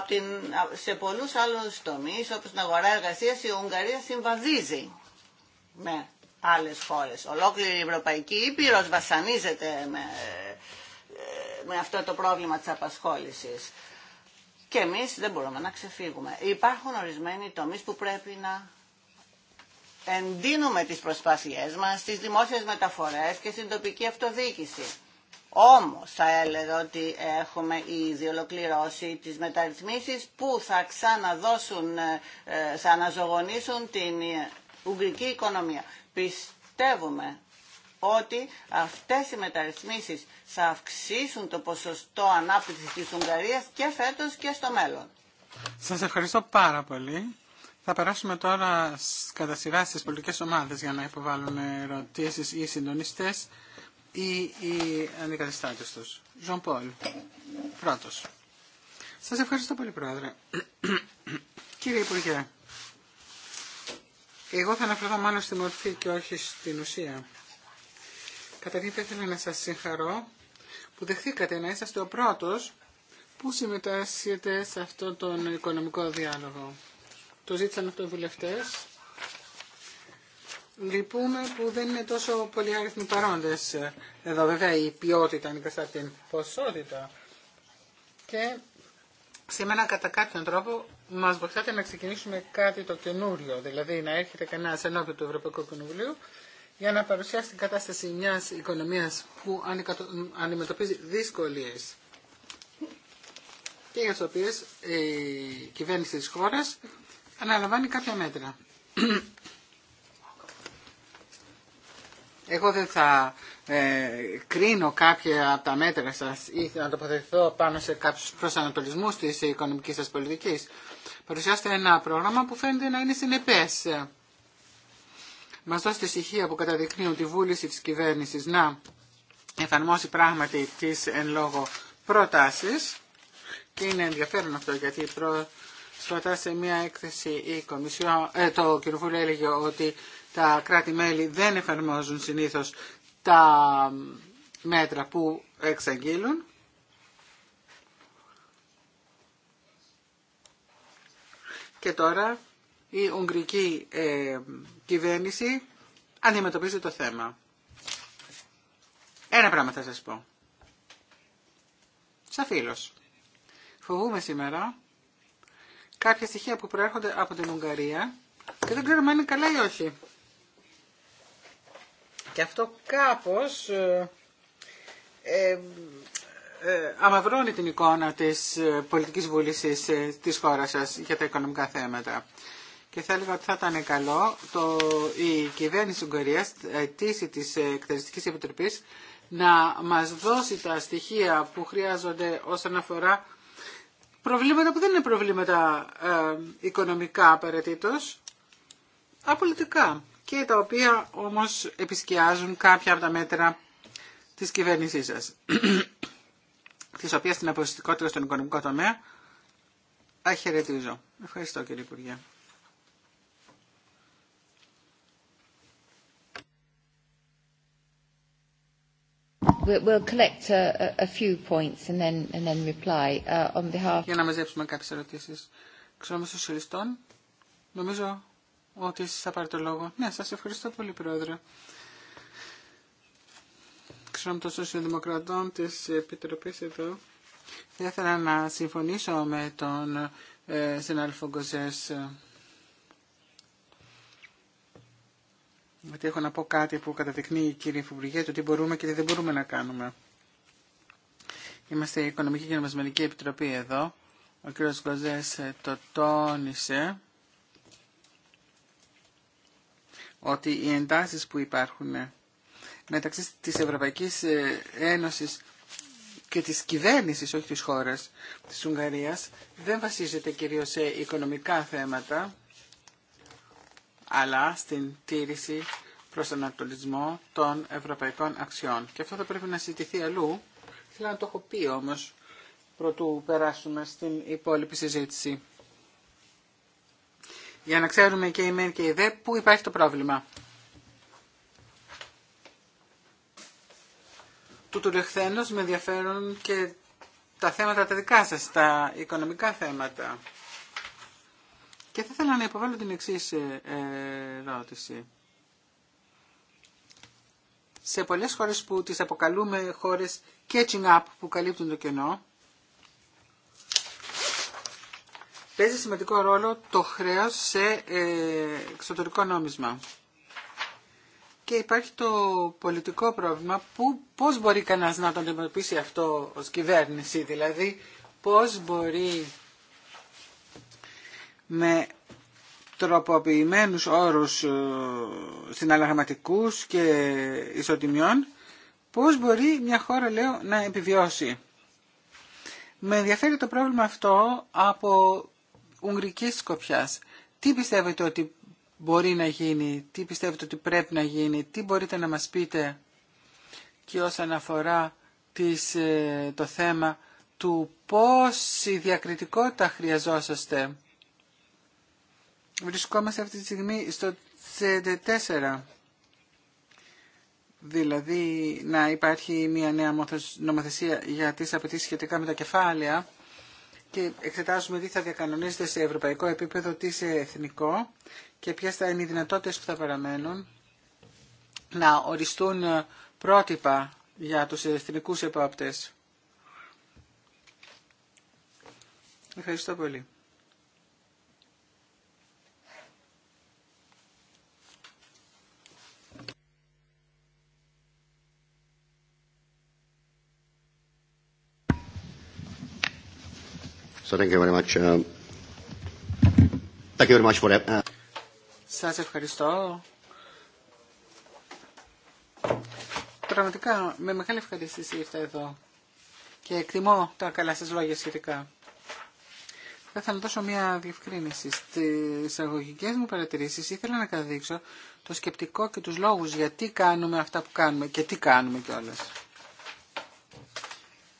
την, σε πολλούς άλλους τομείς, όπως την αγορά εργασίας, η Ουγγαρία συμβαδίζει με άλλες χώρες. Ολόκληρη η Ευρωπαϊκή Ήπειρος βασανίζεται με, με αυτό το πρόβλημα της απασχόλησης. Και εμείς δεν μπορούμε να ξεφύγουμε. Υπάρχουν ορισμένοι τομείς που πρέπει να εντείνουμε τις προσπάθειές μας στις δημόσιες μεταφορές και στην τοπική αυτοδιοίκηση. Όμως θα έλεγα ότι έχουμε ήδη ολοκληρώσει τις μεταρρυθμίσεις που θα ξαναδώσουν, ε, ε, θα αναζωογονήσουν την ε, ουγγρική οικονομία. Πιστεύουμε ότι αυτές οι μεταρρυθμίσεις θα αυξήσουν το ποσοστό ανάπτυξης της Ουγγαρίας και φέτος και στο μέλλον. Σας ευχαριστώ πάρα πολύ. Θα περάσουμε τώρα κατά σειρά στις πολιτικές ομάδες για να υποβάλουν ερωτήσεις ή οι συντονιστές ή οι αντικαταστάτες τους. Ζων Πολ, πρώτος. Σας ευχαριστώ πολύ Πρόεδρε. Κύριε Υπουργέ, εγώ θα αναφερθώ μάλλον στη μορφή και όχι στην ουσία. Καταρχήν θα ήθελα να σας συγχαρώ που δεχθήκατε να είσαστε ο πρώτος που συμμετάσχετε σε αυτόν τον οικονομικό διάλογο. Το ζήτησαν αυτό οι βουλευτέ. Λυπούμε που δεν είναι τόσο πολλοί αριθμοί παρόντε. Εδώ βέβαια η ποιότητα είναι την ποσότητα. Και σήμερα κατά κάποιον τρόπο μα βοηθάτε να ξεκινήσουμε κάτι το καινούριο. Δηλαδή να έρχεται κανένα ενώπιον του Ευρωπαϊκού Κοινοβουλίου για να παρουσιάσει την κατάσταση μια οικονομία που αντιμετωπίζει δυσκολίε και για τι οποίε η κυβέρνηση τη χώρα αναλαμβάνει κάποια μέτρα. Εγώ δεν θα ε, κρίνω κάποια από τα μέτρα σας ή να τοποθετηθώ πάνω σε κάποιους προσανατολισμούς της οικονομικής σας πολιτικής. Παρουσιάστε ένα πρόγραμμα που φαίνεται να είναι συνεπές. Μας δώσετε στοιχεία που καταδεικνύουν τη βούληση της κυβέρνησης να εφαρμόσει πράγματι τις εν λόγω προτάσεις και είναι ενδιαφέρον αυτό γιατί Σκοτά σε μια έκθεση η ε, το Κοινοβούλιο έλεγε ότι τα κράτη-μέλη δεν εφαρμόζουν συνήθως τα μέτρα που εξαγγείλουν. Και τώρα η Ουγγρική ε, κυβέρνηση αντιμετωπίζει το θέμα. Ένα πράγμα θα σας πω. Σαφήλως. φοβούμαι σήμερα κάποια στοιχεία που προέρχονται από την Ουγγαρία και δεν ξέρουμε αν είναι καλά ή όχι. Και αυτό κάπως ε, ε, ε αμαυρώνει την εικόνα της ε, πολιτικής βούλησης της χώρας σας για τα οικονομικά θέματα. Και θα έλεγα ότι θα ήταν καλό το, η κυβέρνηση Ουγγαρίας, αιτήσει της Εκτελεστικής Επιτροπής, να μας δώσει τα στοιχεία που χρειάζονται όσον αφορά προβλήματα που δεν είναι προβλήματα ε, οικονομικά απαραίτητο, απολυτικά και τα οποία όμως επισκιάζουν κάποια από τα μέτρα της κυβέρνησής σας, της οποίας την αποσυστικότητα στον οικονομικό τομέα αχαιρετίζω. Ευχαριστώ κύριε Υπουργέ. We'll collect a few points and then and then reply uh, on behalf. Για να μαζέψουμε κάποιες ερωτήσεις. Ξέρω σοσιαλιστών. Νομίζω ότι εσείς θα πάρετε λόγο. Ναι, σας ευχαριστώ πολύ, Πρόεδρε. Ξέρουμε των σοσιαλδημοκρατών της Επιτροπής εδώ. Θα ήθελα να συμφωνήσω με τον ε, συνάδελφο Γκοζές γιατί έχω να πω κάτι που καταδεικνύει κύριε Φουμπουργέ, το τι μπορούμε και τι δεν μπορούμε να κάνουμε. Είμαστε η Οικονομική και Νομισματική Επιτροπή εδώ. Ο κύριος Γκοζές ε, το τόνισε ότι οι εντάσεις που υπάρχουν ε, μεταξύ της Ευρωπαϊκής ε, Ένωσης και της κυβέρνησης, όχι της χώρας, της Ουγγαρίας, δεν βασίζεται κυρίως σε οικονομικά θέματα, αλλά στην τήρηση προς τον ανατολισμό των ευρωπαϊκών αξιών. Και αυτό θα πρέπει να συζητηθεί αλλού. Θέλω να το έχω πει όμως, πρωτού περάσουμε στην υπόλοιπη συζήτηση. Για να ξέρουμε και η ΜΕΝ και η ΔΕ πού υπάρχει το πρόβλημα. Του του με ενδιαφέρουν και τα θέματα τα δικά σας, τα οικονομικά θέματα. Και θα ήθελα να υποβάλω την εξή ε, ερώτηση. Σε πολλές χώρες που τις αποκαλούμε χώρες catching up που καλύπτουν το κενό, παίζει σημαντικό ρόλο το χρέος σε ε, εξωτερικό νόμισμα. Και υπάρχει το πολιτικό πρόβλημα που πώς μπορεί κανένας να το αντιμετωπίσει αυτό ως κυβέρνηση, δηλαδή πώς μπορεί με τροποποιημένους όρους ε, συναλλαγματικούς και ισοτιμιών, πώς μπορεί μια χώρα, λέω, να επιβιώσει. Με ενδιαφέρει το πρόβλημα αυτό από ουγγρικής σκοπιάς. Τι πιστεύετε ότι μπορεί να γίνει, τι πιστεύετε ότι πρέπει να γίνει, τι μπορείτε να μας πείτε και όσον αφορά τις, ε, το θέμα του πόση διακριτικότητα χρειαζόσαστε βρισκόμαστε αυτή τη στιγμή στο CD4. Δηλαδή να υπάρχει μια νέα νομοθεσία για τις απαιτήσει σχετικά με τα κεφάλαια και εξετάζουμε τι θα διακανονίζεται σε ευρωπαϊκό επίπεδο, τι σε εθνικό και ποιες θα είναι οι δυνατότητες που θα παραμένουν να οριστούν πρότυπα για τους εθνικούς επόπτες. Ευχαριστώ πολύ. So uh, uh, Σας ευχαριστώ. Πραγματικά με μεγάλη ευχαρίστηση ήρθα εδώ και εκτιμώ τα καλά σας λόγια σχετικά. Θα ήθελα να δώσω μια διευκρίνηση. Στις αγωγικέ μου παρατηρήσεις ήθελα να καταδείξω το σκεπτικό και τους λόγους γιατί κάνουμε αυτά που κάνουμε και τι κάνουμε κιόλας.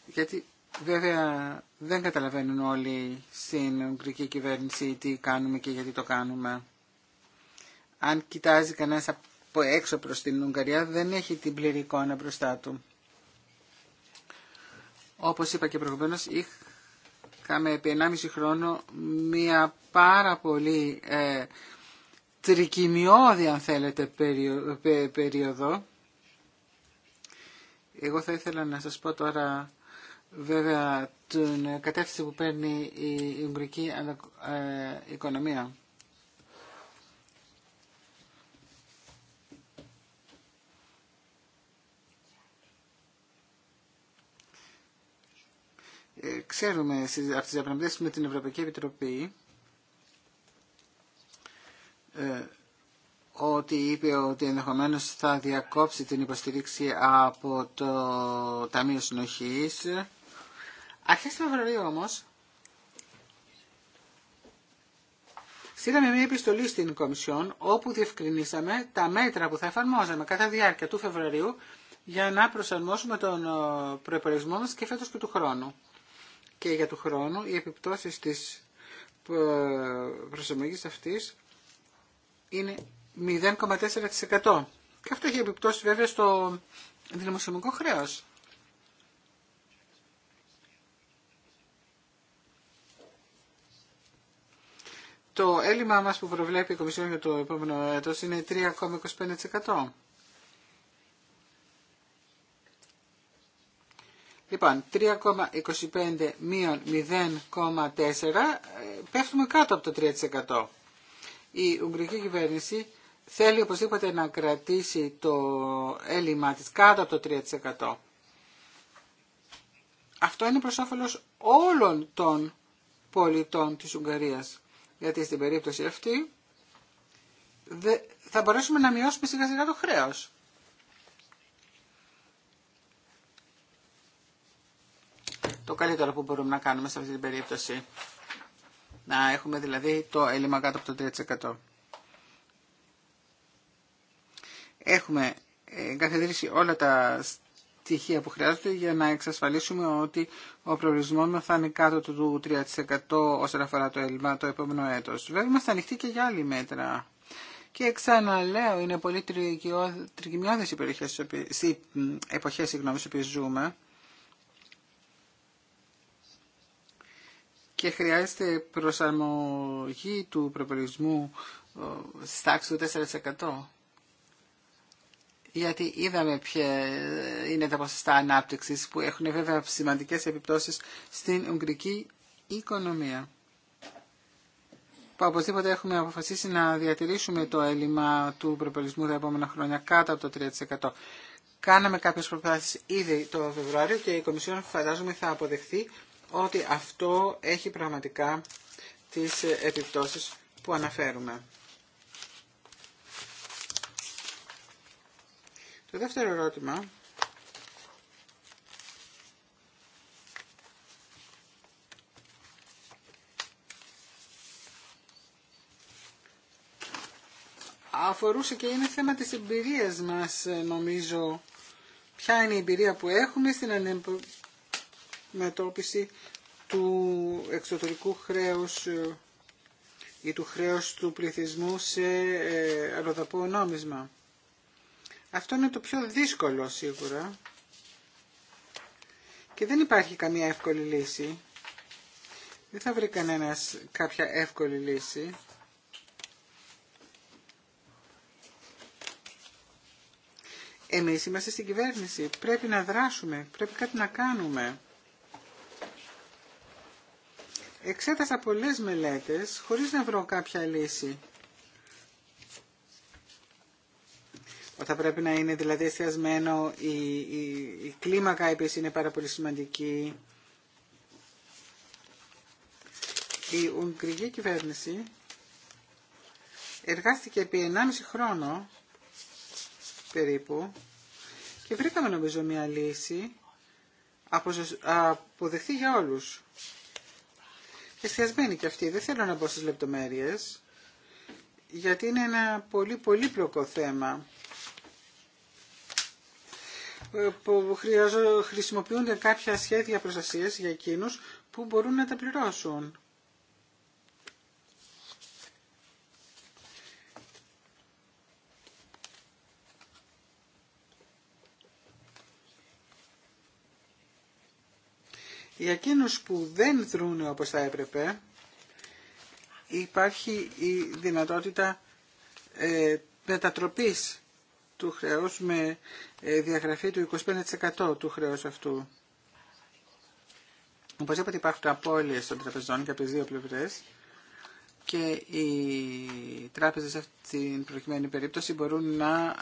Γιατί Βέβαια δεν καταλαβαίνουν όλοι στην Ουγγρική κυβέρνηση τι κάνουμε και γιατί το κάνουμε. Αν κοιτάζει κανένας από έξω προς την Ουγγαρία δεν έχει την πλήρη εικόνα μπροστά του. Όπως είπα και προηγουμένως είχαμε επί 1,5 χρόνο μία πάρα πολύ ε, τρικυμιώδη αν θέλετε περίοδο. Εγώ θα ήθελα να σας πω τώρα βέβαια την κατεύθυνση που παίρνει η Ουγγρική ε, οικονομία. Ε, ξέρουμε από τις διαπραγματεύσεις με την Ευρωπαϊκή Επιτροπή ε, ότι είπε ότι ενδεχομένω θα διακόψει την υποστήριξη από το Ταμείο Συνοχής Αρχές Φεβρουαρίου όμως, στείλαμε μια επιστολή στην Κομισιόν όπου διευκρινίσαμε τα μέτρα που θα εφαρμόζαμε κατά διάρκεια του Φεβρουαρίου για να προσαρμόσουμε τον ε, προπολογισμό μας και φέτος και του χρόνου. Και για του χρόνου οι επιπτώσεις της ε, προσαρμογής αυτής είναι 0,4%. Και αυτό έχει επιπτώσει βέβαια στο δημοσιονομικό χρέος. Το έλλειμμα μας που προβλέπει η Κομισιόν για το επόμενο έτος είναι 3,25%. Λοιπόν, 3,25 μείον 0,4 ε, πέφτουμε κάτω από το 3%. Η Ουγγρική κυβέρνηση θέλει οπωσδήποτε να κρατήσει το έλλειμμα της κάτω από το 3%. Αυτό είναι προς όφελος όλων των πολιτών της Ουγγαρίας. Γιατί στην περίπτωση αυτή θα μπορέσουμε να μειώσουμε σιγά σιγά το χρέος. Το καλύτερο που μπορούμε να κάνουμε σε αυτή την περίπτωση. Να έχουμε δηλαδή το έλλειμμα κάτω από το 3%. Έχουμε ε, καθιδρύσει όλα τα στοιχεία που χρειάζονται για να εξασφαλίσουμε ότι ο προορισμό μα θα είναι κάτω του 3% όσον αφορά το έλλειμμα το επόμενο έτο. Βέβαια, είμαστε ανοιχτοί και για άλλη μέτρα. Και ξαναλέω, είναι πολύ τριγυμιώδε οι εποχέ στι οποίε ζούμε. Και χρειάζεται προσαρμογή του προπολογισμού ε, στη τάξη του 4% γιατί είδαμε ποια είναι τα ποσοστά ανάπτυξη που έχουν βέβαια σημαντικέ επιπτώσεις στην Ουγγρική οικονομία. Που οπωσδήποτε έχουμε αποφασίσει να διατηρήσουμε το έλλειμμα του προπολισμού τα επόμενα χρόνια κάτω από το 3%. Κάναμε κάποιες προτάσεις ήδη το Φεβρουάριο και η Κομισιόν φαντάζομαι θα αποδεχθεί ότι αυτό έχει πραγματικά τις επιπτώσεις που αναφέρουμε. Το δεύτερο ερώτημα αφορούσε και είναι θέμα της εμπειρίας μας νομίζω. Ποια είναι η εμπειρία που έχουμε στην αντιμετώπιση του εξωτερικού χρέους ε, ή του χρέους του πληθυσμού σε ε, αλλοδαπό νόμισμα. Αυτό είναι το πιο δύσκολο σίγουρα και δεν υπάρχει καμία εύκολη λύση. Δεν θα βρει κανένας κάποια εύκολη λύση. Εμείς είμαστε στην κυβέρνηση. Πρέπει να δράσουμε. Πρέπει κάτι να κάνουμε. Εξέτασα πολλές μελέτες χωρίς να βρω κάποια λύση. θα πρέπει να είναι δηλαδή εστιασμένο, η, η, κλίμακα επίσης είναι πάρα πολύ σημαντική. Η Ουγγρική κυβέρνηση εργάστηκε επί 1,5 χρόνο περίπου και βρήκαμε νομίζω μια λύση δεχτεί για όλους. Εστιασμένη και αυτή, δεν θέλω να μπω στις λεπτομέρειες, γιατί είναι ένα πολύ πολύπλοκο θέμα που χρησιμοποιούνται κάποια σχέδια προστασίας για εκείνους που μπορούν να τα πληρώσουν. Για εκείνους που δεν δρούν όπως θα έπρεπε, υπάρχει η δυνατότητα ε, μετατροπής του χρέους με ε, διαγραφή του 25% του χρέους αυτού. Οπότε υπάρχουν απώλειες των τραπεζών και από τις δύο πλευρές και οι τράπεζες σε αυτή την προκειμένη περίπτωση μπορούν να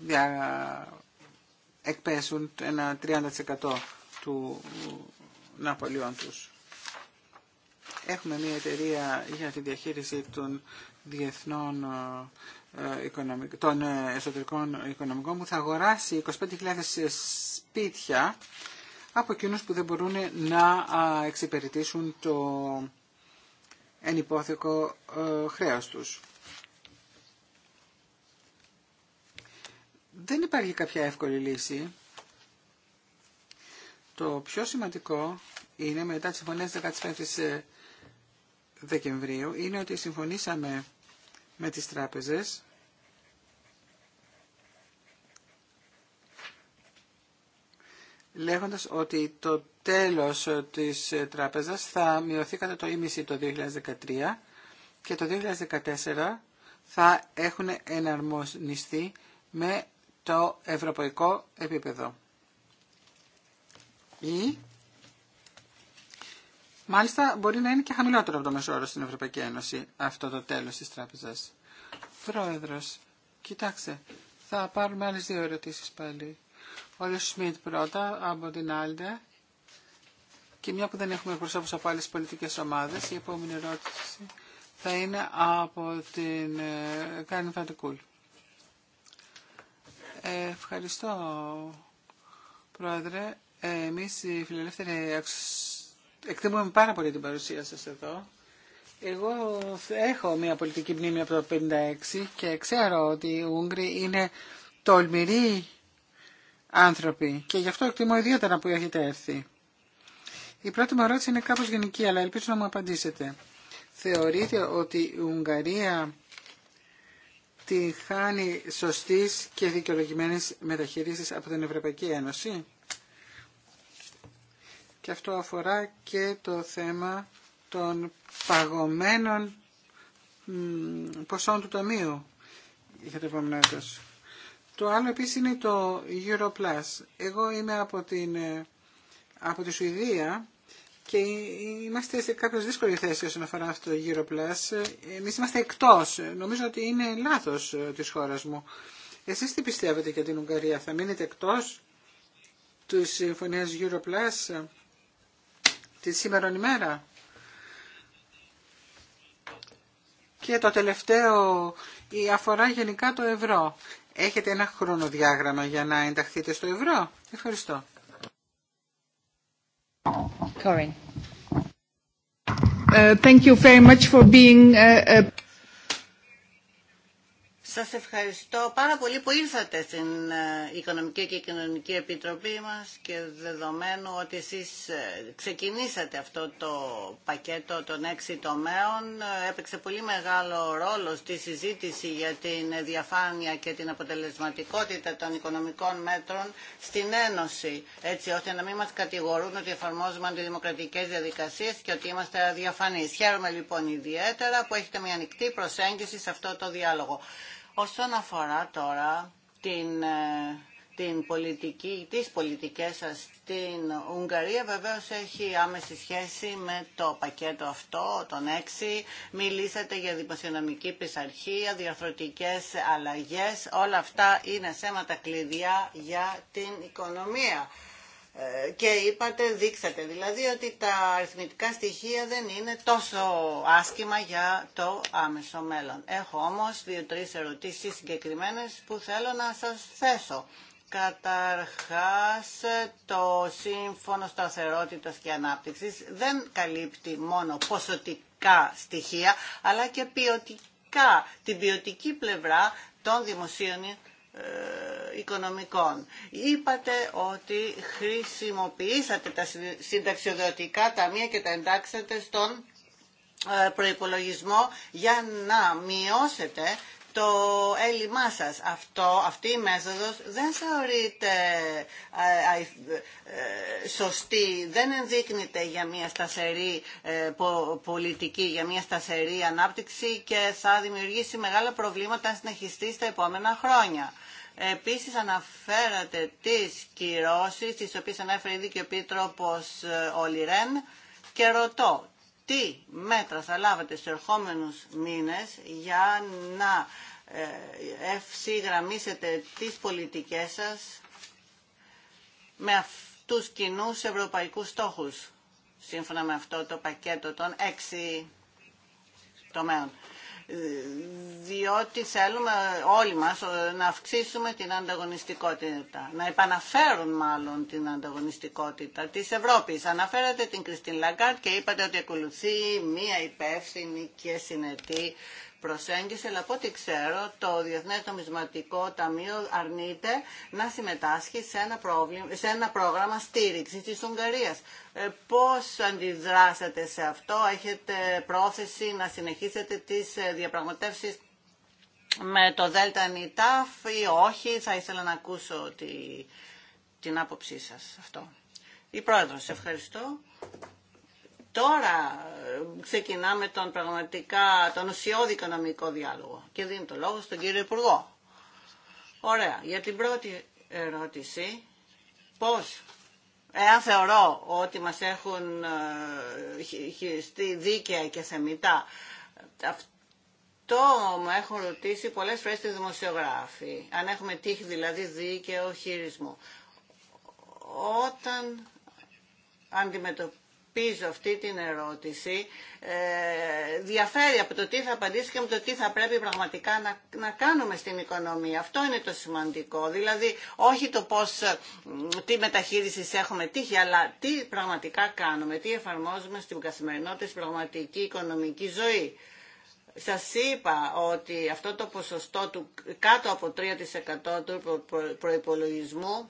δια... εκπέσουν ένα 30% του ναπολιών τους. Έχουμε μια εταιρεία για τη διαχείριση των διεθνών ε, των ε, εσωτερικών οικονομικών που θα αγοράσει 25.000 σπίτια από εκείνους που δεν μπορούν να εξυπηρετήσουν το ενυπόθηκο ε, χρέος τους. Δεν υπάρχει κάποια εύκολη λύση. Το πιο σημαντικό είναι μετά τις συμφωνίες 15 Δεκεμβρίου είναι ότι συμφωνήσαμε με τις τράπεζες. λέγοντας ότι το τέλος της τράπεζας θα μειωθεί κατά το ίμιση το 2013 και το 2014 θα έχουν εναρμονιστεί με το ευρωπαϊκό επίπεδο. Ή Μάλιστα μπορεί να είναι και χαμηλότερο από το όρο στην Ευρωπαϊκή Ένωση αυτό το τέλο τη τράπεζας. Πρόεδρο. κοιτάξτε, θα πάρουμε άλλε δύο ερωτήσει πάλι. Ο Σμιτ πρώτα από την Άλντε και μια που δεν έχουμε προσώπους από άλλε πολιτικέ ομάδε. η επόμενη ερώτηση θα είναι από την ε, Κάνιν Φαντικούλ. Ε, ευχαριστώ, Πρόεδρε. Ε, εμείς οι φιλελεύθεροι εκτιμούμε πάρα πολύ την παρουσία σας εδώ. Εγώ έχω μια πολιτική μνήμη από το 1956 και ξέρω ότι οι Ούγγροι είναι τολμηροί άνθρωποι και γι' αυτό εκτιμώ ιδιαίτερα που έχετε έρθει. Η πρώτη μου ερώτηση είναι κάπως γενική, αλλά ελπίζω να μου απαντήσετε. Θεωρείτε ότι η Ουγγαρία τη χάνει σωστής και δικαιολογημένης μεταχείρισης από την Ευρωπαϊκή Ένωση και αυτό αφορά και το θέμα των παγωμένων ποσών του ταμείου για το επόμενο έτος. Το άλλο επίσης είναι το Europlus. Εγώ είμαι από, την, από τη Σουηδία και είμαστε σε κάποιες δύσκολη θέση όσον αφορά αυτό το Europlus. Εμείς είμαστε εκτός. Νομίζω ότι είναι λάθος ε, της χώρας μου. Εσείς τι πιστεύετε για την Ουγγαρία, θα μείνετε εκτός του συμφωνίας Europlus τη σήμερα ημέρα. Και το τελευταίο η αφορά γενικά το ευρώ. Έχετε ένα χρονοδιάγραμμα για να ενταχθείτε στο ευρώ. Ευχαριστώ. Corinne. Uh, thank you very much for being, uh, uh, σας ευχαριστώ πάρα πολύ που ήρθατε στην ε, Οικονομική και Κοινωνική Επιτροπή μας και δεδομένου ότι εσείς ε, ξεκινήσατε αυτό το πακέτο των έξι τομέων ε, έπαιξε πολύ μεγάλο ρόλο στη συζήτηση για την διαφάνεια και την αποτελεσματικότητα των οικονομικών μέτρων στην Ένωση έτσι ώστε να μην μας κατηγορούν ότι εφαρμόζουμε αντιδημοκρατικές διαδικασίες και ότι είμαστε αδιαφανείς. Χαίρομαι λοιπόν ιδιαίτερα που έχετε μια ανοιχτή προσέγγιση σε αυτό το διάλογο. Όσον αφορά τώρα την, ε, την πολιτική, τις πολιτικές σας στην Ουγγαρία βεβαίως έχει άμεση σχέση με το πακέτο αυτό, τον 6. Μιλήσατε για δημοσιονομική πεισαρχία, διαρθρωτικές αλλαγές. Όλα αυτά είναι σέματα κλειδιά για την οικονομία. Ε, και είπατε, δείξατε δηλαδή ότι τα αριθμητικά στοιχεία δεν είναι τόσο άσχημα για το άμεσο μέλλον. Έχω όμως δύο-τρεις ερωτήσεις συγκεκριμένες που θέλω να σας θέσω. Καταρχάς, το Σύμφωνο Σταθερότητας και Ανάπτυξης δεν καλύπτει μόνο ποσοτικά στοιχεία, αλλά και ποιοτικά, την ποιοτική πλευρά των δημοσίων ε, οικονομικών. Είπατε ότι χρησιμοποιήσατε τα συνταξιοδοτικά ταμεία και τα εντάξατε στον ε, προϋπολογισμό για να μειώσετε το έλλειμμά σας. Αυτό, αυτή η μέθοδο δεν θεωρείται ε, ε, ε, σωστή, δεν ενδείκνυται για μια σταθερή πολιτική, για μια σταθερή ανάπτυξη και θα δημιουργήσει μεγάλα προβλήματα αν συνεχιστεί στα επόμενα χρόνια. Επίσης αναφέρατε τις κυρώσεις, τις οποίες ανέφερε ήδη και ο Πίτροπος και ρωτώ τι μέτρα θα λάβετε στους ερχόμενους μήνες για να ε, ευσυγραμμίσετε τις πολιτικές σας με αυτούς κοινού ευρωπαϊκούς στόχους, σύμφωνα με αυτό το πακέτο των έξι τομέων διότι θέλουμε όλοι μας ε, να αυξήσουμε την ανταγωνιστικότητα, να επαναφέρουν μάλλον την ανταγωνιστικότητα της Ευρώπης. Αναφέρατε την Κριστίν Λαγκάρτ και είπατε ότι ακολουθεί μία υπεύθυνη και συνετή Προσέγγισε, αλλά από ό,τι ξέρω το Διεθνές Νομισματικό Ταμείο αρνείται να συμμετάσχει σε ένα, ένα πρόγραμμα στήριξης της Ουγγαρίας. Ε, πώς αντιδράσατε σε αυτό, έχετε πρόθεση να συνεχίσετε τις ε, διαπραγματεύσεις με το Δέλτα Νιτάφ ή όχι, θα ήθελα να ακούσω την άποψή σας αυτό. Η Πρόεδρος, ευχαριστώ. Τώρα ε, ξεκινάμε τον πραγματικά, τον ουσιώδη οικονομικό διάλογο και δίνω το λόγο στον κύριο Υπουργό. Ωραία. Για την πρώτη ερώτηση, πώς, εάν θεωρώ ότι μας έχουν ε, χειριστεί δίκαια και θεμητά, αυτό μου έχουν ρωτήσει πολλές φορές τη δημοσιογράφοι, αν έχουμε τύχει δηλαδή δίκαιο χειρισμό. Όταν αντιμετωπίζουμε ελπίζω αυτή την ερώτηση ε, διαφέρει από το τι θα απαντήσει και με το τι θα πρέπει πραγματικά να, να κάνουμε στην οικονομία. Αυτό είναι το σημαντικό. Δηλαδή, όχι το πώς, ε, τι μεταχείριση έχουμε τύχει, αλλά τι πραγματικά κάνουμε, τι εφαρμόζουμε στην καθημερινότητα, στην πραγματική οικονομική ζωή. Σας είπα ότι αυτό το ποσοστό του κάτω από 3% του προϋπολογισμού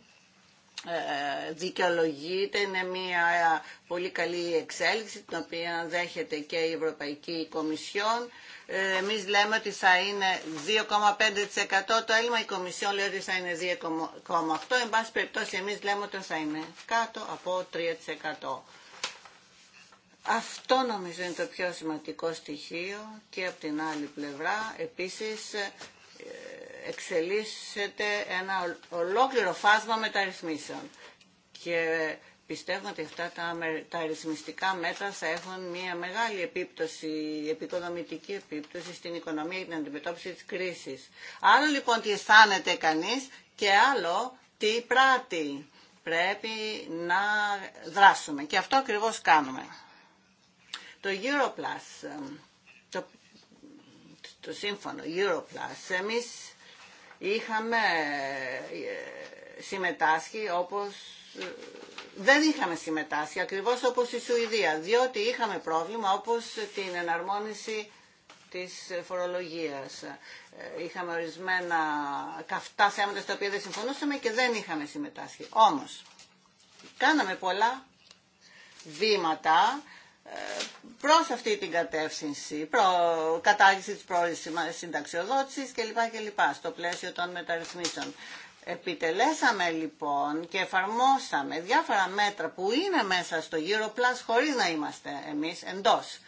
ε, δικαιολογείται, είναι μια πολύ καλή εξέλιξη την οποία δέχεται και η Ευρωπαϊκή Κομισιόν. Ε, εμείς λέμε ότι θα είναι 2,5% το έλλειμμα, η Κομισιόν λέει ότι θα είναι 2,8%. Εν πάση περιπτώσει εμείς λέμε ότι θα είναι κάτω από 3%. Αυτό νομίζω είναι το πιο σημαντικό στοιχείο και από την άλλη πλευρά επίσης ε, εξελίσσεται ένα ολόκληρο φάσμα μεταρρυθμίσεων. Και πιστεύω ότι αυτά τα, τα ρυθμιστικά μέτρα θα έχουν μια μεγάλη επίπτωση, επικοδομητική επίπτωση στην οικονομία και την αντιμετώπιση της κρίσης. Άλλο λοιπόν τι αισθάνεται κανείς και άλλο τι πράττει. Πρέπει να δράσουμε και αυτό ακριβώς κάνουμε. Το Europlus, το, το σύμφωνο Europlus, εμείς είχαμε ε, συμμετάσχει όπως ε, δεν είχαμε συμμετάσχει ακριβώς όπως η Σουηδία διότι είχαμε πρόβλημα όπως την εναρμόνιση της φορολογίας. Ε, είχαμε ορισμένα καυτά θέματα στα οποία δεν συμφωνούσαμε και δεν είχαμε συμμετάσχει. Όμως, κάναμε πολλά βήματα προς αυτή την κατεύθυνση, προ, κατάργηση της πρόορης συνταξιοδότησης κλπ. κλπ. στο πλαίσιο των μεταρρυθμίσεων. Επιτελέσαμε λοιπόν και εφαρμόσαμε διάφορα μέτρα που είναι μέσα στο γύρο χωρί χωρίς να είμαστε εμείς εντός.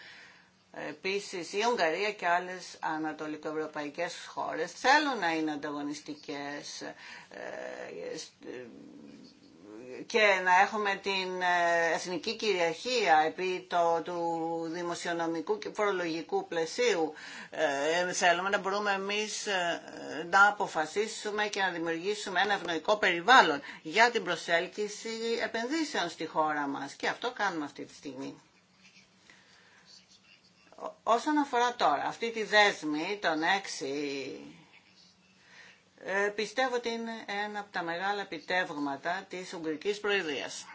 Επίσης η Ουγγαρία και άλλες ανατολικοευρωπαϊκές χώρες θέλουν να είναι ανταγωνιστικές ε, ε, και να έχουμε την ε, εθνική κυριαρχία επί το, του δημοσιονομικού και φορολογικού πλαισίου. Ε, θέλουμε να μπορούμε εμείς ε, να αποφασίσουμε και να δημιουργήσουμε ένα ευνοϊκό περιβάλλον για την προσέλκυση επενδύσεων στη χώρα μας. Και αυτό κάνουμε αυτή τη στιγμή. Όσον αφορά τώρα αυτή τη δέσμη των έξι ε, πιστεύω ότι είναι ένα από τα μεγάλα επιτεύγματα της Ουγγρικής Προεδρίας.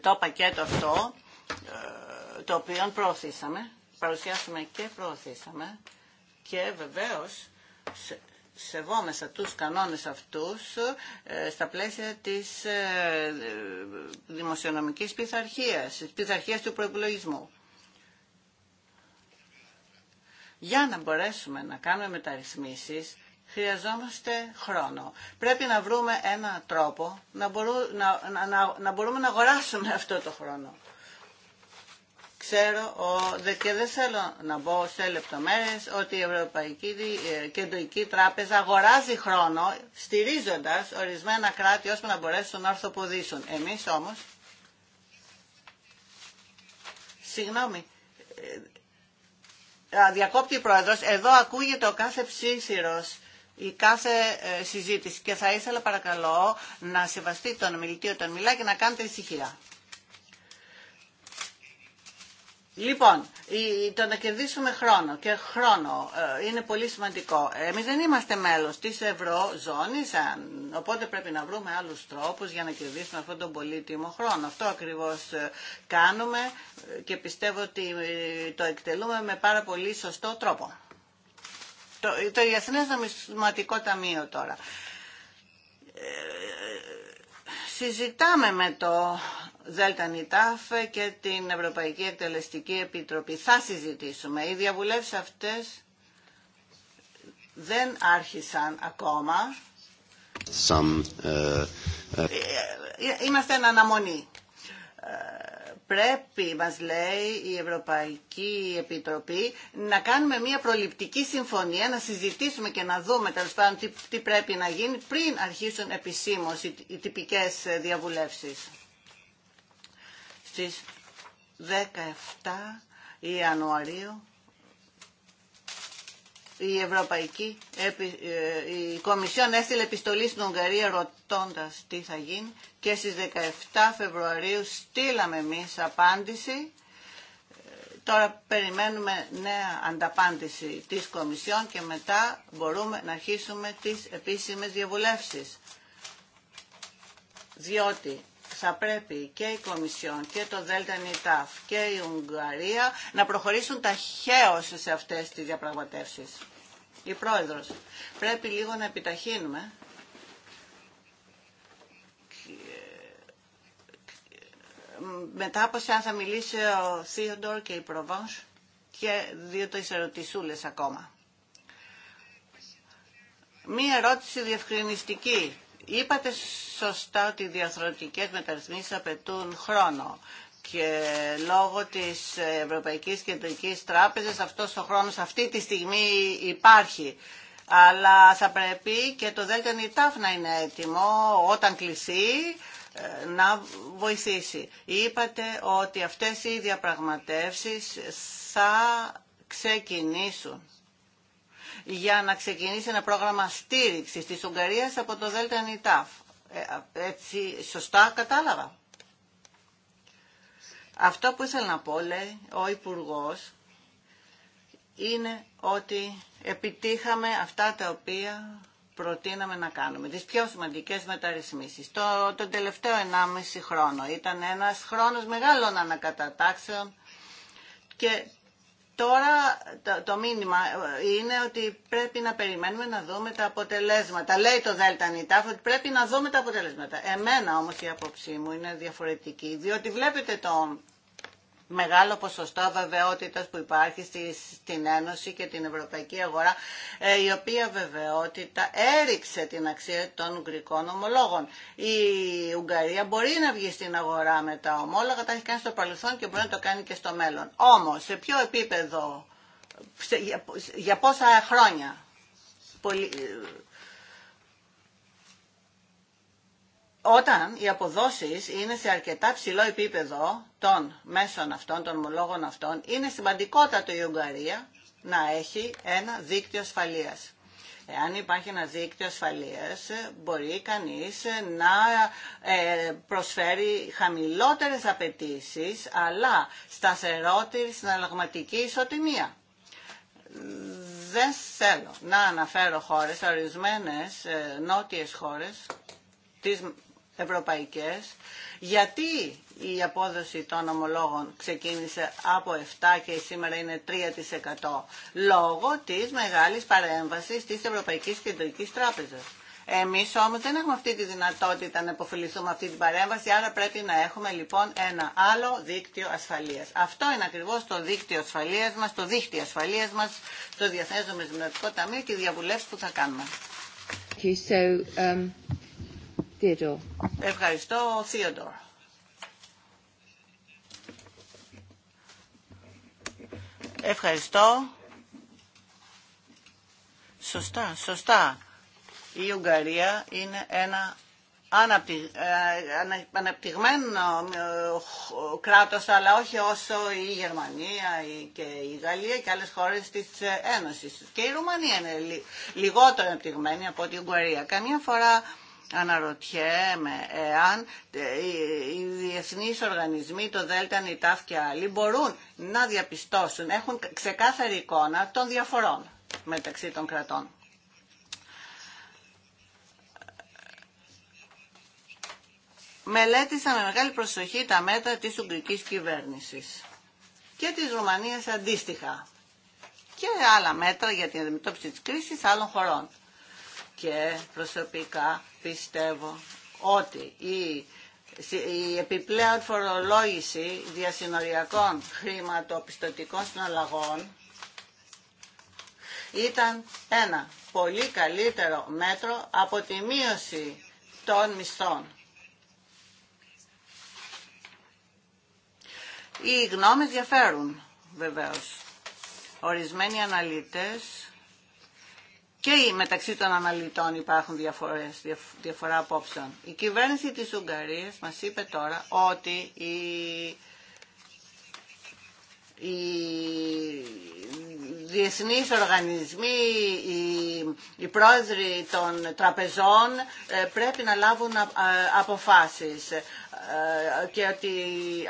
Το πακέτο αυτό, ε, το οποίο προωθήσαμε, παρουσιάσαμε και προωθήσαμε και βεβαίως σεβόμεσα τους κανόνες αυτούς ε, στα πλαίσια της δημοσιονομικής πειθαρχίας, της πειθαρχίας του προϋπολογισμού. Για να μπορέσουμε να κάνουμε μεταρρυθμίσεις, χρειαζόμαστε χρόνο. Πρέπει να βρούμε ένα τρόπο να μπορούμε να, να, να, μπορούμε να αγοράσουμε αυτό το χρόνο. Ξέρω ο, και δεν θέλω να μπω σε λεπτομέρειες ότι η Ευρωπαϊκή ε, Κεντρική Τράπεζα αγοράζει χρόνο στηρίζοντας ορισμένα κράτη ώστε να μπορέσουν να ορθοποδήσουν. Εμείς όμως, συγγνώμη, ε, ε, διακόπτει η πρόεδρος, εδώ ακούγεται ο κάθε ψήσιρος η κάθε ε, συζήτηση και θα ήθελα παρακαλώ να σεβαστεί τον ομιλητή όταν μιλά και να κάνετε ησυχία. Λοιπόν, το να κερδίσουμε χρόνο και χρόνο ε, είναι πολύ σημαντικό. Εμείς δεν είμαστε μέλος της Ευρωζώνης, οπότε πρέπει να βρούμε άλλους τρόπους για να κερδίσουμε αυτόν τον πολύτιμο χρόνο. Αυτό ακριβώς ε, κάνουμε και πιστεύω ότι το εκτελούμε με πάρα πολύ σωστό τρόπο το, το Διεθνές Νομισματικό Ταμείο τώρα. Ε, συζητάμε με το Δέλτα Νιτάφ και την Ευρωπαϊκή Εκτελεστική Επιτροπή. Θα συζητήσουμε. Οι διαβουλεύσεις αυτές δεν άρχισαν ακόμα. Some, uh, Είμαστε εν αναμονή πρέπει, μας λέει η Ευρωπαϊκή Επιτροπή, να κάνουμε μια προληπτική συμφωνία, να συζητήσουμε και να δούμε τέλο πάντων τι, πρέπει να γίνει πριν αρχίσουν επισήμως οι, οι τυπικές διαβουλεύσεις. Στις 17 Ιανουαρίου η Ευρωπαϊκή ε, η Κομισιόν έστειλε επιστολή στην Ουγγαρία ρωτώντας τι θα γίνει και στις 17 Φεβρουαρίου στείλαμε εμείς απάντηση. Τώρα περιμένουμε νέα ανταπάντηση της Κομισιόν και μετά μπορούμε να αρχίσουμε τις επίσημες διαβουλεύσεις. Διότι θα πρέπει και η Κομισιόν και το ΔΕΛΤΑ και η Ουγγαρία να προχωρήσουν ταχαίως σε αυτές τις διαπραγματεύσεις η πρόεδρος. Πρέπει λίγο να επιταχύνουμε. Μετά από σε αν θα μιλήσει ο Θείοντορ και η Προβάνς και δυο το ερωτησούλες ακόμα. Μία ερώτηση διευκρινιστική. Είπατε σωστά ότι οι διαθροτικές μεταρρυθμίσεις απαιτούν χρόνο και λόγω της Ευρωπαϊκής Κεντρικής Τράπεζας αυτός ο χρόνος αυτή τη στιγμή υπάρχει. Αλλά θα πρέπει και το Νιτάφ να είναι έτοιμο όταν κλεισεί ε, να βοηθήσει. Είπατε ότι αυτές οι διαπραγματεύσεις θα ξεκινήσουν για να ξεκινήσει ένα πρόγραμμα στήριξης της Ουγγαρίας από το Νιτάφ. Ε, έτσι σωστά κατάλαβα. Αυτό που ήθελα να πω, λέει ο υπουργό είναι ότι επιτύχαμε αυτά τα οποία προτείναμε να κάνουμε, τις πιο σημαντικές μεταρρυθμίσεις. Το, το τελευταίο 1,5 χρόνο ήταν ένας χρόνος μεγάλων ανακατατάξεων και Τώρα το, το μήνυμα ε, είναι ότι πρέπει να περιμένουμε να δούμε τα αποτελέσματα. Λέει το Δέλτα Νιτάφ ότι πρέπει να δούμε τα αποτελέσματα. Εμένα όμως η απόψή μου είναι διαφορετική, διότι βλέπετε το μεγάλο ποσοστό βεβαιότητας που υπάρχει στη, στην Ένωση και την Ευρωπαϊκή Αγορά, ε, η οποία βεβαιότητα έριξε την αξία των Ουγγρικών ομολόγων. Η Ουγγαρία μπορεί να βγει στην αγορά με τα ομόλογα, τα έχει κάνει στο παρελθόν και μπορεί να το κάνει και στο μέλλον. Όμως, σε ποιο επίπεδο, για, πόσα χρόνια, όταν οι αποδόσεις είναι σε αρκετά ψηλό επίπεδο των μέσων αυτών, των ομολόγων αυτών, είναι σημαντικότατο η Ουγγαρία να έχει ένα δίκτυο ασφαλείας. Εάν υπάρχει ένα δίκτυο ασφαλείας, μπορεί κανείς να ε, προσφέρει χαμηλότερες απαιτήσεις, αλλά σταθερότερη συναλλαγματική ισοτιμία. Δεν θέλω να αναφέρω χώρες, ορισμένες ε, νότιες χώρες, της ευρωπαϊκές, γιατί η απόδοση των ομολόγων ξεκίνησε από 7 και σήμερα είναι 3% λόγω της μεγάλης παρέμβασης της Ευρωπαϊκής Κεντρικής Τράπεζας. Εμείς όμως δεν έχουμε αυτή τη δυνατότητα να υποφεληθούμε αυτή την παρέμβαση, άρα πρέπει να έχουμε λοιπόν ένα άλλο δίκτυο ασφαλείας. Αυτό είναι ακριβώς το δίκτυο ασφαλείας μας, το δίκτυο ασφαλείας μας το Διεθνές Νομισματικό Ταμείο και οι διαβουλεύσεις που θα κάνουμε. Okay, so, um... Theodore. Ευχαριστώ, Ντόρ. Ευχαριστώ. Σωστά, σωστά. Η Ουγγαρία είναι ένα ε, αναπτυγμένο ε, κράτος, αλλά όχι όσο η Γερμανία και η Γαλλία και άλλες χώρες της ε, Ένωσης. Και η Ρουμανία είναι λιγότερο αναπτυγμένη από την Ουγγαρία. Καμιά φορά Αναρωτιέμαι εάν οι διεθνείς οργανισμοί, το ΔΕΛΤΑ, η ΤΑΦ και άλλοι μπορούν να διαπιστώσουν, έχουν ξεκάθαρη εικόνα των διαφορών μεταξύ των κρατών. Μελέτησα με μεγάλη προσοχή τα μέτρα της Ουγγρικής κυβέρνησης και της Ρουμανίας αντίστοιχα και άλλα μέτρα για την αντιμετώπιση της κρίσης άλλων χωρών και προσωπικά πιστεύω ότι η επιπλέον φορολόγηση διασυνοριακών χρηματοπιστωτικών συναλλαγών ήταν ένα πολύ καλύτερο μέτρο από τη μείωση των μισθών. Οι γνώμες διαφέρουν βεβαίως. Ορισμένοι αναλυτές και μεταξύ των αναλυτών υπάρχουν διαφορές, διαφορά απόψεων. Η κυβέρνηση της Ουγγαρίας μας είπε τώρα ότι η, οι διεθνείς οργανισμοί, οι, οι πρόεδροι των τραπεζών ε, πρέπει να λάβουν αποφάσεις. Ε, και ότι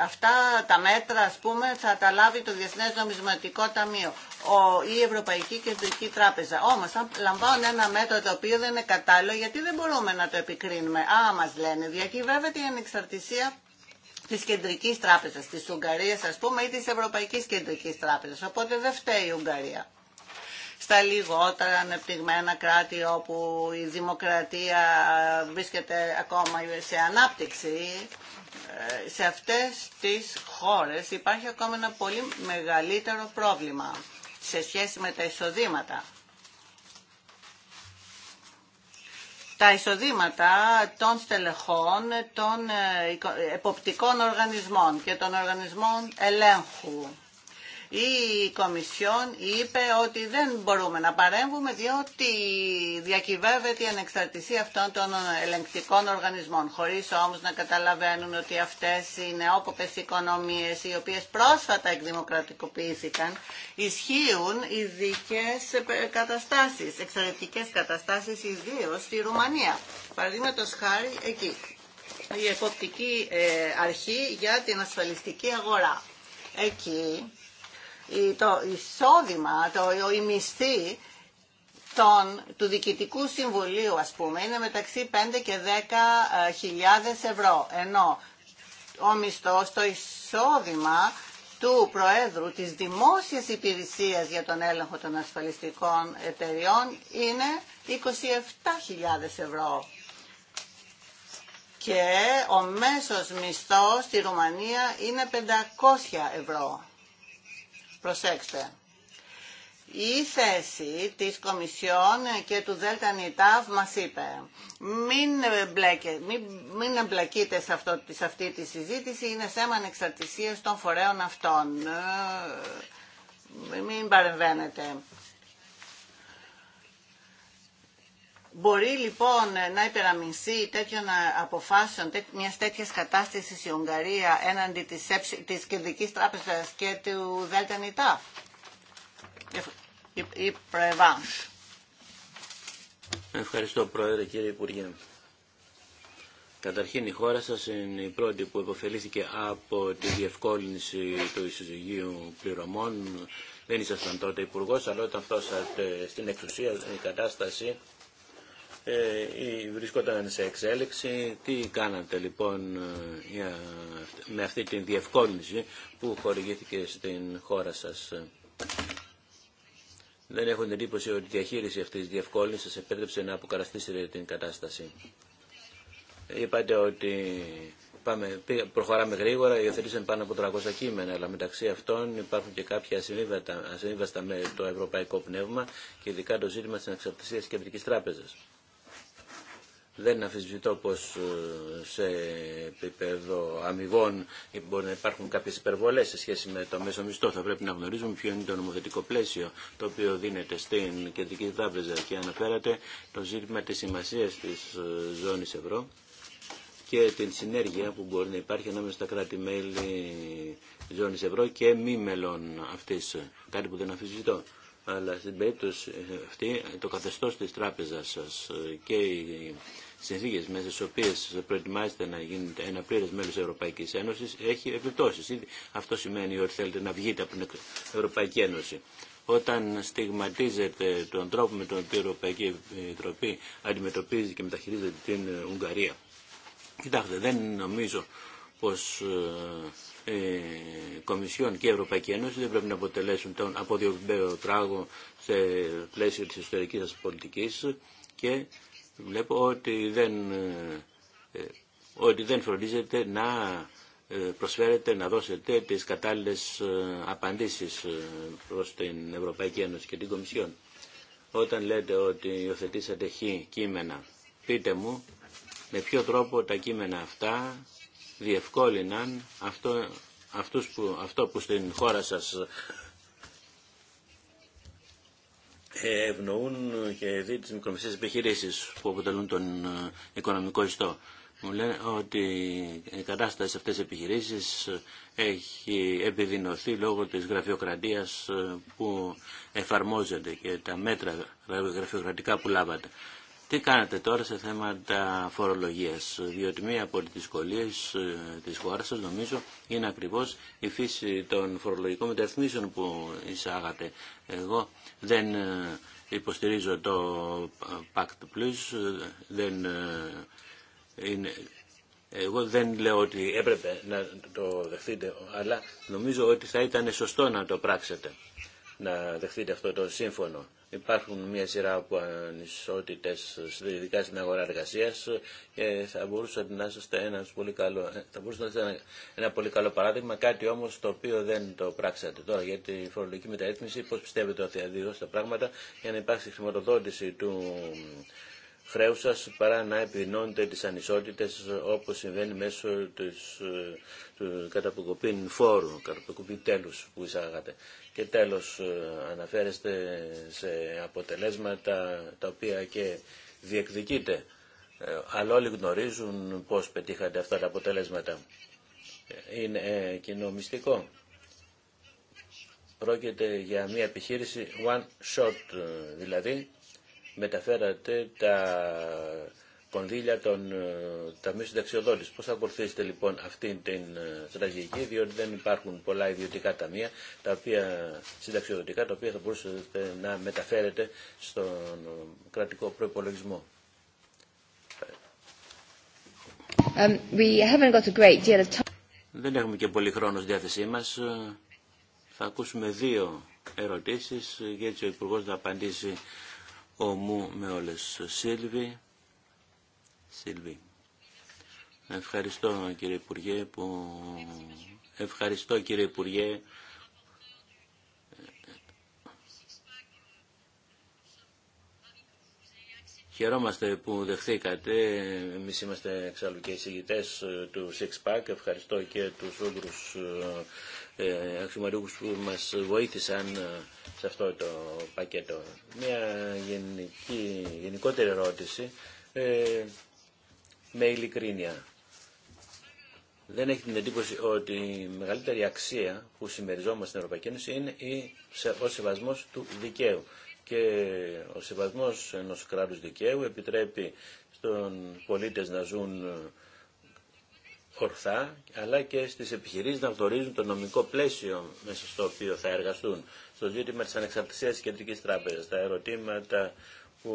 αυτά τα μέτρα ας πούμε θα τα λάβει το Διεθνές Νομισματικό Ταμείο ο, η Ευρωπαϊκή Κεντρική Τράπεζα. Όμως αν λαμβάνουν ένα μέτρο το οποίο δεν είναι κατάλληλο γιατί δεν μπορούμε να το επικρίνουμε. Α, μας λένε διακυβεύεται η ανεξαρτησία της Κεντρικής Τράπεζας, της Ουγγαρίας ας πούμε ή της Ευρωπαϊκής Κεντρικής Τράπεζας. Οπότε δεν φταίει η Ουγγαρία στα λιγότερα ανεπτυγμένα κράτη όπου η δημοκρατία βρίσκεται ακόμα σε ανάπτυξη ε, σε αυτές τις χώρες υπάρχει ακόμα ένα πολύ μεγαλύτερο πρόβλημα σε σχέση με τα εισοδήματα. Τα εισοδήματα των στελεχών, των ε, ε, εποπτικών οργανισμών και των οργανισμών ελέγχου η Κομισιόν είπε ότι δεν μπορούμε να παρέμβουμε διότι διακυβεύεται η ανεξαρτησία αυτών των ελεγκτικών οργανισμών χωρίς όμως να καταλαβαίνουν ότι αυτές οι νεόποπες οικονομίες οι οποίες πρόσφατα εκδημοκρατικοποιήθηκαν ισχύουν ειδικέ καταστάσεις, εξαιρετικές καταστάσεις ιδίω στη Ρουμανία. Παραδείγματος χάρη εκεί η εποπτική ε, αρχή για την ασφαλιστική αγορά. Εκεί το εισόδημα, το, η μισθή του Διοικητικού Συμβουλίου, ας πούμε, είναι μεταξύ 5 και 10 ε, χιλιάδες ευρώ, ενώ ο μισθός, το εισόδημα του Προέδρου της Δημόσιας Υπηρεσίας για τον Έλεγχο των Ασφαλιστικών Εταιριών είναι 27.000 ευρώ. Και ο μέσος μισθός στη Ρουμανία είναι 500 ευρώ. Προσέξτε. Η θέση της Κομισιόν και του Δέλτα Νιτάφ μας είπε μην, μπλέκε, εμπλακείτε σε, αυτό, αυτή τη συζήτηση, είναι θέμα ανεξαρτησίας των φορέων αυτών. Ε, μην παρεμβαίνετε. Μπορεί λοιπόν να υπεραμεινθεί τέτοιων ε, αποφάσεων, μια τέτοια κατάσταση η Ουγγαρία έναντι της, της τράπεζα Τράπεζας και του ΔΕΛΤΑ Η Ευχαριστώ Πρόεδρε κύριε Υπουργέ. Καταρχήν η χώρα σας είναι η πρώτη που υποφελήθηκε από τη διευκόλυνση του ισοζυγίου πληρωμών. Δεν ήσασταν τότε υπουργό, αλλά όταν φτώσατε στην εξουσία η κατάσταση ε, βρισκόταν σε εξέλιξη. Τι κάνατε λοιπόν ε, με αυτή τη διευκόλυνση που χορηγήθηκε στην χώρα σας. Δεν έχω την εντύπωση ότι η διαχείριση αυτής της διευκόλυνσης επέτρεψε να αποκαταστησετε την κατάσταση. Είπατε ότι πάμε, προχωράμε γρήγορα, υιοθετήσαμε πάνω από 300 κείμενα, αλλά μεταξύ αυτών υπάρχουν και κάποια ασυμβίβαστα με το ευρωπαϊκό πνεύμα και ειδικά το ζήτημα της εξαρτησίας της Κεντρικής Τράπεζας. Δεν αφισβητώ πως ε, σε επίπεδο αμοιβών μπορεί να υπάρχουν κάποιες υπερβολές σε σχέση με το μέσο μισθό. Θα πρέπει να γνωρίζουμε ποιο είναι το νομοθετικό πλαίσιο το οποίο δίνεται στην Κεντρική Τράπεζα και αναφέρατε το ζήτημα της σημασίας της ε, ζώνης ευρώ και την συνέργεια που μπορεί να υπάρχει ανάμεσα στα κράτη-μέλη ζώνης ευρώ και μη μελών αυτής, κάτι που δεν αφισβητώ αλλά στην περίπτωση αυτή το καθεστώς της τράπεζας σας και η συνθήκε μέσα στι οποίε προετοιμάζεται να γίνετε ένα πλήρε μέλο τη Ευρωπαϊκή Ένωση έχει επιπτώσει. Αυτό σημαίνει ότι θέλετε να βγείτε από την Ευρωπαϊκή Ένωση. Όταν στιγματίζετε τον τρόπο με τον οποίο η Ευρωπαϊκή Επιτροπή αντιμετωπίζει και μεταχειρίζεται την ε, Ουγγαρία. Κοιτάξτε, δεν νομίζω πω η ε, ε, Κομισιόν και η Ευρωπαϊκή Ένωση δεν πρέπει να αποτελέσουν τον αποδιομπέο τράγο σε πλαίσιο τη ιστορικής σας και βλέπω ότι δεν, ε, ε, ότι δεν φροντίζεται να ε, προσφέρετε να δώσετε τις κατάλληλες απαντήσεις προς την Ευρωπαϊκή Ένωση και την Κομισιόν. Όταν λέτε ότι υιοθετήσατε χ κείμενα, πείτε μου με ποιο τρόπο τα κείμενα αυτά διευκόλυναν αυτό, αυτούς που, αυτό που στην χώρα σας ε, ευνοούν και δει τις μικρομεσαίες επιχειρήσεις που αποτελούν τον ε, οικονομικό ιστό. Μου λένε ότι η κατάσταση σε αυτές τις επιχειρήσεις έχει επιδεινωθεί λόγω της γραφειοκρατίας ε, που εφαρμόζεται και τα μέτρα γραφειοκρατικά που λάβατε. Τι κάνετε τώρα σε θέματα φορολογίας, διότι μία από τις δυσκολίες ε, της χώρας σας νομίζω είναι ακριβώς η φύση των φορολογικών μεταρρυθμίσεων που εισάγατε. Εγώ δεν ε, υποστηρίζω το Pact Plus, ε, δεν είναι... Εγώ δεν λέω ότι έπρεπε να το δεχτείτε, αλλά νομίζω ότι θα ήταν σωστό να το πράξετε, να δεχτείτε αυτό το σύμφωνο. Υπάρχουν μια σειρά από ανισότητες, ειδικά στην αγορά εργασίας και θα μπορούσατε να είστε ένα πολύ καλό, θα μπορούσατε να είστε ένα, πολύ καλό παράδειγμα, κάτι όμως το οποίο δεν το πράξατε τώρα για τη φορολογική μεταρρύθμιση. Πώς πιστεύετε ότι αδειώσει τα πράγματα για να υπάρξει χρηματοδότηση του χρέους σας παρά να επιδεινώνετε τις ανισότητες όπως συμβαίνει μέσω της, του καταποκοπήν φόρου, καταποκοπή τέλους που εισάγατε. Και τέλος ε, αναφέρεστε σε αποτελέσματα τα οποία και διεκδικείτε. Ε, αλλά όλοι γνωρίζουν πώς πετύχατε αυτά τα αποτελέσματα. Είναι ε, Πρόκειται για μια επιχείρηση one shot, ε, δηλαδή μεταφέρατε τα κονδύλια των ε, Ταμείων Συνταξιοδότης. Πώς θα ακολουθήσετε λοιπόν αυτήν την ε, στρατηγική, διότι δεν υπάρχουν πολλά ιδιωτικά ταμεία, τα οποία συνταξιοδοτικά, τα οποία θα μπορούσατε να μεταφέρετε στον ε, κρατικό προπολογισμό. Um, we haven't got a great deal of time. Δεν έχουμε και πολύ χρόνο στη διάθεσή μας. Θα ακούσουμε δύο ερωτήσεις γιατί ο Υπουργός θα απαντήσει ομού με όλες. Σίλβη, Σίλβη. Ευχαριστώ κύριε Υπουργέ που... Ευχαριστώ κύριε Υπουργέ Χαιρόμαστε που δεχθήκατε. Εμεί είμαστε εξάλλου και εισηγητέ ε, του Six Pack. Ευχαριστώ και του όγκρου ε, ε, αξιωματούχου που μας βοήθησαν σε αυτό το πακέτο. Μια γενική, γενικότερη ερώτηση με ειλικρίνεια. Δεν έχει την εντύπωση ότι η μεγαλύτερη αξία που συμμεριζόμαστε στην Ευρωπαϊκή Ένωση είναι ο σεβασμός του δικαίου. Και ο σεβασμός ενός κράτους δικαίου επιτρέπει στον πολίτες να ζουν ε, ορθά, αλλά και στις επιχειρήσεις να γνωρίζουν το νομικό πλαίσιο μέσα στο οποίο θα εργαστούν. Στο ζήτημα της ανεξαρτησίας της Κεντρικής Τράπεζας, τα ερωτήματα που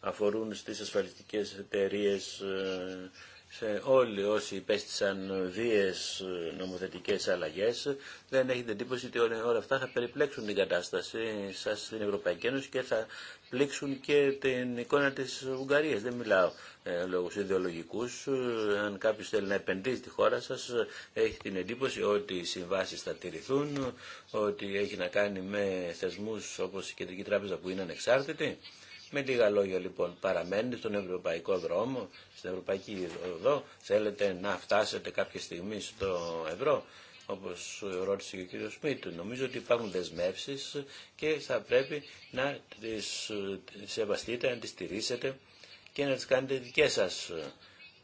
αφορούν στις ασφαλιστικές εταιρείε ε, σε όλοι όσοι υπέστησαν βίες ε, νομοθετικές αλλαγές δεν έχετε εντύπωση ότι όλα αυτά θα περιπλέξουν την κατάσταση σας στην Ευρωπαϊκή Ένωση και θα πλήξουν και την εικόνα της Ουγγαρίας. Δεν μιλάω ε, λόγους ιδεολογικούς. Ε, αν κάποιος θέλει να επενδύσει τη χώρα σας έχει την εντύπωση ότι οι συμβάσεις θα τηρηθούν, ότι έχει να κάνει με θεσμούς όπως η Κεντρική Τράπεζα που είναι ανεξάρτητη. Με λίγα λόγια λοιπόν, παραμένετε στον ευρωπαϊκό δρόμο, στην ευρωπαϊκή οδό, θέλετε να φτάσετε κάποια στιγμή στο ευρώ, όπως ρώτησε και ο κύριος Σμίτου. Νομίζω ότι υπάρχουν δεσμεύσει και θα πρέπει να τις σεβαστείτε, να τις στηρίσετε και να τις κάνετε δικέ σας.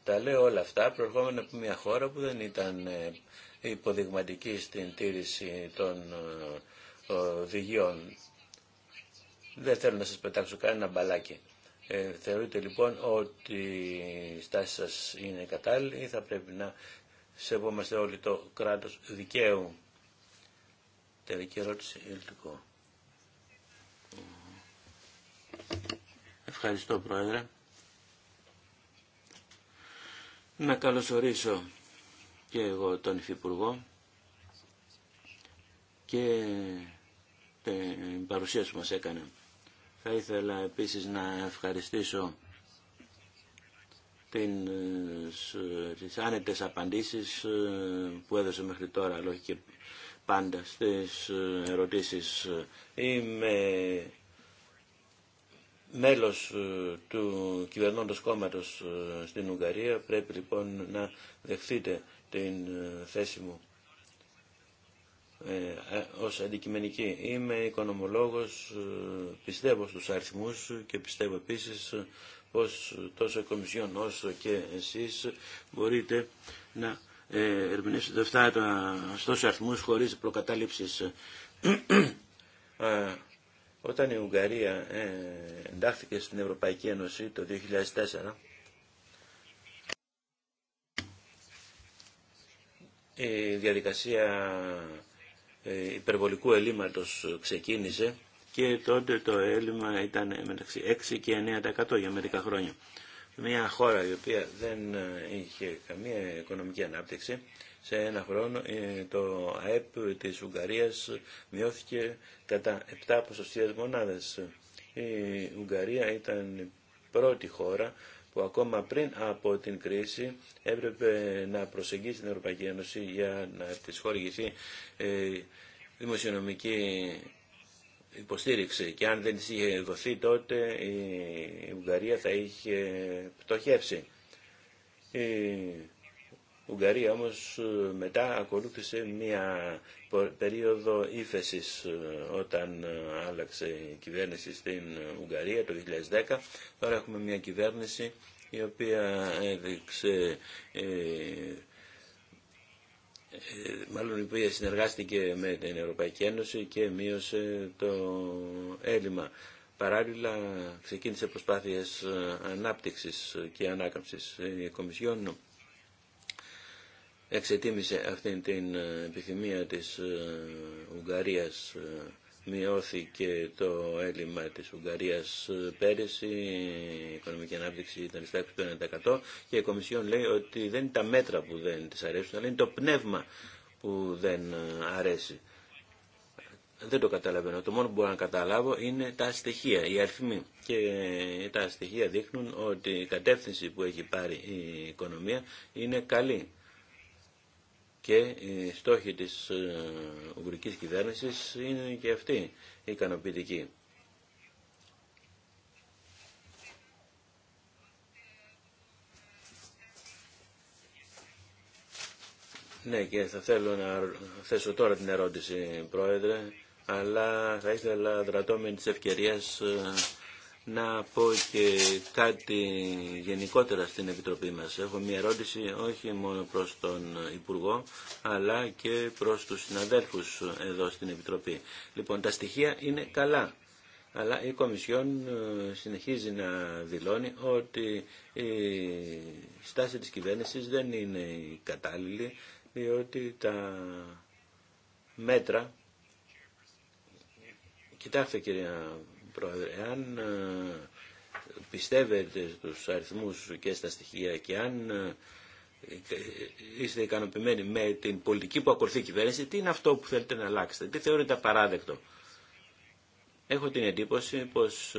Τα λέω όλα αυτά προερχόμενα από μια χώρα που δεν ήταν ε, υποδειγματική στην τήρηση των ε, οδηγιών. Δεν θέλω να σας πετάξω κανένα μπαλάκι. Ε, θεωρείτε λοιπόν ότι η στάση σας είναι κατάλληλη ή θα πρέπει να σεβόμαστε όλοι το κράτος δικαίου. Τελική ερώτηση, Ευχαριστώ Πρόεδρε. Να καλωσορίσω και εγώ τον Υφυπουργό και την παρουσίαση που μας έκανε. Θα ήθελα επίσης να ευχαριστήσω την, ε, τις άνετες απαντήσεις ε, που έδωσε μέχρι τώρα, αλλά όχι και πάντα στις ε, ερωτήσεις. Είμαι μέλος του κυβερνώντος κόμματος στην Ουγγαρία. Πρέπει λοιπόν να δεχθείτε την θέση μου ε, ε, ως αντικειμενική. Είμαι οικονομολόγος, ε, πιστεύω στους αριθμούς και πιστεύω επίσης πως τόσο η Κομισιόν όσο και εσείς μπορείτε να ερμηνεύσετε αυτά τα, στους αριθμούς χωρίς προκατάληψεις. Όταν η Ουγγαρία εντάχθηκε στην Ευρωπαϊκή Ένωση το 2004, η διαδικασία ε, υπερβολικού ελλείμματος ξεκίνησε και τότε το έλλειμμα ήταν μεταξύ 6 και 9% για μερικά χρόνια. Μια χώρα η οποία δεν ε, είχε καμία οικονομική ανάπτυξη, σε ένα χρόνο ε, το ΑΕΠ της Ουγγαρίας μειώθηκε κατά 7 ποσοστιαίες μονάδες. Η Ουγγαρία ήταν η πρώτη χώρα που ακόμα πριν από την κρίση έπρεπε να προσεγγίσει την Ευρωπαϊκή Ένωση για να της χορηγηθεί ε, δημοσιονομική υποστήριξη και αν δεν της είχε δοθεί τότε η Ουγγαρία θα είχε πτωχεύσει. Ουγγαρία όμως ε, μετά ακολούθησε μια περίοδο ύφεση ε, όταν ε, άλλαξε η κυβέρνηση στην Ουγγαρία το 2010. Τώρα έχουμε μια κυβέρνηση η οποία έδειξε μάλλον η οποία συνεργάστηκε με την Ευρωπαϊκή Ένωση και μείωσε το έλλειμμα. Παράλληλα ξεκίνησε προσπάθειες ανάπτυξης και ανάκαμψης. Η Κομισιόν εξετίμησε αυτή την ε, επιθυμία της ε, Ουγγαρίας ε, μειώθηκε το έλλειμμα της Ουγγαρίας πέρυσι, η οικονομική ανάπτυξη ήταν στα 1% και η Κομισιόν λέει ότι δεν είναι τα μέτρα που δεν της αρέσουν, αλλά είναι το πνεύμα που δεν αρέσει. Δεν το καταλαβαίνω. Το μόνο που μπορώ να καταλάβω είναι τα στοιχεία, οι αριθμοί. Και τα στοιχεία δείχνουν ότι η κατεύθυνση που έχει πάρει η οικονομία είναι καλή και οι στόχοι της ε, Ουγγρικής κυβέρνησης είναι και αυτοί ικανοποιητικοί. Ναι και θα θέλω να θέσω τώρα την ερώτηση Πρόεδρε, αλλά θα ήθελα δρατώ με τις ευκαιρίες... Ε, να πω και κάτι γενικότερα στην Επιτροπή μας. Έχω μια ερώτηση όχι μόνο προς τον Υπουργό, αλλά και προς τους συναδέλφους εδώ στην Επιτροπή. Λοιπόν, τα στοιχεία είναι καλά, αλλά η Κομισιόν ε, συνεχίζει να δηλώνει ότι η στάση της κυβέρνησης δεν είναι η κατάλληλη, διότι τα μέτρα... Κοιτάξτε κυρία Πρόεδρε. Αν ε, πιστεύετε στους αριθμούς και στα στοιχεία και αν ε, είστε ικανοποιημένοι με την πολιτική που ακολουθεί η κυβέρνηση, τι είναι αυτό που θέλετε να αλλάξετε, τι θεωρείτε απαράδεκτο. Έχω την εντύπωση πως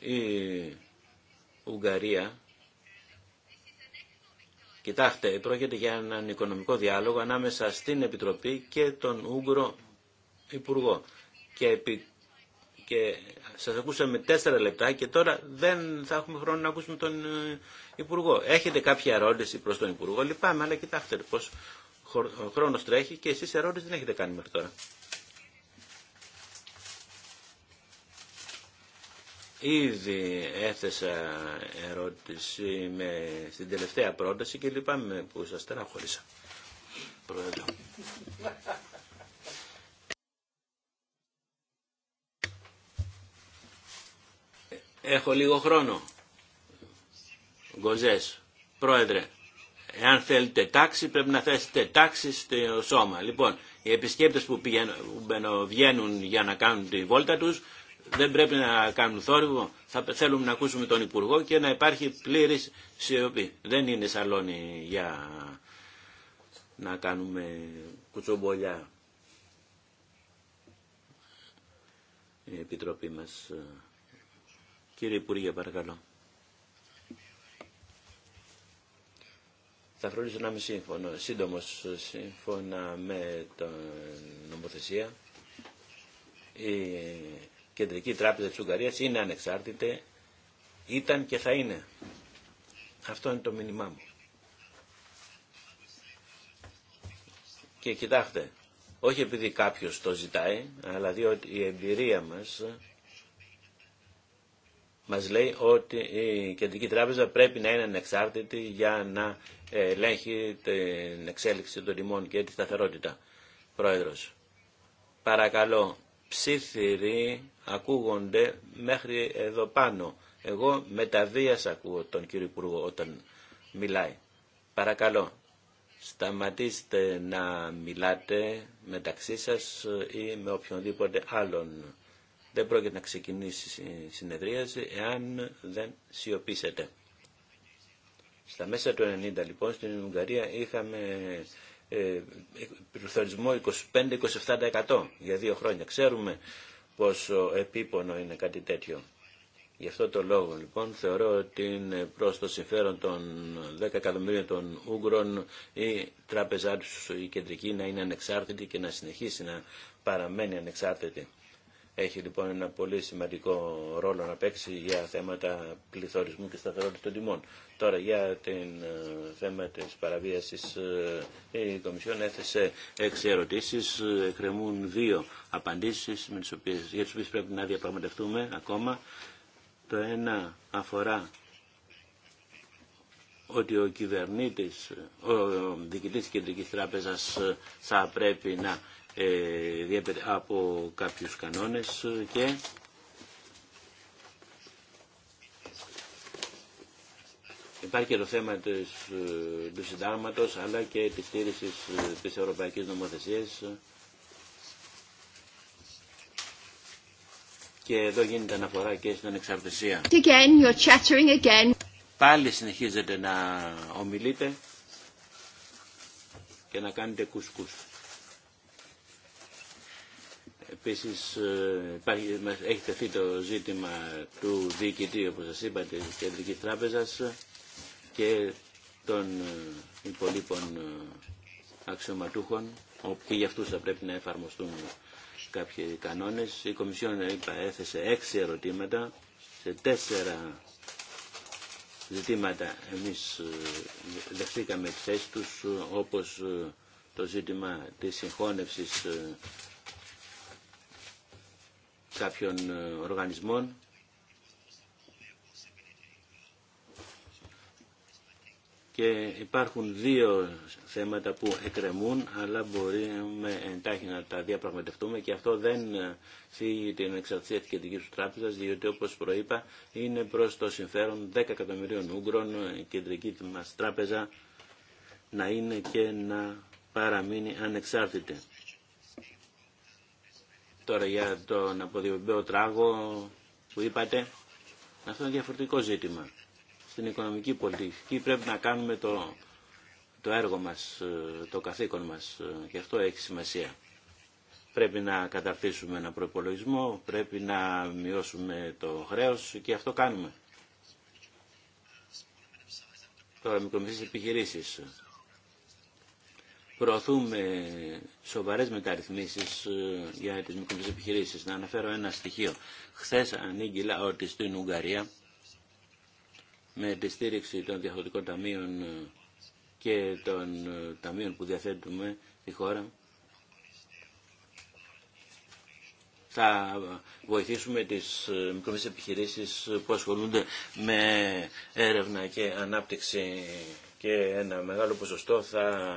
ε, η Ουγγαρία Κοιτάξτε, πρόκειται για έναν οικονομικό διάλογο ανάμεσα στην Επιτροπή και τον Ούγγρο Υπουργό. Και επί και σας ακούσαμε τέσσερα λεπτά και τώρα δεν θα έχουμε χρόνο να ακούσουμε τον ε, Υπουργό. Έχετε κάποια ερώτηση προς τον Υπουργό, λυπάμαι, αλλά κοιτάξτε πως ο χρόνος τρέχει και εσείς ερώτηση δεν έχετε κάνει μέχρι τώρα. Ήδη έθεσα ερώτηση με, στην τελευταία πρόταση και λυπάμαι που σας τεραχωρήσα. Πρόεδρο. Έχω λίγο χρόνο. Γκοζέ, πρόεδρε, εάν θέλετε τάξη πρέπει να θέσετε τάξη στο σώμα. Λοιπόν, οι επισκέπτες που βγαίνουν για να κάνουν τη βόλτα τους δεν πρέπει να κάνουν θόρυβο. Θα θέλουμε να ακούσουμε τον Υπουργό και να υπάρχει πλήρης σιωπή. Δεν είναι σαλόνι για να κάνουμε κουτσομπολιά. Η Επιτροπή μας ε, Κύριε Υπουργέ, παρακαλώ. Θα φροντίσω να είμαι σύμφωνο, σύντομος σύμφωνα με την νομοθεσία. Η Κεντρική Τράπεζα της Ουγγαρίας είναι ανεξάρτητη, ήταν και θα είναι. Αυτό είναι το μήνυμά μου. Και κοιτάξτε, όχι επειδή κάποιος το ζητάει, αλλά διότι η εμπειρία μας μας λέει ότι η Κεντρική Τράπεζα πρέπει να είναι ανεξάρτητη για να ελέγχει την εξέλιξη των τιμών και τη σταθερότητα. Πρόεδρος, παρακαλώ, ψήθυροι ακούγονται μέχρι εδώ πάνω. Εγώ μεταβίας ακούω τον κύριο Υπουργό όταν μιλάει. Παρακαλώ, σταματήστε να μιλάτε μεταξύ σας ή με οποιονδήποτε άλλον δεν πρόκειται να ξεκινήσει η συνεδρίαση εάν δεν σιωπήσετε. Στα μέσα του 90 λοιπόν στην Ουγγαρία είχαμε ε, πληθωρισμό 25-27% για δύο χρόνια. Ξέρουμε πόσο επίπονο είναι κάτι τέτοιο. Γι' αυτό το λόγο λοιπόν θεωρώ ότι είναι προς το συμφέρον των 10 εκατομμυρίων των Ούγγρων η τράπεζά τους η κεντρική να είναι ανεξάρτητη και να συνεχίσει να παραμένει ανεξάρτητη έχει λοιπόν ένα πολύ σημαντικό ρόλο να παίξει για θέματα πληθωρισμού και σταθερότητα των τιμών. Τώρα για την ε, θέμα της παραβίασης ε, η Κομισιόν έθεσε έξι ερωτήσεις, ε, εκκρεμούν δύο απαντήσεις με οποίες, για τις οποίες πρέπει να διαπραγματευτούμε ακόμα. Το ένα αφορά ότι ο κυβερνήτης, ο διοικητής της Κεντρικής Τράπεζας θα πρέπει να ε, από κάποιους κανόνες και Υπάρχει και το θέμα της, ε, του συντάγματος αλλά και της τήρησης ε, της ευρωπαϊκής νομοθεσίας και εδώ γίνεται αναφορά και στην ανεξαρτησία. Again, Πάλι συνεχίζετε να ομιλείτε και να κάνετε κουσκούς. Επίσης ε, έχει τεθεί το ζήτημα του διοικητή, όπως σας είπα, της Κεντρικής Τράπεζας και των ε, υπολείπων ε, αξιωματούχων, και για αυτούς θα πρέπει να εφαρμοστούν κάποιοι κανόνες. Η Κομισιόν είπα, έθεσε έξι ερωτήματα, σε τέσσερα ζητήματα εμείς δεχτήκαμε τις θέσεις τους, όπως το ζήτημα της συγχώνευσης κάποιων ε, οργανισμών και υπάρχουν δύο θέματα που εκκρεμούν αλλά μπορούμε εντάχει να τα διαπραγματευτούμε και αυτό δεν φύγει ε, την εξαρτησία της κεντρικής του τράπεζας διότι όπως προείπα είναι προς το συμφέρον 10 εκατομμυρίων Ούγγρων ε, η κεντρική μας τράπεζα να είναι και να παραμείνει ανεξάρτητη. Τώρα για τον αποδιοπηπαίο τράγο που είπατε, αυτό είναι διαφορετικό ζήτημα. Στην οικονομική πολιτική πρέπει να κάνουμε το, το έργο μας, το καθήκον μας και αυτό έχει σημασία. Πρέπει να καταρτήσουμε ένα προπολογισμό, πρέπει να μειώσουμε το χρέος και αυτό κάνουμε. Τώρα, μικρομεσαίες επιχειρήσεις προωθούμε σοβαρές μεταρρυθμίσεις ε, για τις μικρές επιχειρήσεις. Να αναφέρω ένα στοιχείο. Χθες ανήγγειλα ότι στην Ουγγαρία με τη στήριξη των διαχωρικών ταμείων ε, και των ε, ταμείων που διαθέτουμε τη χώρα θα βοηθήσουμε τις μικρομεσαίες επιχειρήσεις που ασχολούνται με έρευνα και ανάπτυξη και ένα μεγάλο ποσοστό θα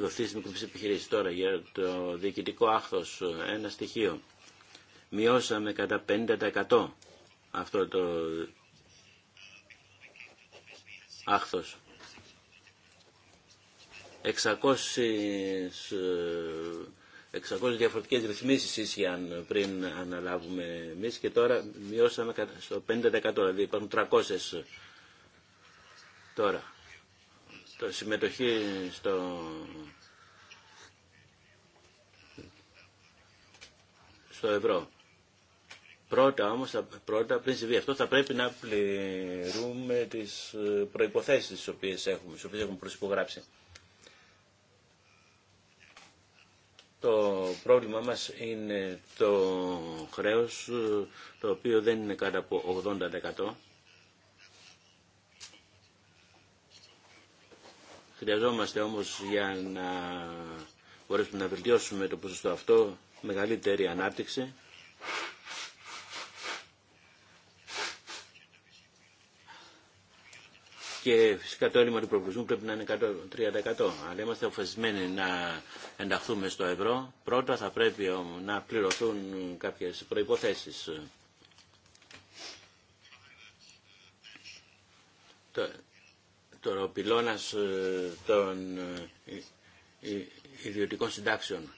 δοθεί στι μικρές επιχειρήσει Τώρα για το διοικητικό άχθος, ένα στοιχείο. Μειώσαμε κατά 50% αυτό το άχθος. 600, 600 ε, διαφορετικές ρυθμίσεις ίσιαν πριν αναλάβουμε εμεί και τώρα μειώσαμε στο 50%, δηλαδή υπάρχουν 300 τώρα το συμμετοχή στο στο ευρώ. Πρώτα όμως, πρώτα πριν συμβεί αυτό θα πρέπει να πληρούμε τις ε, προϋποθέσεις τις οποίες έχουμε, τις οποίες έχουμε προσυπογράψει. Το πρόβλημα μας είναι το χρέος, ε, το οποίο δεν είναι κάτω από 80%. Χρειαζόμαστε όμως για να μπορέσουμε να βελτιώσουμε το ποσοστό αυτό μεγαλύτερη ανάπτυξη. Και φυσικά το έλλειμμα του προβλησμού πρέπει να είναι 30%. Αλλά είμαστε αποφασισμένοι να ενταχθούμε στο ευρώ. Πρώτα θα πρέπει να πληρωθούν κάποιες προϋποθέσεις το πυλώνας ε, των ε, ε, ιδιωτικών συντάξεων.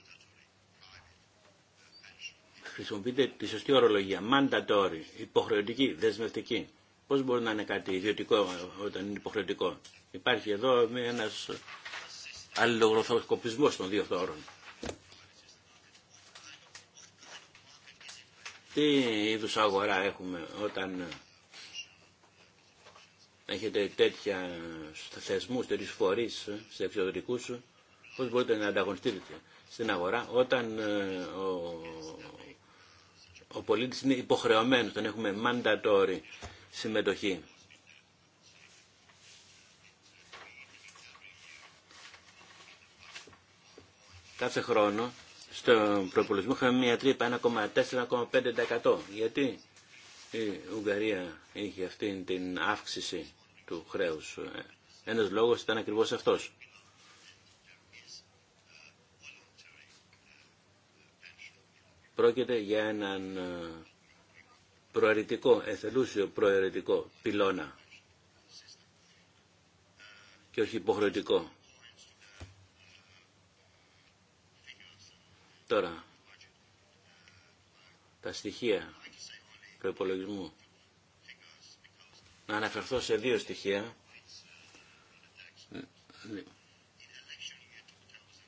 Χρησιμοποιείτε τη σωστή ορολογία. Mandatory, υποχρεωτική, δεσμευτική. Πώς μπορεί να είναι κάτι ιδιωτικό όταν είναι υποχρεωτικό. Υπάρχει εδώ ένας αλληλογροθοσκοπισμός των δύο αυτών Τι είδους αγορά έχουμε όταν έχετε τέτοια θεσμού, τέτοιου φορεί ε, σε εξωτερικού, ε, πώ μπορείτε να ανταγωνιστείτε στην αγορά όταν ε, ο, ο πολίτη είναι υποχρεωμένο, όταν έχουμε mandatory συμμετοχή. Κάθε χρόνο στον προπολογισμό είχαμε μια τρύπα 1,4-1,5%. Γιατί η Ουγγαρία είχε αυτή την αύξηση του χρέους. Ένας λόγος ήταν ακριβώς αυτός. Πρόκειται για έναν ε, προαιρετικό, εθελούσιο προαιρετικό πυλώνα και όχι υποχρεωτικό. Τώρα, τα στοιχεία να αναφερθώ σε δύο στοιχεία.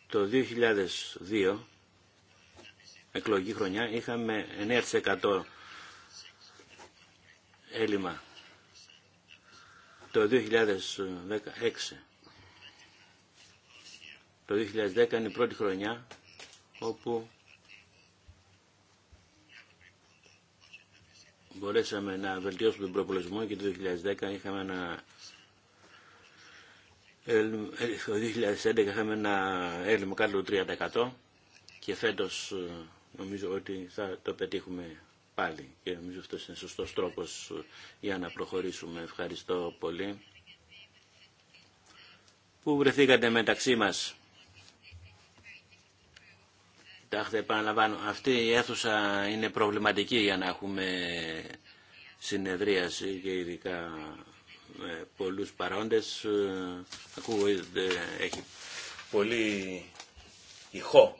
Το 2002, εκλογική χρονιά, είχαμε 9% έλλειμμα. Το 2016. Το 2010 είναι η πρώτη χρονιά όπου μπορέσαμε να βελτιώσουμε τον προπολογισμό και το 2010 είχαμε ένα ε, το 2011 είχαμε ένα έλλειμμα κάτω του 30% και φέτος ε, νομίζω ότι θα το πετύχουμε πάλι και νομίζω αυτός είναι σωστός τρόπος ε, για να προχωρήσουμε. Ευχαριστώ πολύ που βρεθήκατε μεταξύ μας. Κοιτάξτε, επαναλαμβάνω, αυτή η αίθουσα είναι προβληματική για να έχουμε συνεδρίαση και ειδικά με πολλούς παρόντες. Ε, Ακούγονται, έχει πολύ ηχό.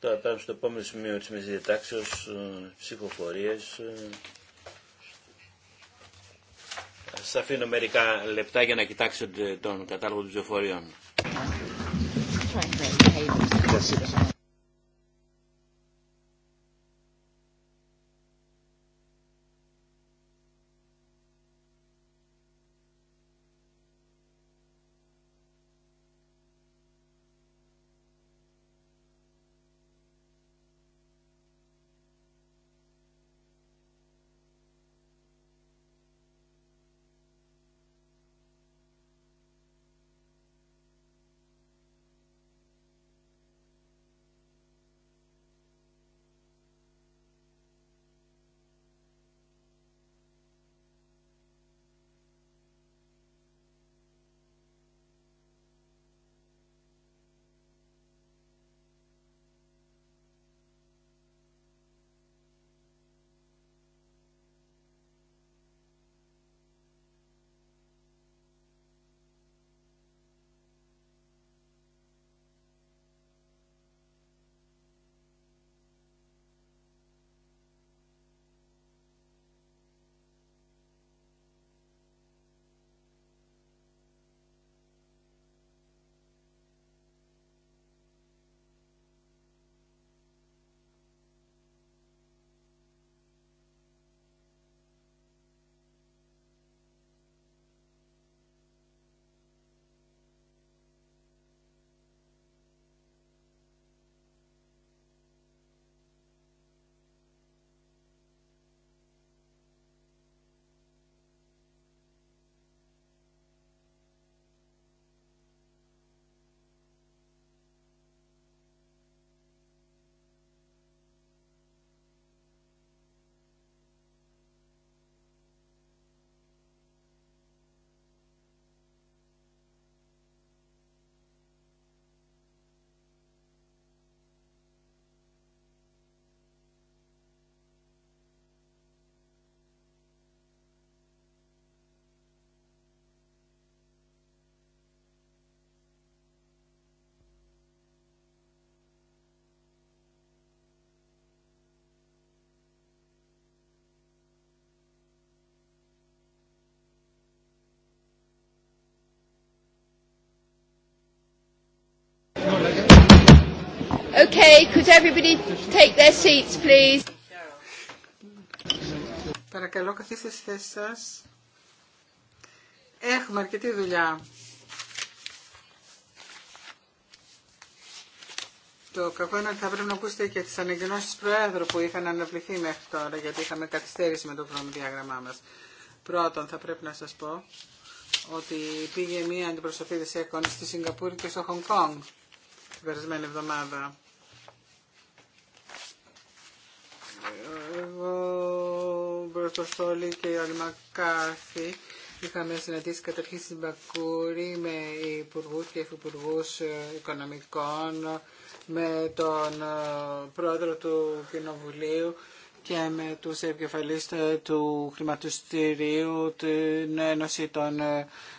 Τώρα πάμε στο επόμενο σημείο της μεσης ε, ψυχοφορίες. Σας ε, αφήνω μερικά λεπτά για να κοιτάξετε τον κατάλογο των ψηφοφοριών trying to make Okay, could everybody take their seats, please? Παρακαλώ, καθίστε στις θέσεις σα. Έχουμε αρκετή δουλειά. Το κακό είναι ότι θα πρέπει να ακούσετε και τι ανακοινώσει του Προέδρου που είχαν αναβληθεί μέχρι τώρα, γιατί είχαμε καθυστέρηση με το χρονοδιάγραμμά μα. Πρώτον, θα πρέπει να σα πω ότι πήγε μία αντιπροσωπή τη ΕΚΟΝ στη Σιγκαπούρη και στο Χονγκ Κόνγκ την περασμένη εβδομάδα. εγώ, Μπροτοθόλη και η Αλμακάρθη είχαμε συναντήσει καταρχήν στην Πακούρη με υπουργού και υφυπουργού ε, οικονομικών, με τον ε, πρόεδρο του Κοινοβουλίου και με τους επικεφαλείς ε, του χρηματιστηρίου, την Ένωση των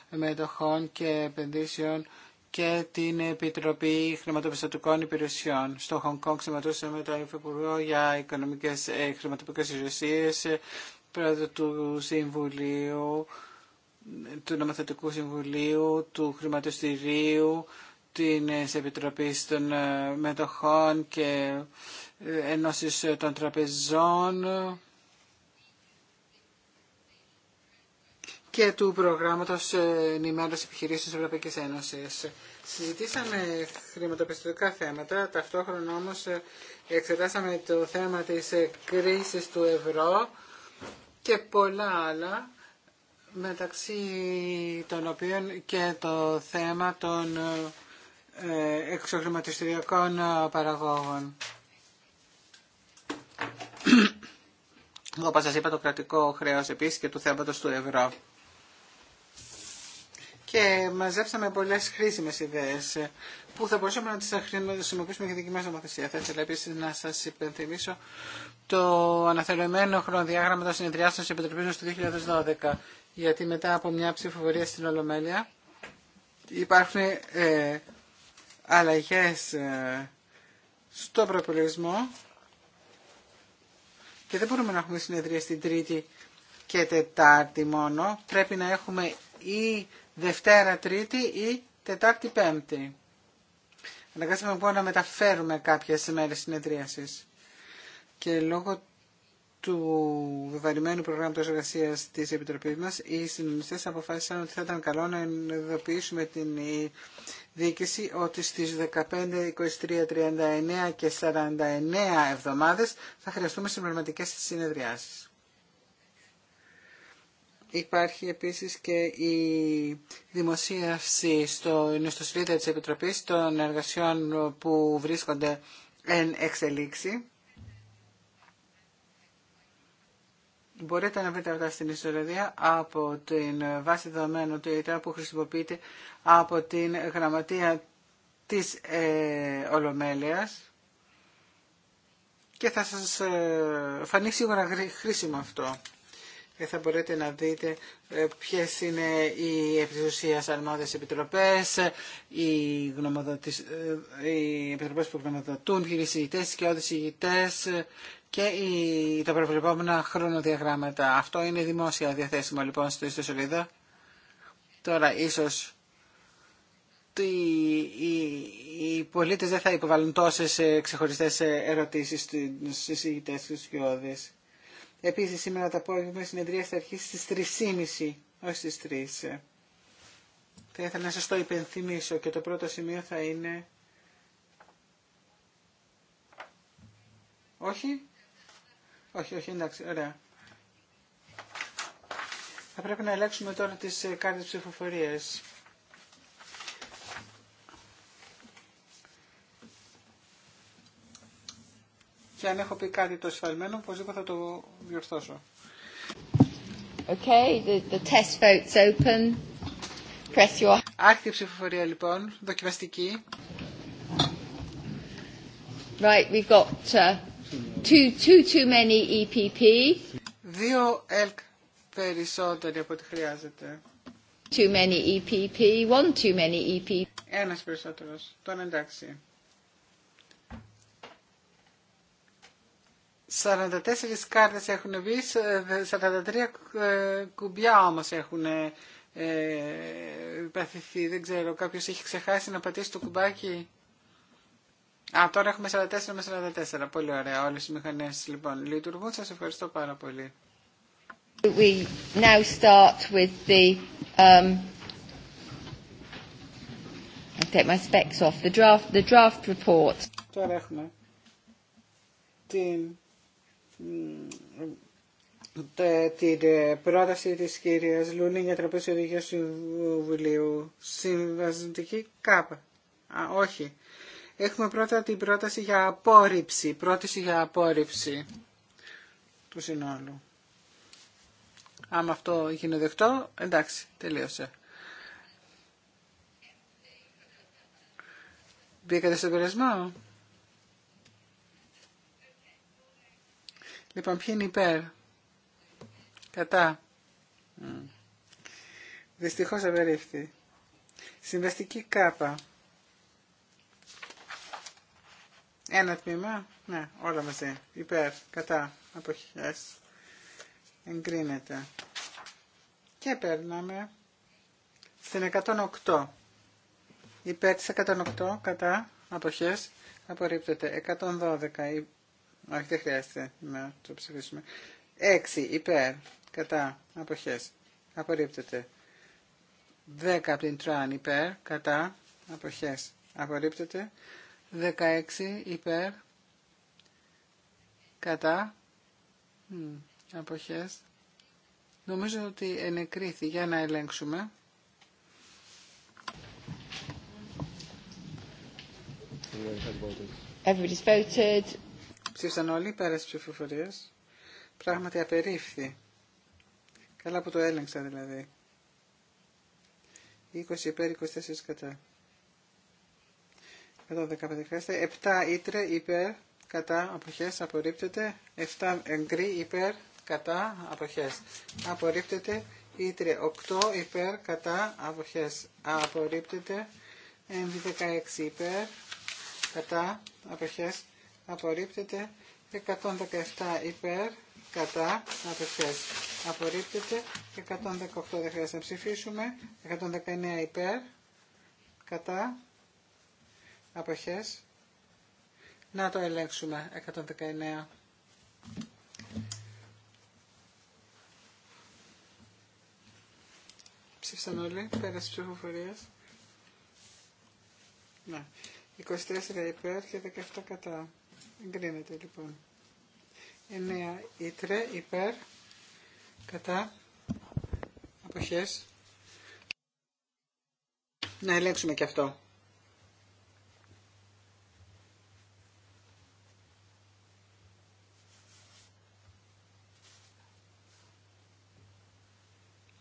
Μετοχών και Επενδύσεων και την Επιτροπή Χρηματοπιστωτικών Υπηρεσιών. Στο Χονγκ Κόνγκ με τον Υφυπουργό για Οικονομικές ε, Χρηματοπιστωτικές Υπηρεσίες, πρόεδρο του Συμβουλίου, του Νομοθετικού Συμβουλίου, του Χρηματοστηρίου, τη Επιτροπή των ε, Μετοχών και Ένωση ε, των Τραπεζών και του προγράμματο ενημέρωση επιχειρήσεων τη Ευρωπαϊκή Ένωση. Συζητήσαμε χρηματοπιστωτικά θέματα, ταυτόχρονα όμω, ε, εξετάσαμε το θέμα τη ε, κρίση του ευρώ και πολλά άλλα, μεταξύ των οποίων και το θέμα των ε, εξοχρηματιστηριακών παραγόγων. Όπω σα είπα, το κρατικό χρέος επίσης και του θέματο του ευρώ και μαζέψαμε πολλές χρήσιμες ιδέες που θα μπορούσαμε να τις χρησιμοποιήσουμε για δική μα νομοθεσία. Θα ήθελα επίσης να σας υπενθυμίσω το αναθεωρημένο χρονοδιάγραμμα των συνεδριάσεων της Επιτροπής του 2012 γιατί μετά από μια ψηφοφορία στην Ολομέλεια υπάρχουν ε, αλλαγές ε, στο προπολογισμό και δεν μπορούμε να έχουμε συνεδρία στην Τρίτη και Τετάρτη μόνο. Πρέπει να έχουμε ή Δευτέρα, Τρίτη ή Τετάρτη, Πέμπτη. Αναγκάσαμε λοιπόν να μεταφέρουμε κάποιες ημέρε συνεδρίασης. Και λόγω του βεβαρημένου προγράμματος εργασία της Επιτροπής μας, οι συνομιστέ αποφάσισαν ότι θα ήταν καλό να ειδοποιήσουμε την διοίκηση ότι στις 15, 23, 39 και 49 εβδομάδες θα χρειαστούμε συμπληρωματικές συνεδριάσεις. Υπάρχει επίσης και η δημοσίευση στο ιστοσελίδα της Επιτροπής των εργασιών που βρίσκονται εν εξελίξη. Μπορείτε να βρείτε αυτά στην ιστορία από την βάση δεδομένου του ΙΤΑ που χρησιμοποιείται από την γραμματεία της ε, Ολομέλειας και θα σας ε, φανεί σίγουρα χρήσιμο αυτό. Ε, θα μπορείτε να δείτε ε, ποιες είναι οι επιτουσίας αρμόδιες επιτροπές, οι, ε, οι επιτροπές που γνωμοδοτούν, οι συγητές και όδες συγητές και οι, τα προβλεπόμενα χρονοδιαγράμματα. Αυτό είναι δημόσια διαθέσιμο λοιπόν στο ιστοσελίδα. Τώρα ίσως οι, οι, οι πολίτες δεν θα υποβάλουν τόσες ξεχωριστές ερωτήσεις στους συγητές και στους Επίσης σήμερα το απόγευμα η συνεδρία θα αρχίσει στις 3.30 όχι στις 3. Θα ήθελα να σας το υπενθυμίσω και το πρώτο σημείο θα είναι... Όχι. Όχι, όχι, εντάξει, ωραία. Θα πρέπει να ελέγξουμε τώρα τις ε, κάρτες ψηφοφορίας. Και αν έχω πει κάτι το σφαλμένο, πως θα το διορθώσω. Okay, the, the test vote's open. Press your... Άκτη ψηφοφορία λοιπόν, δοκιμαστική. Right, we've got uh, two, two too many EPP. Δύο ΕΛΚ περισσότεροι από ό,τι χρειάζεται. Too many EPP, one too many EPP. Ένας περισσότερος, τον εντάξει. 44 κάρτες έχουν βγει, 43 ε, ε, κουμπιά όμως έχουν ε, παθηθεί. Δεν ξέρω, κάποιος έχει ξεχάσει να πατήσει το κουμπάκι. Α, τώρα έχουμε 44 με 44. Πολύ ωραία. Όλες οι μηχανές λοιπόν λειτουργούν. Σας ευχαριστώ πάρα πολύ. We now start with the, um, I'll take my specs off, the draft, the draft report. Τώρα έχουμε την ε, την ε, πρόταση της κυρίας Λούνη για τραπέζι οδηγίας συμβουλίου. Συμβασμική κάπα. Α, όχι. Έχουμε πρώτα την πρόταση για απόρριψη. Πρόταση για απόρριψη του συνόλου. Άμα αυτό γίνει δεκτό, εντάξει, τελείωσε. Μπήκατε στον περασμό. Λοιπόν, ποιοι είναι υπέρ. Κατά. Mm. Δυστυχώς απερίφθη. Συμβαστική κάπα. Ένα τμήμα. Ναι, όλα μαζί. Υπέρ, κατά, αποχές. Εγκρίνεται. Και περνάμε στην 108. Υπέρ της 108, κατά, αποχές. Απορρίπτεται. 112, όχι, δεν χρειάζεται να το ψηφίσουμε. Έξι υπέρ κατά αποχές απορρίπτεται. Δέκα από την τραν υπέρ κατά αποχές απορρίπτεται. 16 υπέρ κατά αποχές. Νομίζω ότι ενεκρίθη. Για να ελέγξουμε. Everybody's voted. Ψήφισαν όλοι πέρα στις ψηφοφορίες. Πράγματι απερίφθη. Καλά που το έλεγξα δηλαδή. 20 υπέρ, 24 κατά. Εδώ 15 χρειάζεται. 7 ήτρε υπέρ, κατά, αποχές, απορρίπτεται. 7 εγκρί υπέρ, κατά, αποχές. Απορρίπτεται. Ήτρε 8 υπέρ, κατά, αποχές. MV16 υπέρ, κατά, αποχές απορρίπτεται 117 υπέρ κατά αποχές απορρίπτεται 118 δεν χρειάζεται να ψηφίσουμε 119 υπέρ κατά αποχές να το ελέγξουμε 119 Ψήφισαν όλοι, πέρασε ψηφοφορία. Ναι. 24 υπέρ και 17 κατά. Εγκρίνεται λοιπόν. Εννέα ήτρε υπέρ κατά αποχές. Να ελέγξουμε και αυτό.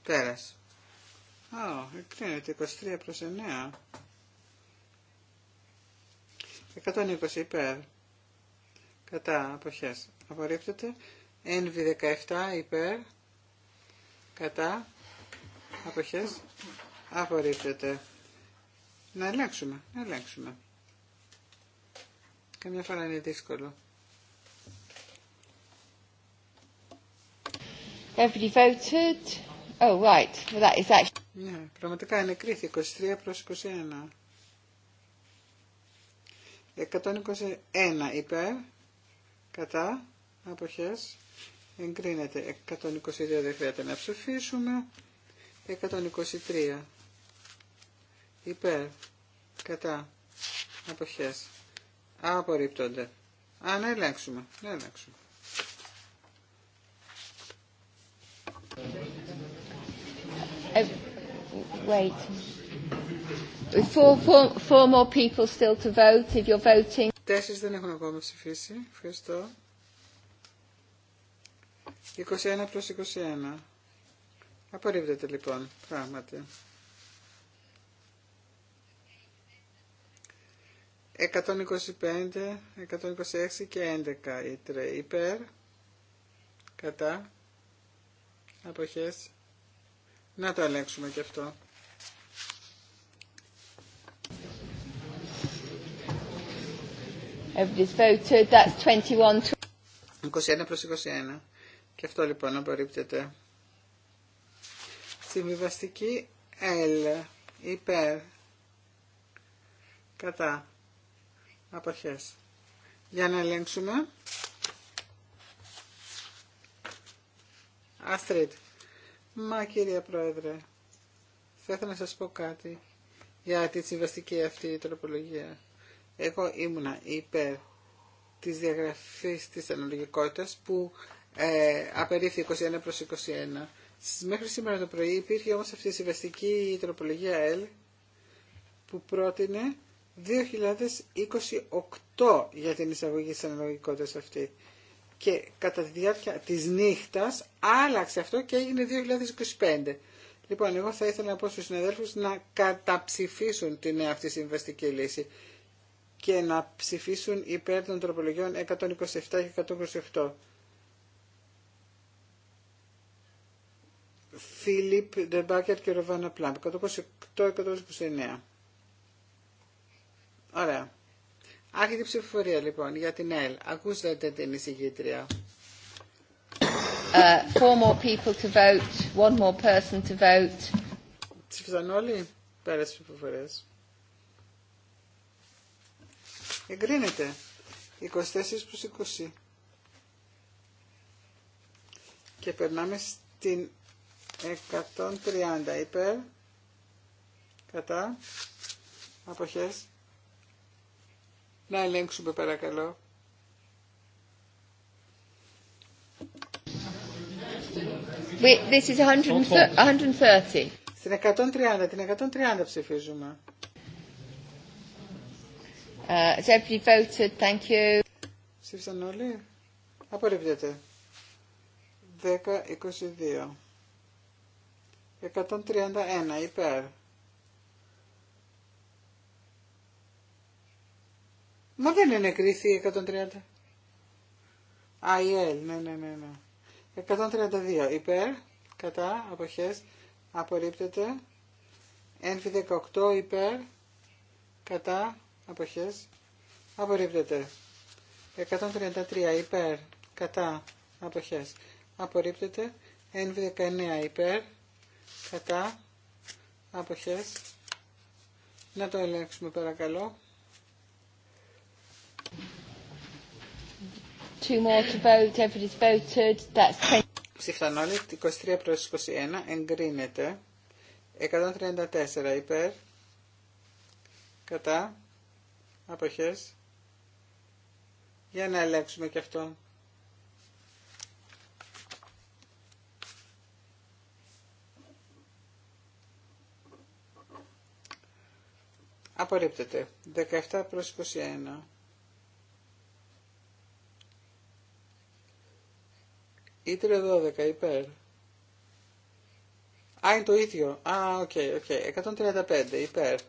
Πέρας. Α, εκκρίνεται 23 προς 9. 120 υπέρ κατά αποχές απορρίπτεται NV17 υπέρ κατά αποχές απορρίπτεται να ελέγξουμε να ελέγξουμε καμιά φορά είναι δύσκολο Everybody voted. Oh, right. that is actually... Ναι, πραγματικά είναι κρίθη 23 προς 21. 121 υπέρ, κατά αποχές εγκρίνεται 122 δεν χρειάζεται να ψηφίσουμε 123 υπέρ κατά αποχές απορρίπτονται α να ελέγξουμε να ελέγξουμε Uh, Wait. Four, four, four more people still to vote if you're voting. Τέσσερις δεν έχουν ακόμα ψηφίσει. Ευχαριστώ. 21 προς 21. Απορρίπτεται λοιπόν, πράγματι. 125, 126 και 11 ήτρε υπέρ, κατά, αποχές. Να το ελέγξουμε και αυτό. Everybody's voted. That's 21. 21 προς 21. Και αυτό λοιπόν απορρίπτεται. Συμβιβαστική L. Υπέρ. Κατά. Αποχές. Για να ελέγξουμε. Άστριτ. Μα κύριε Πρόεδρε, θα ήθελα να σας πω κάτι για τη συμβαστική αυτή τροπολογία. Εγώ ήμουνα υπέρ της διαγραφής της αναλογικότητας που ε, απερίφθη 21 προς 21. Μέχρι σήμερα το πρωί υπήρχε όμως αυτή η συμβαστική τροπολογία L που πρότεινε 2028 για την εισαγωγή της αναλογικότητας αυτή. Και κατά τη διάρκεια της νύχτας άλλαξε αυτό και έγινε 2025. Λοιπόν, εγώ θα ήθελα να πω στους συναδέλφους να καταψηφίσουν την αυτή συμβαστική λύση και να ψηφίσουν υπέρ των τροπολογιών 127 και 128. Φίλιπ Ντεμπάκερ και Ροβάνα Πλάμπ. 128-129. Ωραία. Άρχεται η ψηφοφορία λοιπόν για την ΕΛ. Ακούσατε την εισηγήτρια. Uh, four more people to vote, one more person to vote. Ψήφισαν όλοι πέρα ψηφοφορίες εγκρίνεται 24 προς 20 και περνάμε στην 130 υπέρ κατά αποχές να ελέγξουμε παρακαλώ Wait, this is 130. Στην 130, την 130 ψηφίζουμε. Uh, has Ψήφισαν όλοι. Απορρίπτεται. 10-22. 131 υπέρ. Μα δεν είναι κρίθη 130. Α, ναι, ναι, ναι, ναι. 132 υπέρ, κατά, αποχές, απορρίπτεται. Ένφι 18 υπέρ, κατά, αποχές απορρίπτεται 133 υπέρ κατά αποχές απορρίπτεται NV19 υπέρ κατά αποχές να το ελέγξουμε παρακαλώ Two more 23 προς 21, εγκρίνεται, 134 υπέρ, κατά, αποχές. Για να ελέγξουμε και αυτό. Απορρίπτεται. 17 προς 21. Ήτρε 12 υπέρ. Α, είναι το ίδιο. Α, οκ, okay, οκ. 135 υπέρ.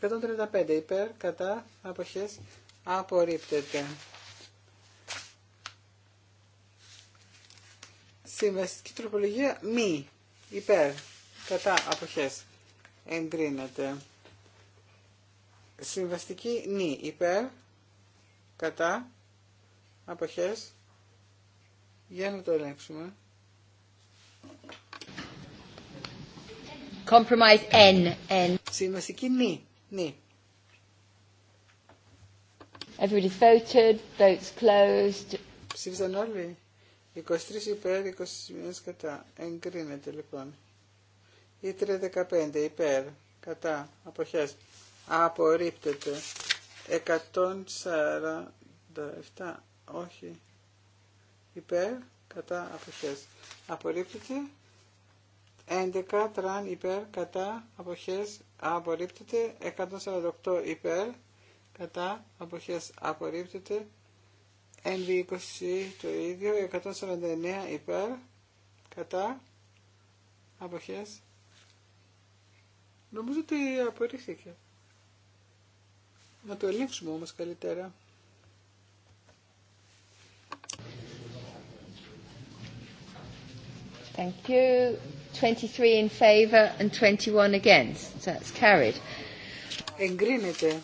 135 υπέρ, κατά, αποχές, απορρίπτεται. Συμβαστική τροπολογία μη, υπέρ, κατά, αποχές, εγκρίνεται. Συμβαστική νη, υπέρ, κατά, αποχές, για να το ελέγξουμε. Compromise N. N. Συμβαστική νη. Ναι. Everybody voted, votes closed. Ψήφισαν όλοι. 23 υπέρ, 21 κατά. Εγκρίνεται λοιπόν. Ή 315 υπέρ, κατά, αποχές. Απορρίπτεται. 147, όχι. Υπέρ, κατά, αποχές. Απορρίπτεται. 11 τραν υπέρ, κατά, αποχές απορρίπτεται 148 υπέρ κατά αποχές απορρίπτεται NV20 το ίδιο 149 υπέρ κατά αποχές νομίζω ότι απορρίφθηκε να το ελέγξουμε όμως καλύτερα Thank you. 23 in favor and 21 against. carried. Εγκρίνεται.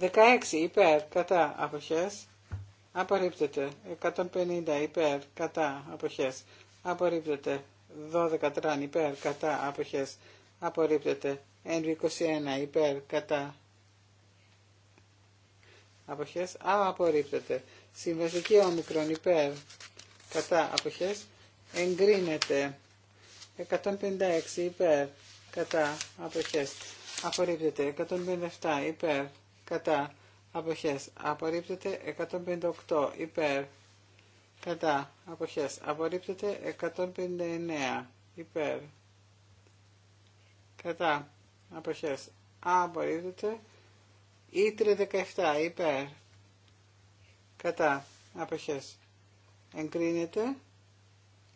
16 υπέρ, κατά, αποχές. Απορρίπτεται. 150 υπέρ, κατά, αποχές. Απορρίπτεται. 12 τραν υπέρ, κατά, αποχές. NV21 υπέρ, κατά, αποχές. απορρίπτεται. Συμβαστική όμικρον υπέρ, κατά, αποχές εγκρίνεται 156 υπέρ κατά αποχές απορρίπτεται 157 υπέρ κατά αποχές απορρίπτεται 158 υπέρ κατά αποχές απορρίπτεται 159 υπέρ κατά αποχές απορρίπτεται ήτρε 17 υπέρ κατά αποχές εγκρίνεται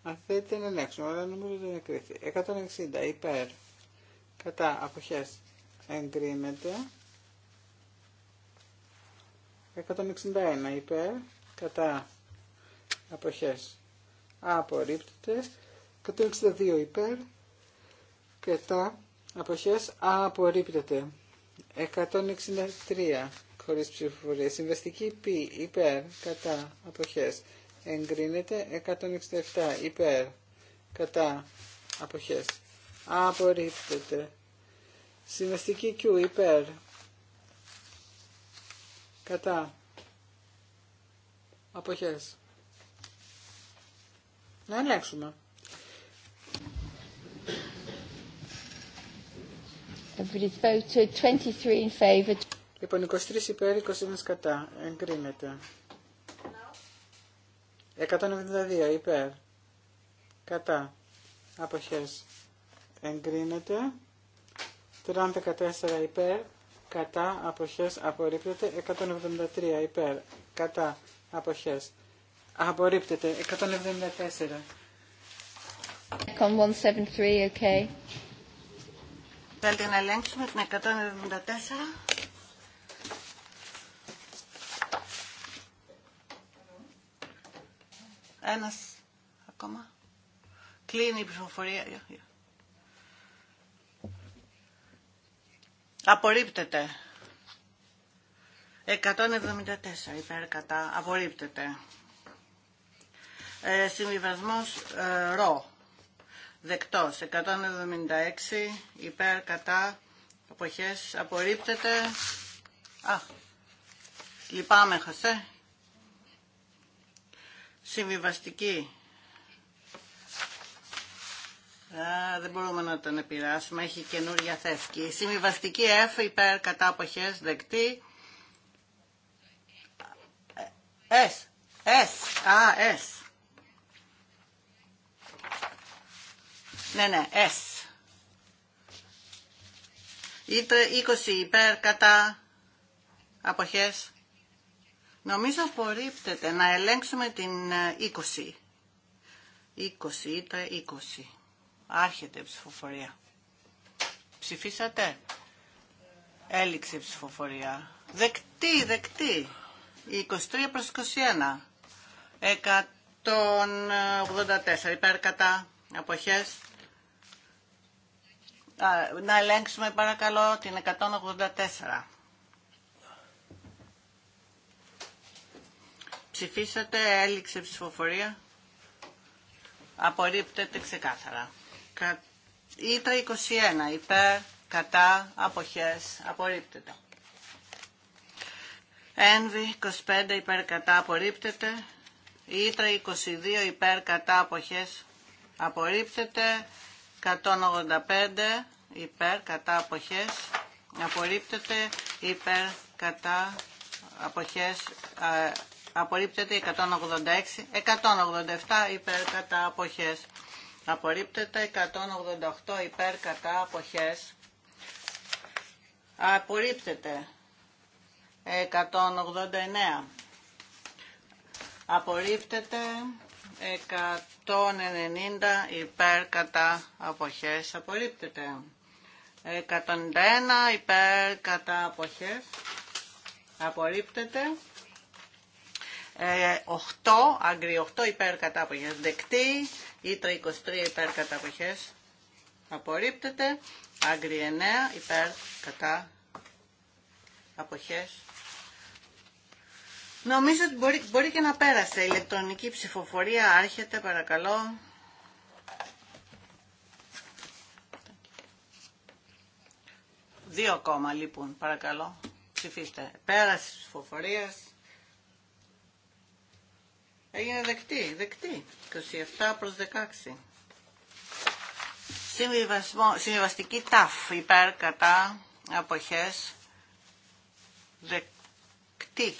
αν θέλετε να ελέγξουμε, αλλά νομίζω ότι είναι κρίθη. 160 υπέρ κατά αποχές εγκρίνεται. 161 υπέρ κατά αποχές απορρίπτεται. 162 υπέρ κατά αποχές απορρίπτεται. 163 χωρίς ψηφοφορία. Συμβαστική π υπέρ κατά αποχές εγκρίνεται 167 υπέρ κατά αποχές απορρίπτεται συμβαστική Q υπέρ κατά αποχές να αλλάξουμε Λοιπόν, 23 υπέρ, 21 κατά. Εγκρίνεται. 172 υπέρ. Κατά. Αποχές. Εγκρίνεται. 34 υπέρ. Κατά. Αποχές. Απορρίπτεται. 173 υπέρ. Κατά. Αποχές. Απορρίπτεται. 174. 173, okay. Θέλετε να ελέγξουμε την 174. Ένας ακόμα. Κλείνει η ψηφοφορία. Απορρίπτεται. 174 υπέρ κατά. Απορρίπτεται. Ε, συμβιβασμός ε, ρο. Δεκτός. 176 υπέρ κατά. Αποχές. Απορρίπτεται. Α. Λυπάμαι, Χωσέ. Συμβιβαστική. Α, δεν μπορούμε να τον επηρεάσουμε, έχει καινούρια θέσκη. Συμβιβαστική F υπέρ κατά αποχές δεκτή. Ε, S, S, α, S. Ναι, ναι, S. Είτε 20 υπέρ κατά αποχές Νομίζω απορρίπτεται να ελέγξουμε την 20. 20 20. Άρχεται η ψηφοφορία. Ψηφίσατε. Έληξε η ψηφοφορία. Δεκτή, δεκτή. 23 προς 21. 184 υπέρ κατά αποχές. Να ελέγξουμε παρακαλώ την 184. Ψηφίσατε, έληξε ψηφοφορία. Απορρίπτεται ξεκάθαρα. Ήτρα 21, υπέρ, κατά, αποχές, απορρίπτεται. Ένβη 25 υπέρ κατά απορρίπτεται. Ήτρα 22 υπέρ κατά αποχές απορρίπτεται. 185 υπέρ κατά αποχές απορρίπτεται. Υπέρ κατά αποχές απορρίπτεται 186, 187 υπέρ κατά αποχές. Απορρίπτεται 188 υπέρ κατά αποχές. Απορρίπτεται 189. Απορρίπτεται 190 υπέρ κατά αποχές. Απορρίπτεται 191 υπέρ κατά αποχές. Απορρίπτεται 8, ε, άγκρι 8 υπέρ κατά αποχές δεκτή, ήτρα 23 υπέρ κατά απορρίπτεται, άγκρι 9 υπέρ κατά αποχές. Νομίζω ότι μπορεί, μπορεί και να πέρασε. Η ηλεκτρονική ψηφοφορία άρχεται, παρακαλώ. Δύο ακόμα λοιπόν, παρακαλώ. Ψηφίστε. Πέραση τη ψηφοφορίας. Έγινε δεκτή, δεκτή. 27 προς 16. συμβιβαστική ταφ υπέρ κατά αποχές δεκτή.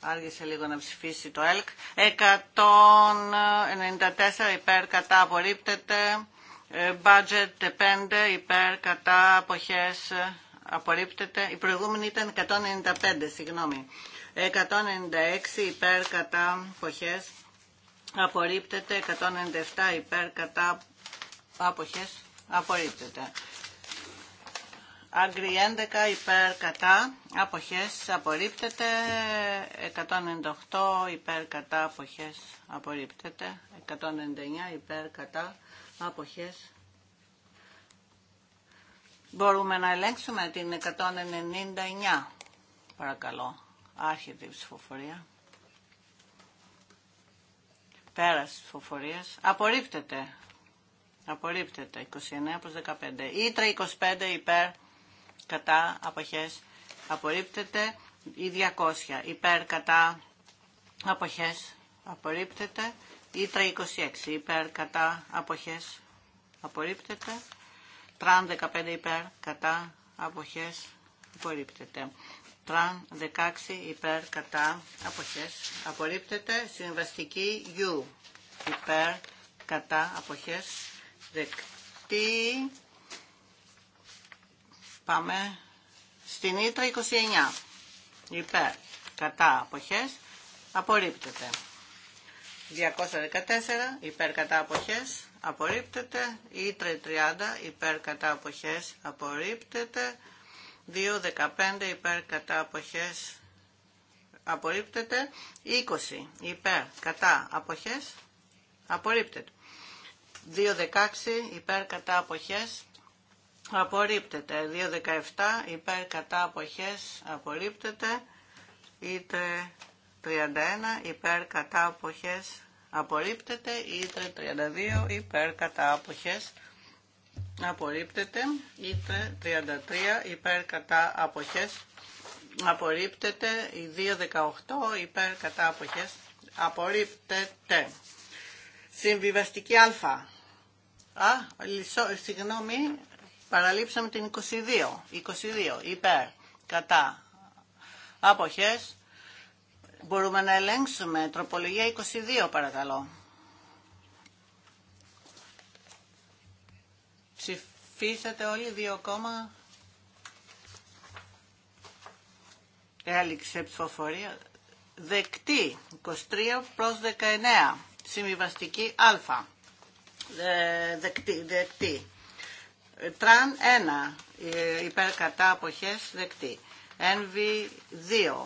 Άργησε λίγο να ψηφίσει το ΕΛΚ. 194 υπέρ κατά απορρίπτεται. Ε, budget 5 υπέρ κατά αποχές απορρίπτεται. Η προηγούμενη ήταν 195, συγγνώμη. 196 υπέρ κατά αποχές απορρίπτεται 197 υπέρ κατά αποχές απορρίπτεται Άγκρι 11 υπέρ κατά αποχές απορρίπτεται 198 υπέρ κατά αποχές απορρίπτεται 199 υπέρ κατά αποχές Μπορούμε να ελέγξουμε την 199 παρακαλώ Άρχεται η ψηφοφορία. Πέρας τη ψηφοφορία. Απορρίπτεται. Απορρίπτεται. 29 προ 15. Ήτρα 25 υπέρ κατά αποχές. Απορρίπτεται. Ή 200 υπέρ κατά αποχές. Απορρίπτεται. Ήτρα 26 υπέρ κατά αποχές. Απορρίπτεται. Τραν 15 υπέρ κατά αποχές. Απορρίπτεται. Τραν 16 υπέρ κατά αποχές απορρίπτεται. Συμβαστική U υπέρ κατά αποχές δεκτή. Πάμε στην Ήτρα 29 υπέρ κατά αποχές απορρίπτεται. 214 υπέρ κατά αποχές απορρίπτεται. Ήτρα 30 υπέρ κατά αποχές απορρίπτεται. 2.15 υπέρ κατά αποχές απορρίπτεται. 20 υπέρ κατά αποχές απορρίπτεται. 2.16 υπέρ κατά αποχές απορρίπτεται. 2.17 υπέρ κατά αποχές απορρίπτεται. Είτε 31 υπέρ κατά αποχές απορρίπτεται. Είτε 32 υπέρ κατά αποχές απορρίπτεται απορρίπτεται, ήτρε 33 υπέρ κατά αποχές, απορρίπτεται, η 218 υπέρ κατά αποχές, απορρίπτεται. Συμβιβαστική α. Α, λισό, συγγνώμη, παραλείψαμε την 22. 22 υπέρ κατά αποχές. Μπορούμε να ελέγξουμε τροπολογία 22 παρακαλώ. Ψηφίσατε όλοι δύο κόμμα. Έληξε ψηφοφορία. Δεκτή. 23 προς 19. Συμβιβαστική Α. Ε, δεκτή. δεκτή. Τραν 1. Ε, υπέρ κατά αποχές. Δεκτή. Ενβι.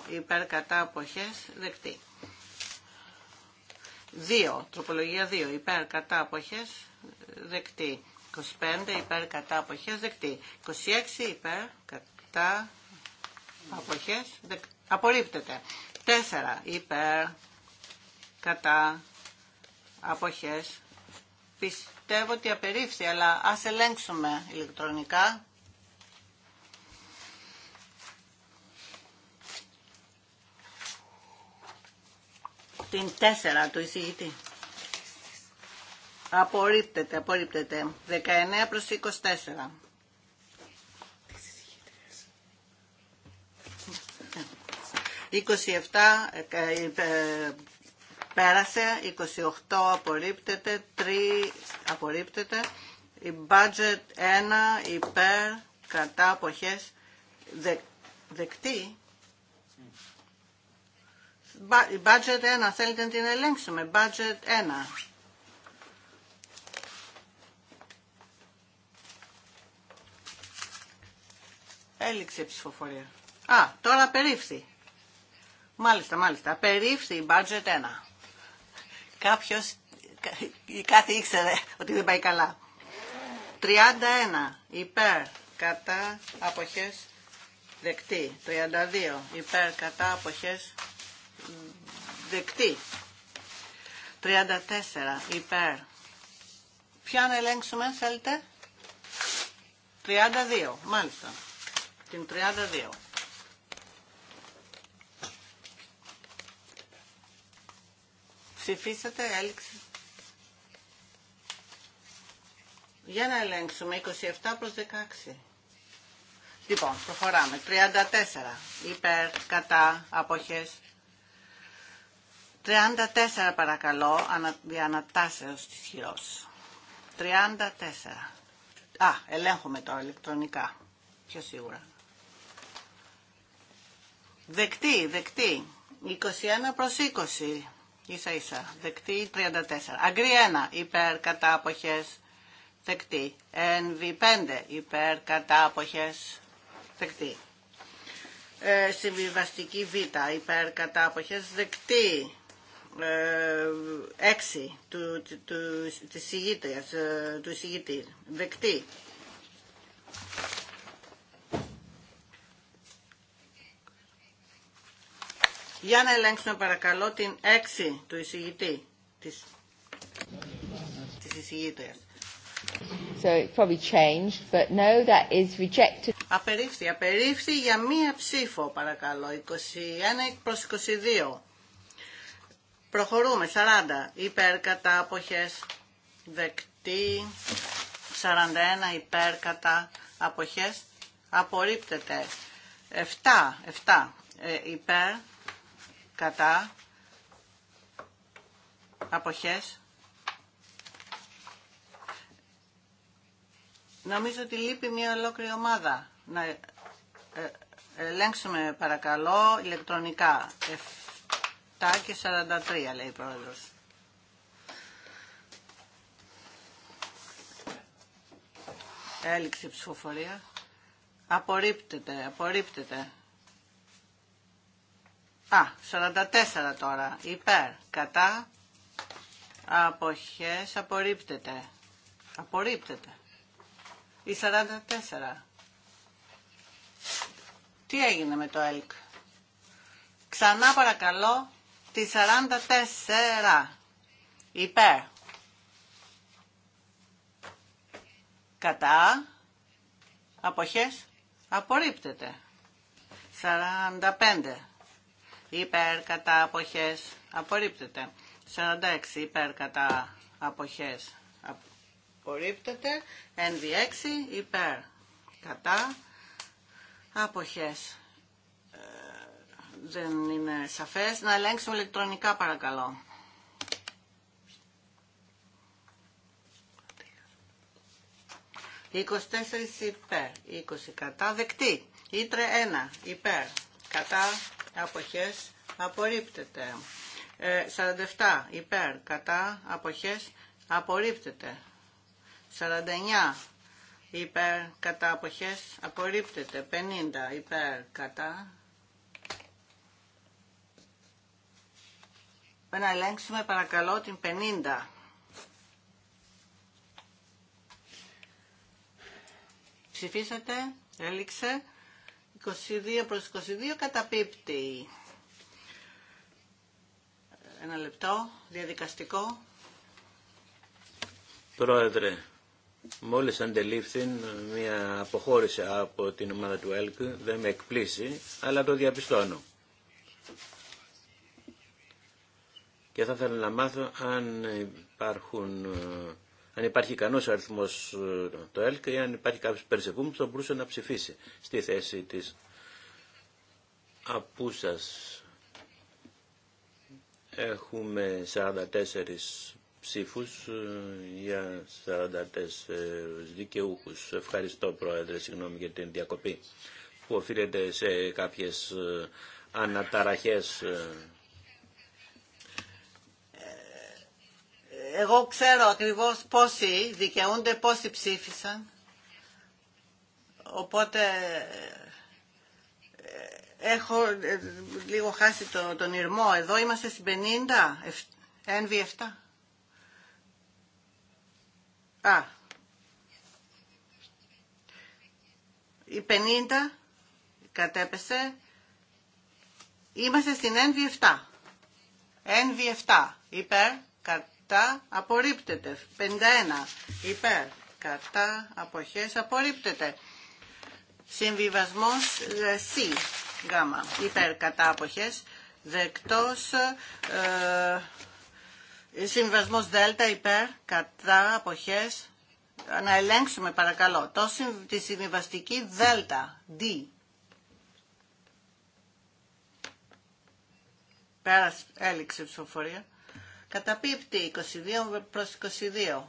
2. Υπέρ κατά αποχές. Δεκτή. 2. Τροπολογία 2. Υπέρ κατά αποχές. Δεκτή. 25 υπέρ κατά αποχές δεκτή. 26 υπέρ κατά αποχές δεκτή. Απορρίπτεται. 4 υπέρ κατά αποχές. Πιστεύω ότι απερίφθη, αλλά ας ελέγξουμε ηλεκτρονικά. Την 4 του εισηγητή. Απορρίπτεται, απορρίπτεται. 19 προς 24. 27 ε, ε, πέρασε, 28 απορρίπτεται, 3 απορρίπτεται, η budget 1 υπέρ κατά αποχές δε, δεκτή. Η budget 1, θέλετε να την ελέγξουμε, budget 1. Έληξε η ψηφοφορία. Α, τώρα περίφθη. Μάλιστα, μάλιστα. Περίφθη, η budget 1. Κάποιο. κάτι ήξερε ότι δεν πάει καλά. 31 υπέρ κατά αποχές δεκτή. 32 υπέρ κατά αποχές δεκτή. 34 υπέρ. Ποια να ελέγξουμε θέλετε. 32 μάλιστα. Την 32. Ψηφίσατε, έλεξε. Για να ελέγξουμε. 27 προς 16. Λοιπόν, προχωράμε. 34. Υπέρ, κατά, αποχές. 34 παρακαλώ, ανα, ανατάσσεως της χειρός. 34. Α, ελέγχουμε τώρα ηλεκτρονικά. Πιο σίγουρα. Δεκτή, δεκτή. 21 προς 20. Ίσα ίσα. Δεκτή 34. Αγκρί 1. Υπέρ αποχές. Δεκτή. NV5. Υπέρ κατά Δεκτή. Ε, συμβιβαστική Β. Υπέρ κατά αποχές. Δεκτή. 6 ε, του, του, του, της ε, του Δεκτή. Για να ελέγξουμε παρακαλώ την 6 του εισηγητή, της, της εισηγήτριας. So it probably changed, but no, that is rejected. Απερίφθη, απερίφθη για μία ψήφο παρακαλώ, 21 προς 22. Προχωρούμε, 40, υπέρ κατά αποχές, δεκτή, 41 υπέρ κατά αποχές, απορρίπτεται, 7, 7 ε, υπέρ κατά, αποχές. Νομίζω ότι λείπει μια ολόκληρη ομάδα. Να ε, ελέγξουμε παρακαλώ ηλεκτρονικά. 7 και 43 λέει η πρόεδρος. Έληξη ψηφοφορία. Απορρίπτεται, απορρίπτεται. Α, 44 τώρα. Υπέρ. Κατά. Αποχές. Απορρίπτεται. Απορρίπτεται. Η 44. Τι έγινε με το ΕΛΚ. Ξανά παρακαλώ τη 44. Υπέρ. Κατά. Αποχές. Απορρίπτεται. 45 υπέρ κατά αποχές απορρίπτεται. 46 υπέρ κατά αποχές απορρίπτεται. NV6 υπέρ κατά αποχές. Ε, δεν είναι σαφές. Να ελέγξουμε ηλεκτρονικά παρακαλώ. «24 υπέρ, 20 κατά, δεκτή. Ήτρε 1 υπέρ, κατά, αποχές απορρίπτεται. 47 ε, υπέρ κατά αποχές απορρίπτεται. 49 υπέρ κατά αποχές απορρίπτεται. 50 υπέρ κατά. Να ελέγξουμε παρακαλώ την 50. Ψηφίσατε, έληξε. 22 προς 22 καταπίπτει. Ένα λεπτό, διαδικαστικό. Πρόεδρε, μόλις αντελήφθη μια αποχώρηση από την ομάδα του ΕΛΚ, δεν με εκπλήσει, αλλά το διαπιστώνω. Και θα ήθελα να μάθω αν υπάρχουν ε, αν υπάρχει ικανό αριθμό ε, το ΕΛΚ ή αν υπάρχει κάποιο περσεκούμ που θα μπορούσε να ψηφίσει στη θέση τη απούσα. Έχουμε 44 ψήφους ε, για 44 δικαιούχους. Ευχαριστώ Πρόεδρε, συγγνώμη για την διακοπή που οφείλεται σε κάποιες ε, αναταραχές εγώ ξέρω ακριβώς πόσοι δικαιούνται, πόσοι ψήφισαν. Οπότε ε, έχω ε, λίγο χάσει το, τον ήρμό. Εδώ είμαστε στην 50, NV7. Α. Η 50 κατέπεσε. Είμαστε στην NV7. NV7. Υπέρ, κατά απορρίπτεται. 51 υπέρ κατά αποχές απορρίπτεται. Συμβιβασμός C ε, γάμα υπέρ κατά αποχές δεκτός ε, ε, συμβιβασμός δέλτα υπέρ κατά αποχές να ελέγξουμε παρακαλώ το, τη συμβιβαστική δέλτα D πέρας έληξε ψηφοφορία Καταπίπτει 22 προς 22.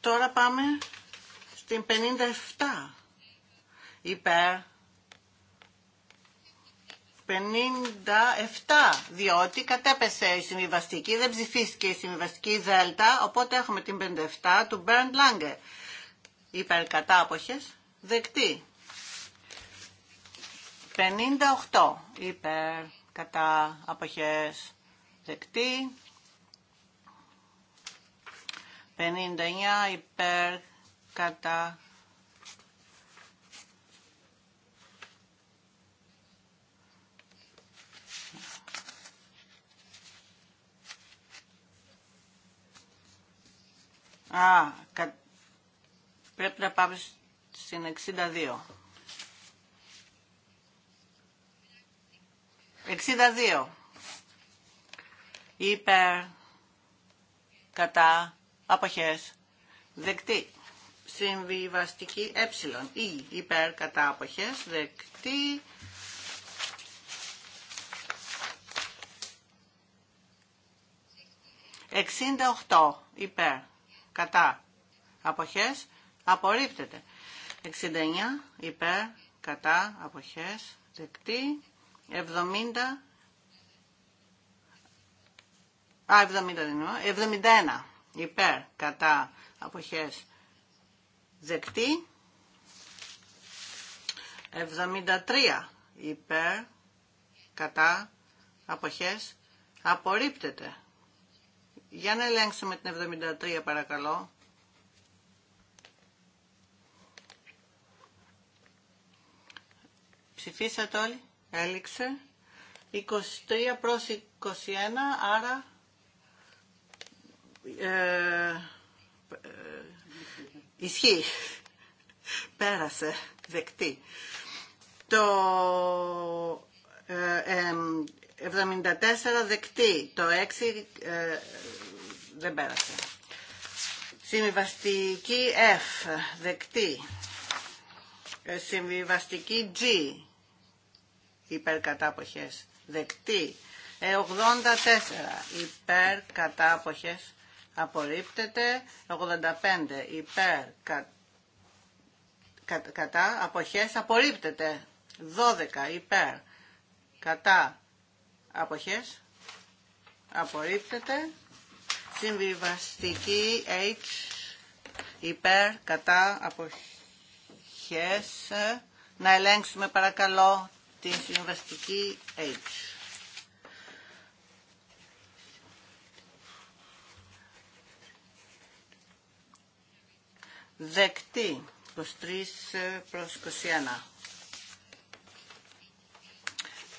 Τώρα πάμε στην 57. Υπέρ 57, διότι κατέπεσε η συμβιβαστική, δεν ψηφίστηκε η συμβιβαστική δέλτα, οπότε έχουμε την 57 του Μπέρντ Λάγκε. Υπερκατάποχες δεκτή. 58 υπέρ κατά αποχές δεκτή. 59 υπέρ κατά Α, κα... πρέπει να πάμε στην 62. 62. Υπέρ, κατά, αποχές, δεκτή. Συμβιβαστική ε, ή υπέρ, κατά, αποχές, δεκτή. Εξήντα οχτώ, υπέρ, κατά, αποχές, απορρίπτεται. 69 υπέρ κατά αποχές δεκτή 70 Α, 70 δεν 71 υπέρ κατά αποχές δεκτή 73 υπέρ κατά αποχές απορρίπτεται για να ελέγξουμε την 73 παρακαλώ Ψηφίσατε όλοι. Έληξε. 23 προς 21, άρα ε, ε, ισχύει. Πέρασε. Δεκτή. Το ε, 74 δεκτή. Το 6 ε, δεν πέρασε. Συμβιβαστική F δεκτή. Ε, συμβιβαστική G υπέρ κατά αποχές δεκτή. 84 ε, υπέρ κατά αποχές απορρίπτεται. 85 υπέρ κα, κατά αποχές απορρίπτεται. 12 υπέρ κατά αποχές απορρίπτεται. Συμβιβαστική H υπέρ κατά αποχές να ελέγξουμε παρακαλώ την συμβαστική H. Δεκτή 23 ε, προς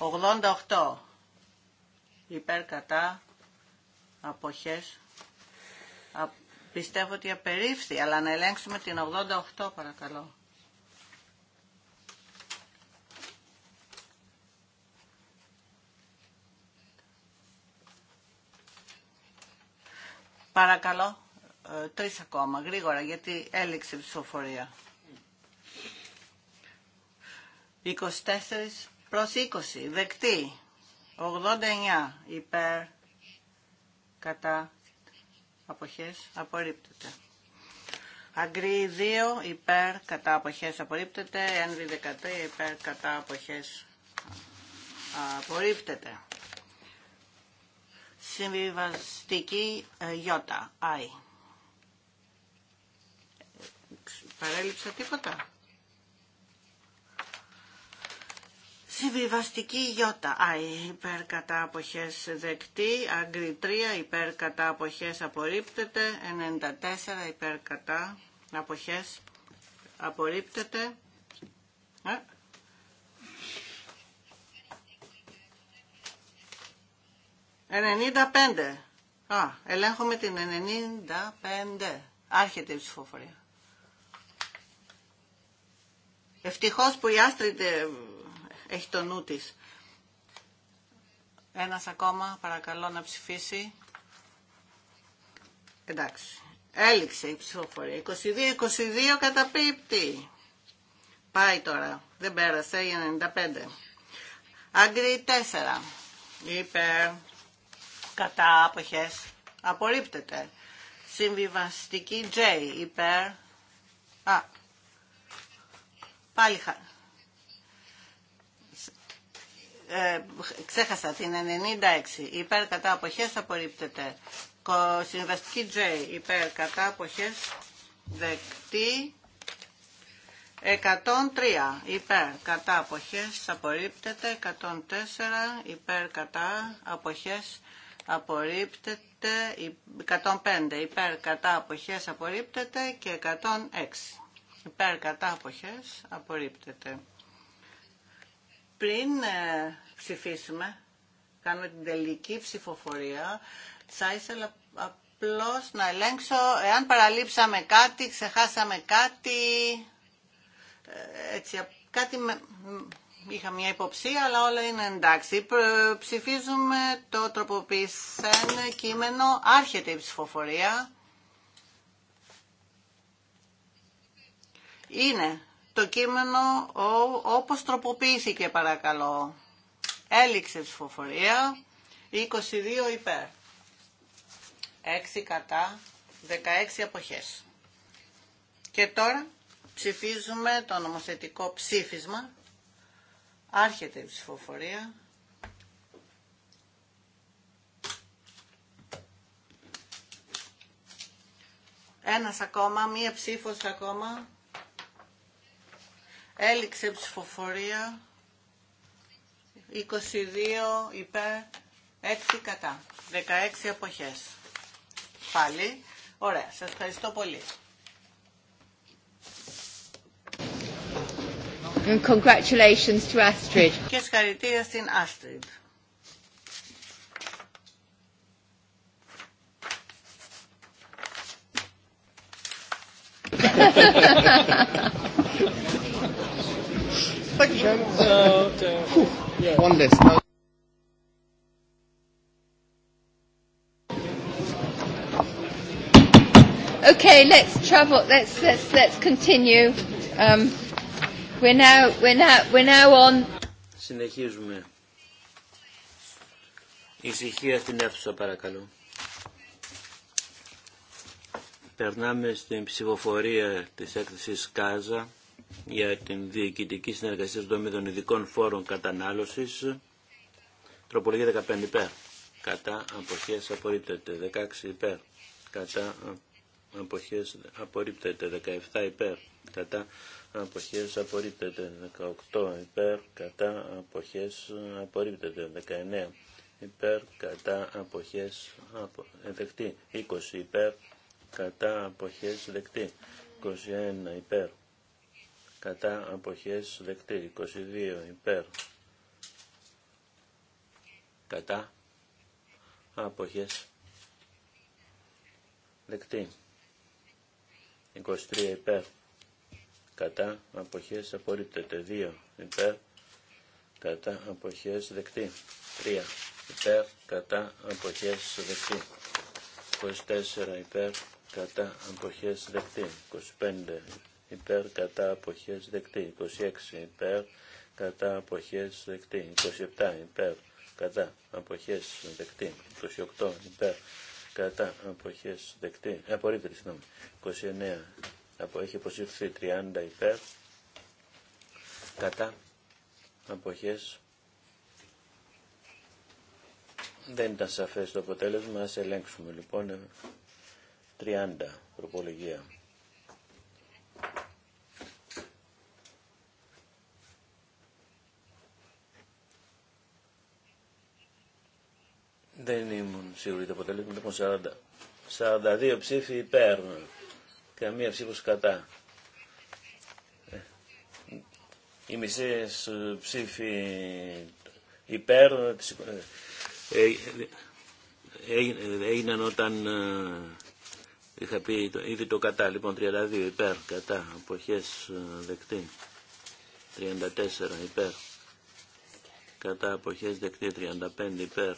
21. 88 υπέρ κατά αποχές. Πιστεύω ότι απερίφθη, αλλά να ελέγξουμε την 88 παρακαλώ. Παρακαλώ, ε, τρεις ακόμα, γρήγορα, γιατί έληξε η ψηφοφορία. 24 προς 20, δεκτή. 89 υπέρ, κατά, αποχές, απορρίπτεται. Αγκρί 2 υπέρ, κατά, αποχές, απορρίπτεται. ένδυ 13 υπέρ, κατά, αποχές, απορρίπτεται. Συμβιβαστική ε, Ι. Άι. Παρέλειψα τίποτα. Συμβιβαστική Ι. Άι. Υπέρ κατά αποχές δεκτή. Αγκρι 3. Υπέρ κατά αποχές απορρίπτεται. 94. Υπέρ κατά αποχές απορρίπτεται. Ε, 95. Α, ελέγχουμε την 95. Άρχεται η ψηφοφορία. Ευτυχώς που η Άστριτε έχει το νου της. Ένας ακόμα, παρακαλώ να ψηφίσει. Εντάξει. Έληξε η ψηφοφορία. 22-22 καταπίπτει. Πάει τώρα. Δεν πέρασε η 95. Άγκρι 4. Υπέρ κατά αποχές απορρίπτεται. Συμβιβαστική J υπέρ... Α, πάλι χα... ε, ξέχασα την 96 υπέρ κατά αποχές απορρίπτεται. Συμβιβαστική J υπέρ κατά αποχές δεκτή. 103 υπέρ κατά αποχές απορρίπτεται, 104 υπέρ κατά αποχές απορρίπτεται 105 υπέρ κατά αποχές απορρίπτεται και 106 υπέρ κατά αποχές απορρίπτεται πριν ε, ψηφίσουμε κάνουμε την τελική ψηφοφορία θα ήθελα απλώς να ελέγξω εάν παραλείψαμε κάτι, ξεχάσαμε κάτι ε, έτσι, κάτι με, Είχα μια υποψία, αλλά όλα είναι εντάξει. Ψηφίζουμε το τροποποιησέν κείμενο. Άρχεται η ψηφοφορία. Είναι το κείμενο όπως τροποποιήθηκε παρακαλώ. Έληξε ψηφοφορία. 22 υπέρ. 6 κατά. 16 αποχές. Και τώρα ψηφίζουμε το νομοθετικό ψήφισμα Άρχεται η ψηφοφορία. Ένας ακόμα, μία ψήφος ακόμα. Έληξε ψηφοφορία. 22 υπέρ, 6 κατά. 16 εποχές. Πάλι. Ωραία. Σας ευχαριστώ πολύ. And congratulations to Astrid. Και συγχαρητήρια στην Astrid. One Okay, let's travel. Let's let's let's continue. Um, Συνεχίζουμε. Ησυχία στην αίθουσα παρακαλώ. Περνάμε στην ψηφοφορία της έκθεσης ΚΑΖΑ για την διοικητική συνεργασία στον τομέα των ειδικών φόρων κατανάλωσης. Τροπολογία 15 υπέρ. Κατά αποχές απορρίπτεται. 16 υπέρ. Κατά αποχές απορρίπτεται. 17 υπέρ. Κατά αποχές απορρίπτεται 18 υπέρ κατά αποχές απορρίπτεται 19 υπέρ κατά αποχές απο, ε, δεκτή 20 υπέρ κατά αποχές δεκτή 21 υπέρ κατά αποχές δεκτή 22 υπέρ κατά αποχές δεκτή 23 υπέρ κατά αποχές απορρίπτεται 2 υπέρ κατά αποχές δεκτή 3 υπέρ κατά αποχές δεκτή 24 υπέρ κατά αποχές δεκτή 25 υπέρ κατά αποχές δεκτή 26 υπέρ κατά αποχές δεκτή 27 υπέρ κατά αποχές δεκτή 28 υπέρ κατά αποχές δεκτή απορρίπτεται 29 έχει αποσύρθει 30 υπέρ κατά αποχές δεν ήταν σαφές το αποτέλεσμα ας ελέγξουμε λοιπόν 30 ε, προπολογία δεν ήμουν σίγουρη το αποτέλεσμα λοιπόν 42 ψηφι υπέρ καμία ψήφος κατά. Ε, οι μισές ε, ψήφοι υπέρ ε, έγιναν όταν είχα πει ήδη το κατά. Λοιπόν, 32 υπέρ, κατά, αποχές δεκτή. 34 υπέρ, κατά, αποχές δεκτή. 35 υπέρ,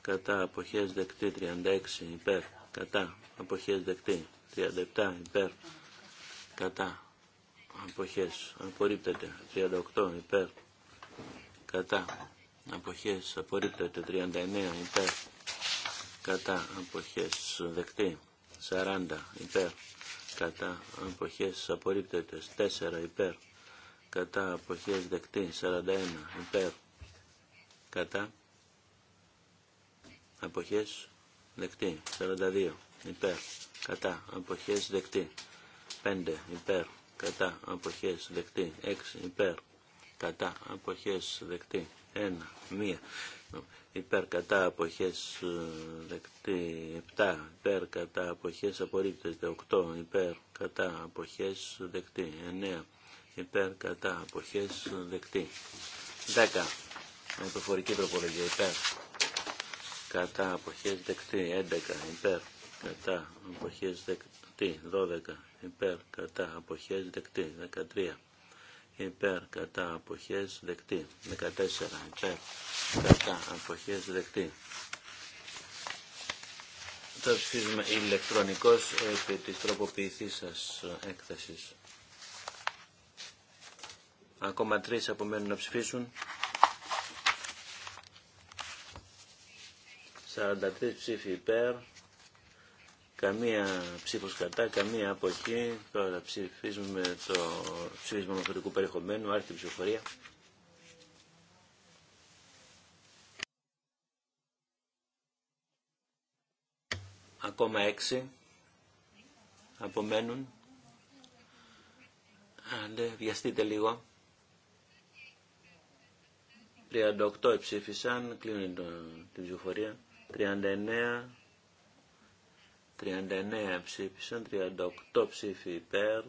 κατά, αποχές δεκτή. 36 υπέρ, κατά, αποχές δεκτή. 37 υπέρ κατά αποχές απορρίπτεται 38 υπέρ κατά αποχές απορρίπτεται 39 υπέρ κατά αποχές δεκτή 40 υπέρ κατά αποχές απορρίπτεται 4 υπέρ κατά αποχές δεκτή 41 υπέρ κατά αποχές δεκτή 42 υπέρ, κατά, αποχές, δεκτή. 5 υπέρ, κατά, αποχές, δεκτή. 6 υπέρ, κατά, αποχές, δεκτή. 1, 1 υπέρ κατά αποχές δεκτή 7, υπέρ κατά αποχές απορρίπτεται 8, υπέρ κατά αποχές δεκτή 9, υπέρ κατά αποχές δεκτή 10, με προφορική τροπολογία υπέρ κατά αποχές δεκτή 11, υπέρ κατά αποχές δεκτή 12 υπέρ κατά αποχές δεκτή 13 υπέρ κατά αποχές δεκτή 14 υπέρ κατά αποχές δεκτή Το ψηφίζουμε ηλεκτρονικός επί της τροποποιηθής σας έκθεσης. Ακόμα τρεις απομένουν να ψηφίσουν. 43 ψήφοι υπέρ, Καμία ψήφος κατά, καμία από εκεί. Τώρα ψηφίζουμε το ψήφισμα μορφωτικού περιεχομένου, την ψηφοφορία. Ακόμα έξι απομένουν. Άντε, βιαστείτε λίγο. 38 ψήφισαν, κλείνει την ψηφοφορία. 39 39 ψήφισαν, 38 ψήφοι υπέρ,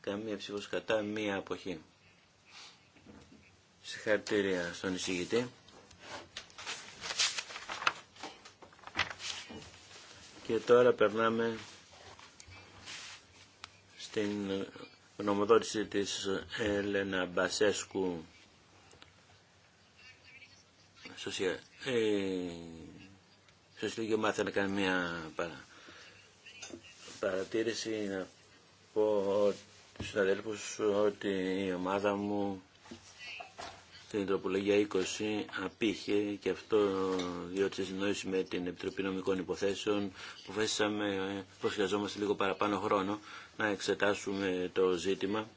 καμία ψήφος κατά, μία αποχή. Συγχαρητήρια στον εισηγητή. Και τώρα περνάμε στην γνωμοδότηση της Έλενα Μπασέσκου. Σωσία. Ε, σας λίγο μάθαμε καμία παρα... παρατήρηση να πω στου αδέλφους ότι η ομάδα μου στην τροπολογία 20 απήχε και αυτό διότι σε συνόηση με την Επιτροπή Νομικών Υποθέσεων αποφασίσαμε πως χρειαζόμαστε λίγο παραπάνω χρόνο να εξετάσουμε το ζήτημα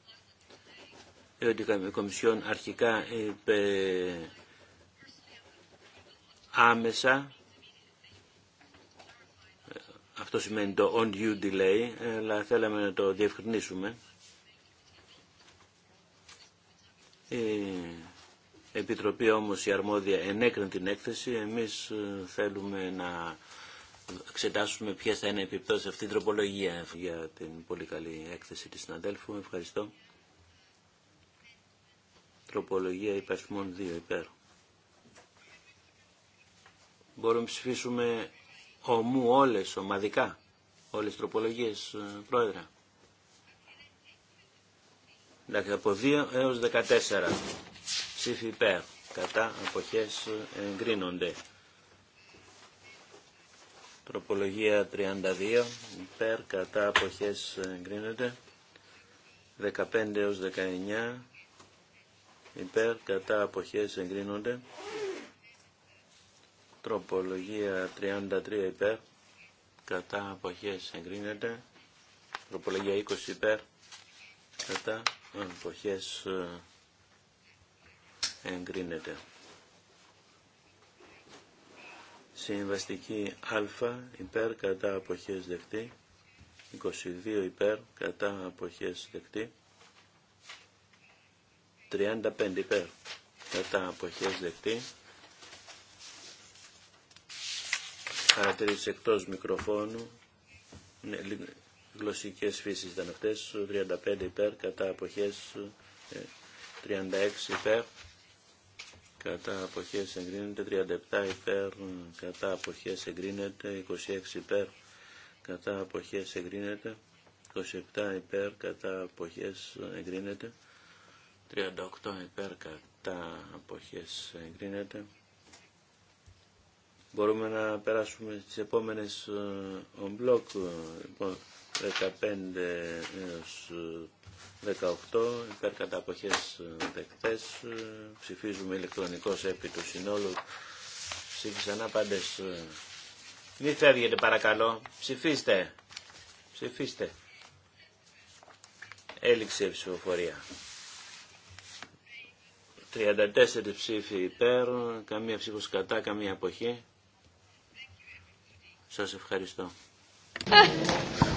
διότι ε, η Κομισιόν αρχικά είπε άμεσα αυτό σημαίνει το on you delay, αλλά θέλαμε να το διευκρινίσουμε. Η Επιτροπή όμως η αρμόδια ενέκρινε την έκθεση. Εμείς ε, θέλουμε να εξετάσουμε ποιες θα είναι η επιπτώσεις αυτή την τροπολογία για την πολύ καλή έκθεση της συναδέλφου. Ευχαριστώ. Τροπολογία υπαριθμών 2 υπέρ. Μπορούμε να ψηφίσουμε ομού όλες ομαδικά, όλες τροπολογίες ε, πρόεδρα. Εντάξει, από 2 έως 14 ψήφι υπέρ, κατά αποχές ε, εγκρίνονται. Τροπολογία 32, ε, υπέρ, κατά αποχές εγκρίνονται. 15 έως 19, υπέρ, κατά αποχές εγκρίνονται. Τροπολογία 33 υπέρ. Κατά αποχές εγκρίνεται. Τροπολογία 20 υπέρ. Κατά αποχές ε, εγκρίνεται. Συμβαστική α υπέρ κατά αποχές δεκτή. 22 υπέρ κατά αποχές δεκτή. 35 υπέρ κατά αποχές δεκτή. Χαρακτηριστικός μικροφώνου, ναι, γλωσσικέ φύσει ήταν αυτέ, 35 υπέρ κατά αποχές, 36 ε, υπέρ κατά αποχές εγκρίνεται, 37 υπέρ κατά αποχές εγκρίνεται, 26 υπέρ κατά αποχές εγκρίνεται, 27 υπέρ κατά αποχές εγκρίνεται, 38 υπέρ κατά αποχές εγκρίνεται, Μπορούμε να περάσουμε στις επόμενες ομπλοκ ε, ε, λοιπόν, 15 έως 18 ε, υπέρ κατά αποχές δεκτές. Ψηφίζουμε ηλεκτρονικός επί του συνόλου. Ψήφισαν άπαντες. Μη φεύγετε παρακαλώ. Ψηφίστε. Ψηφίστε. Έληξε η ψηφοφορία. 34 ψήφοι υπέρ, καμία ψήφος κατά, καμία αποχή. Σας ευχαριστώ.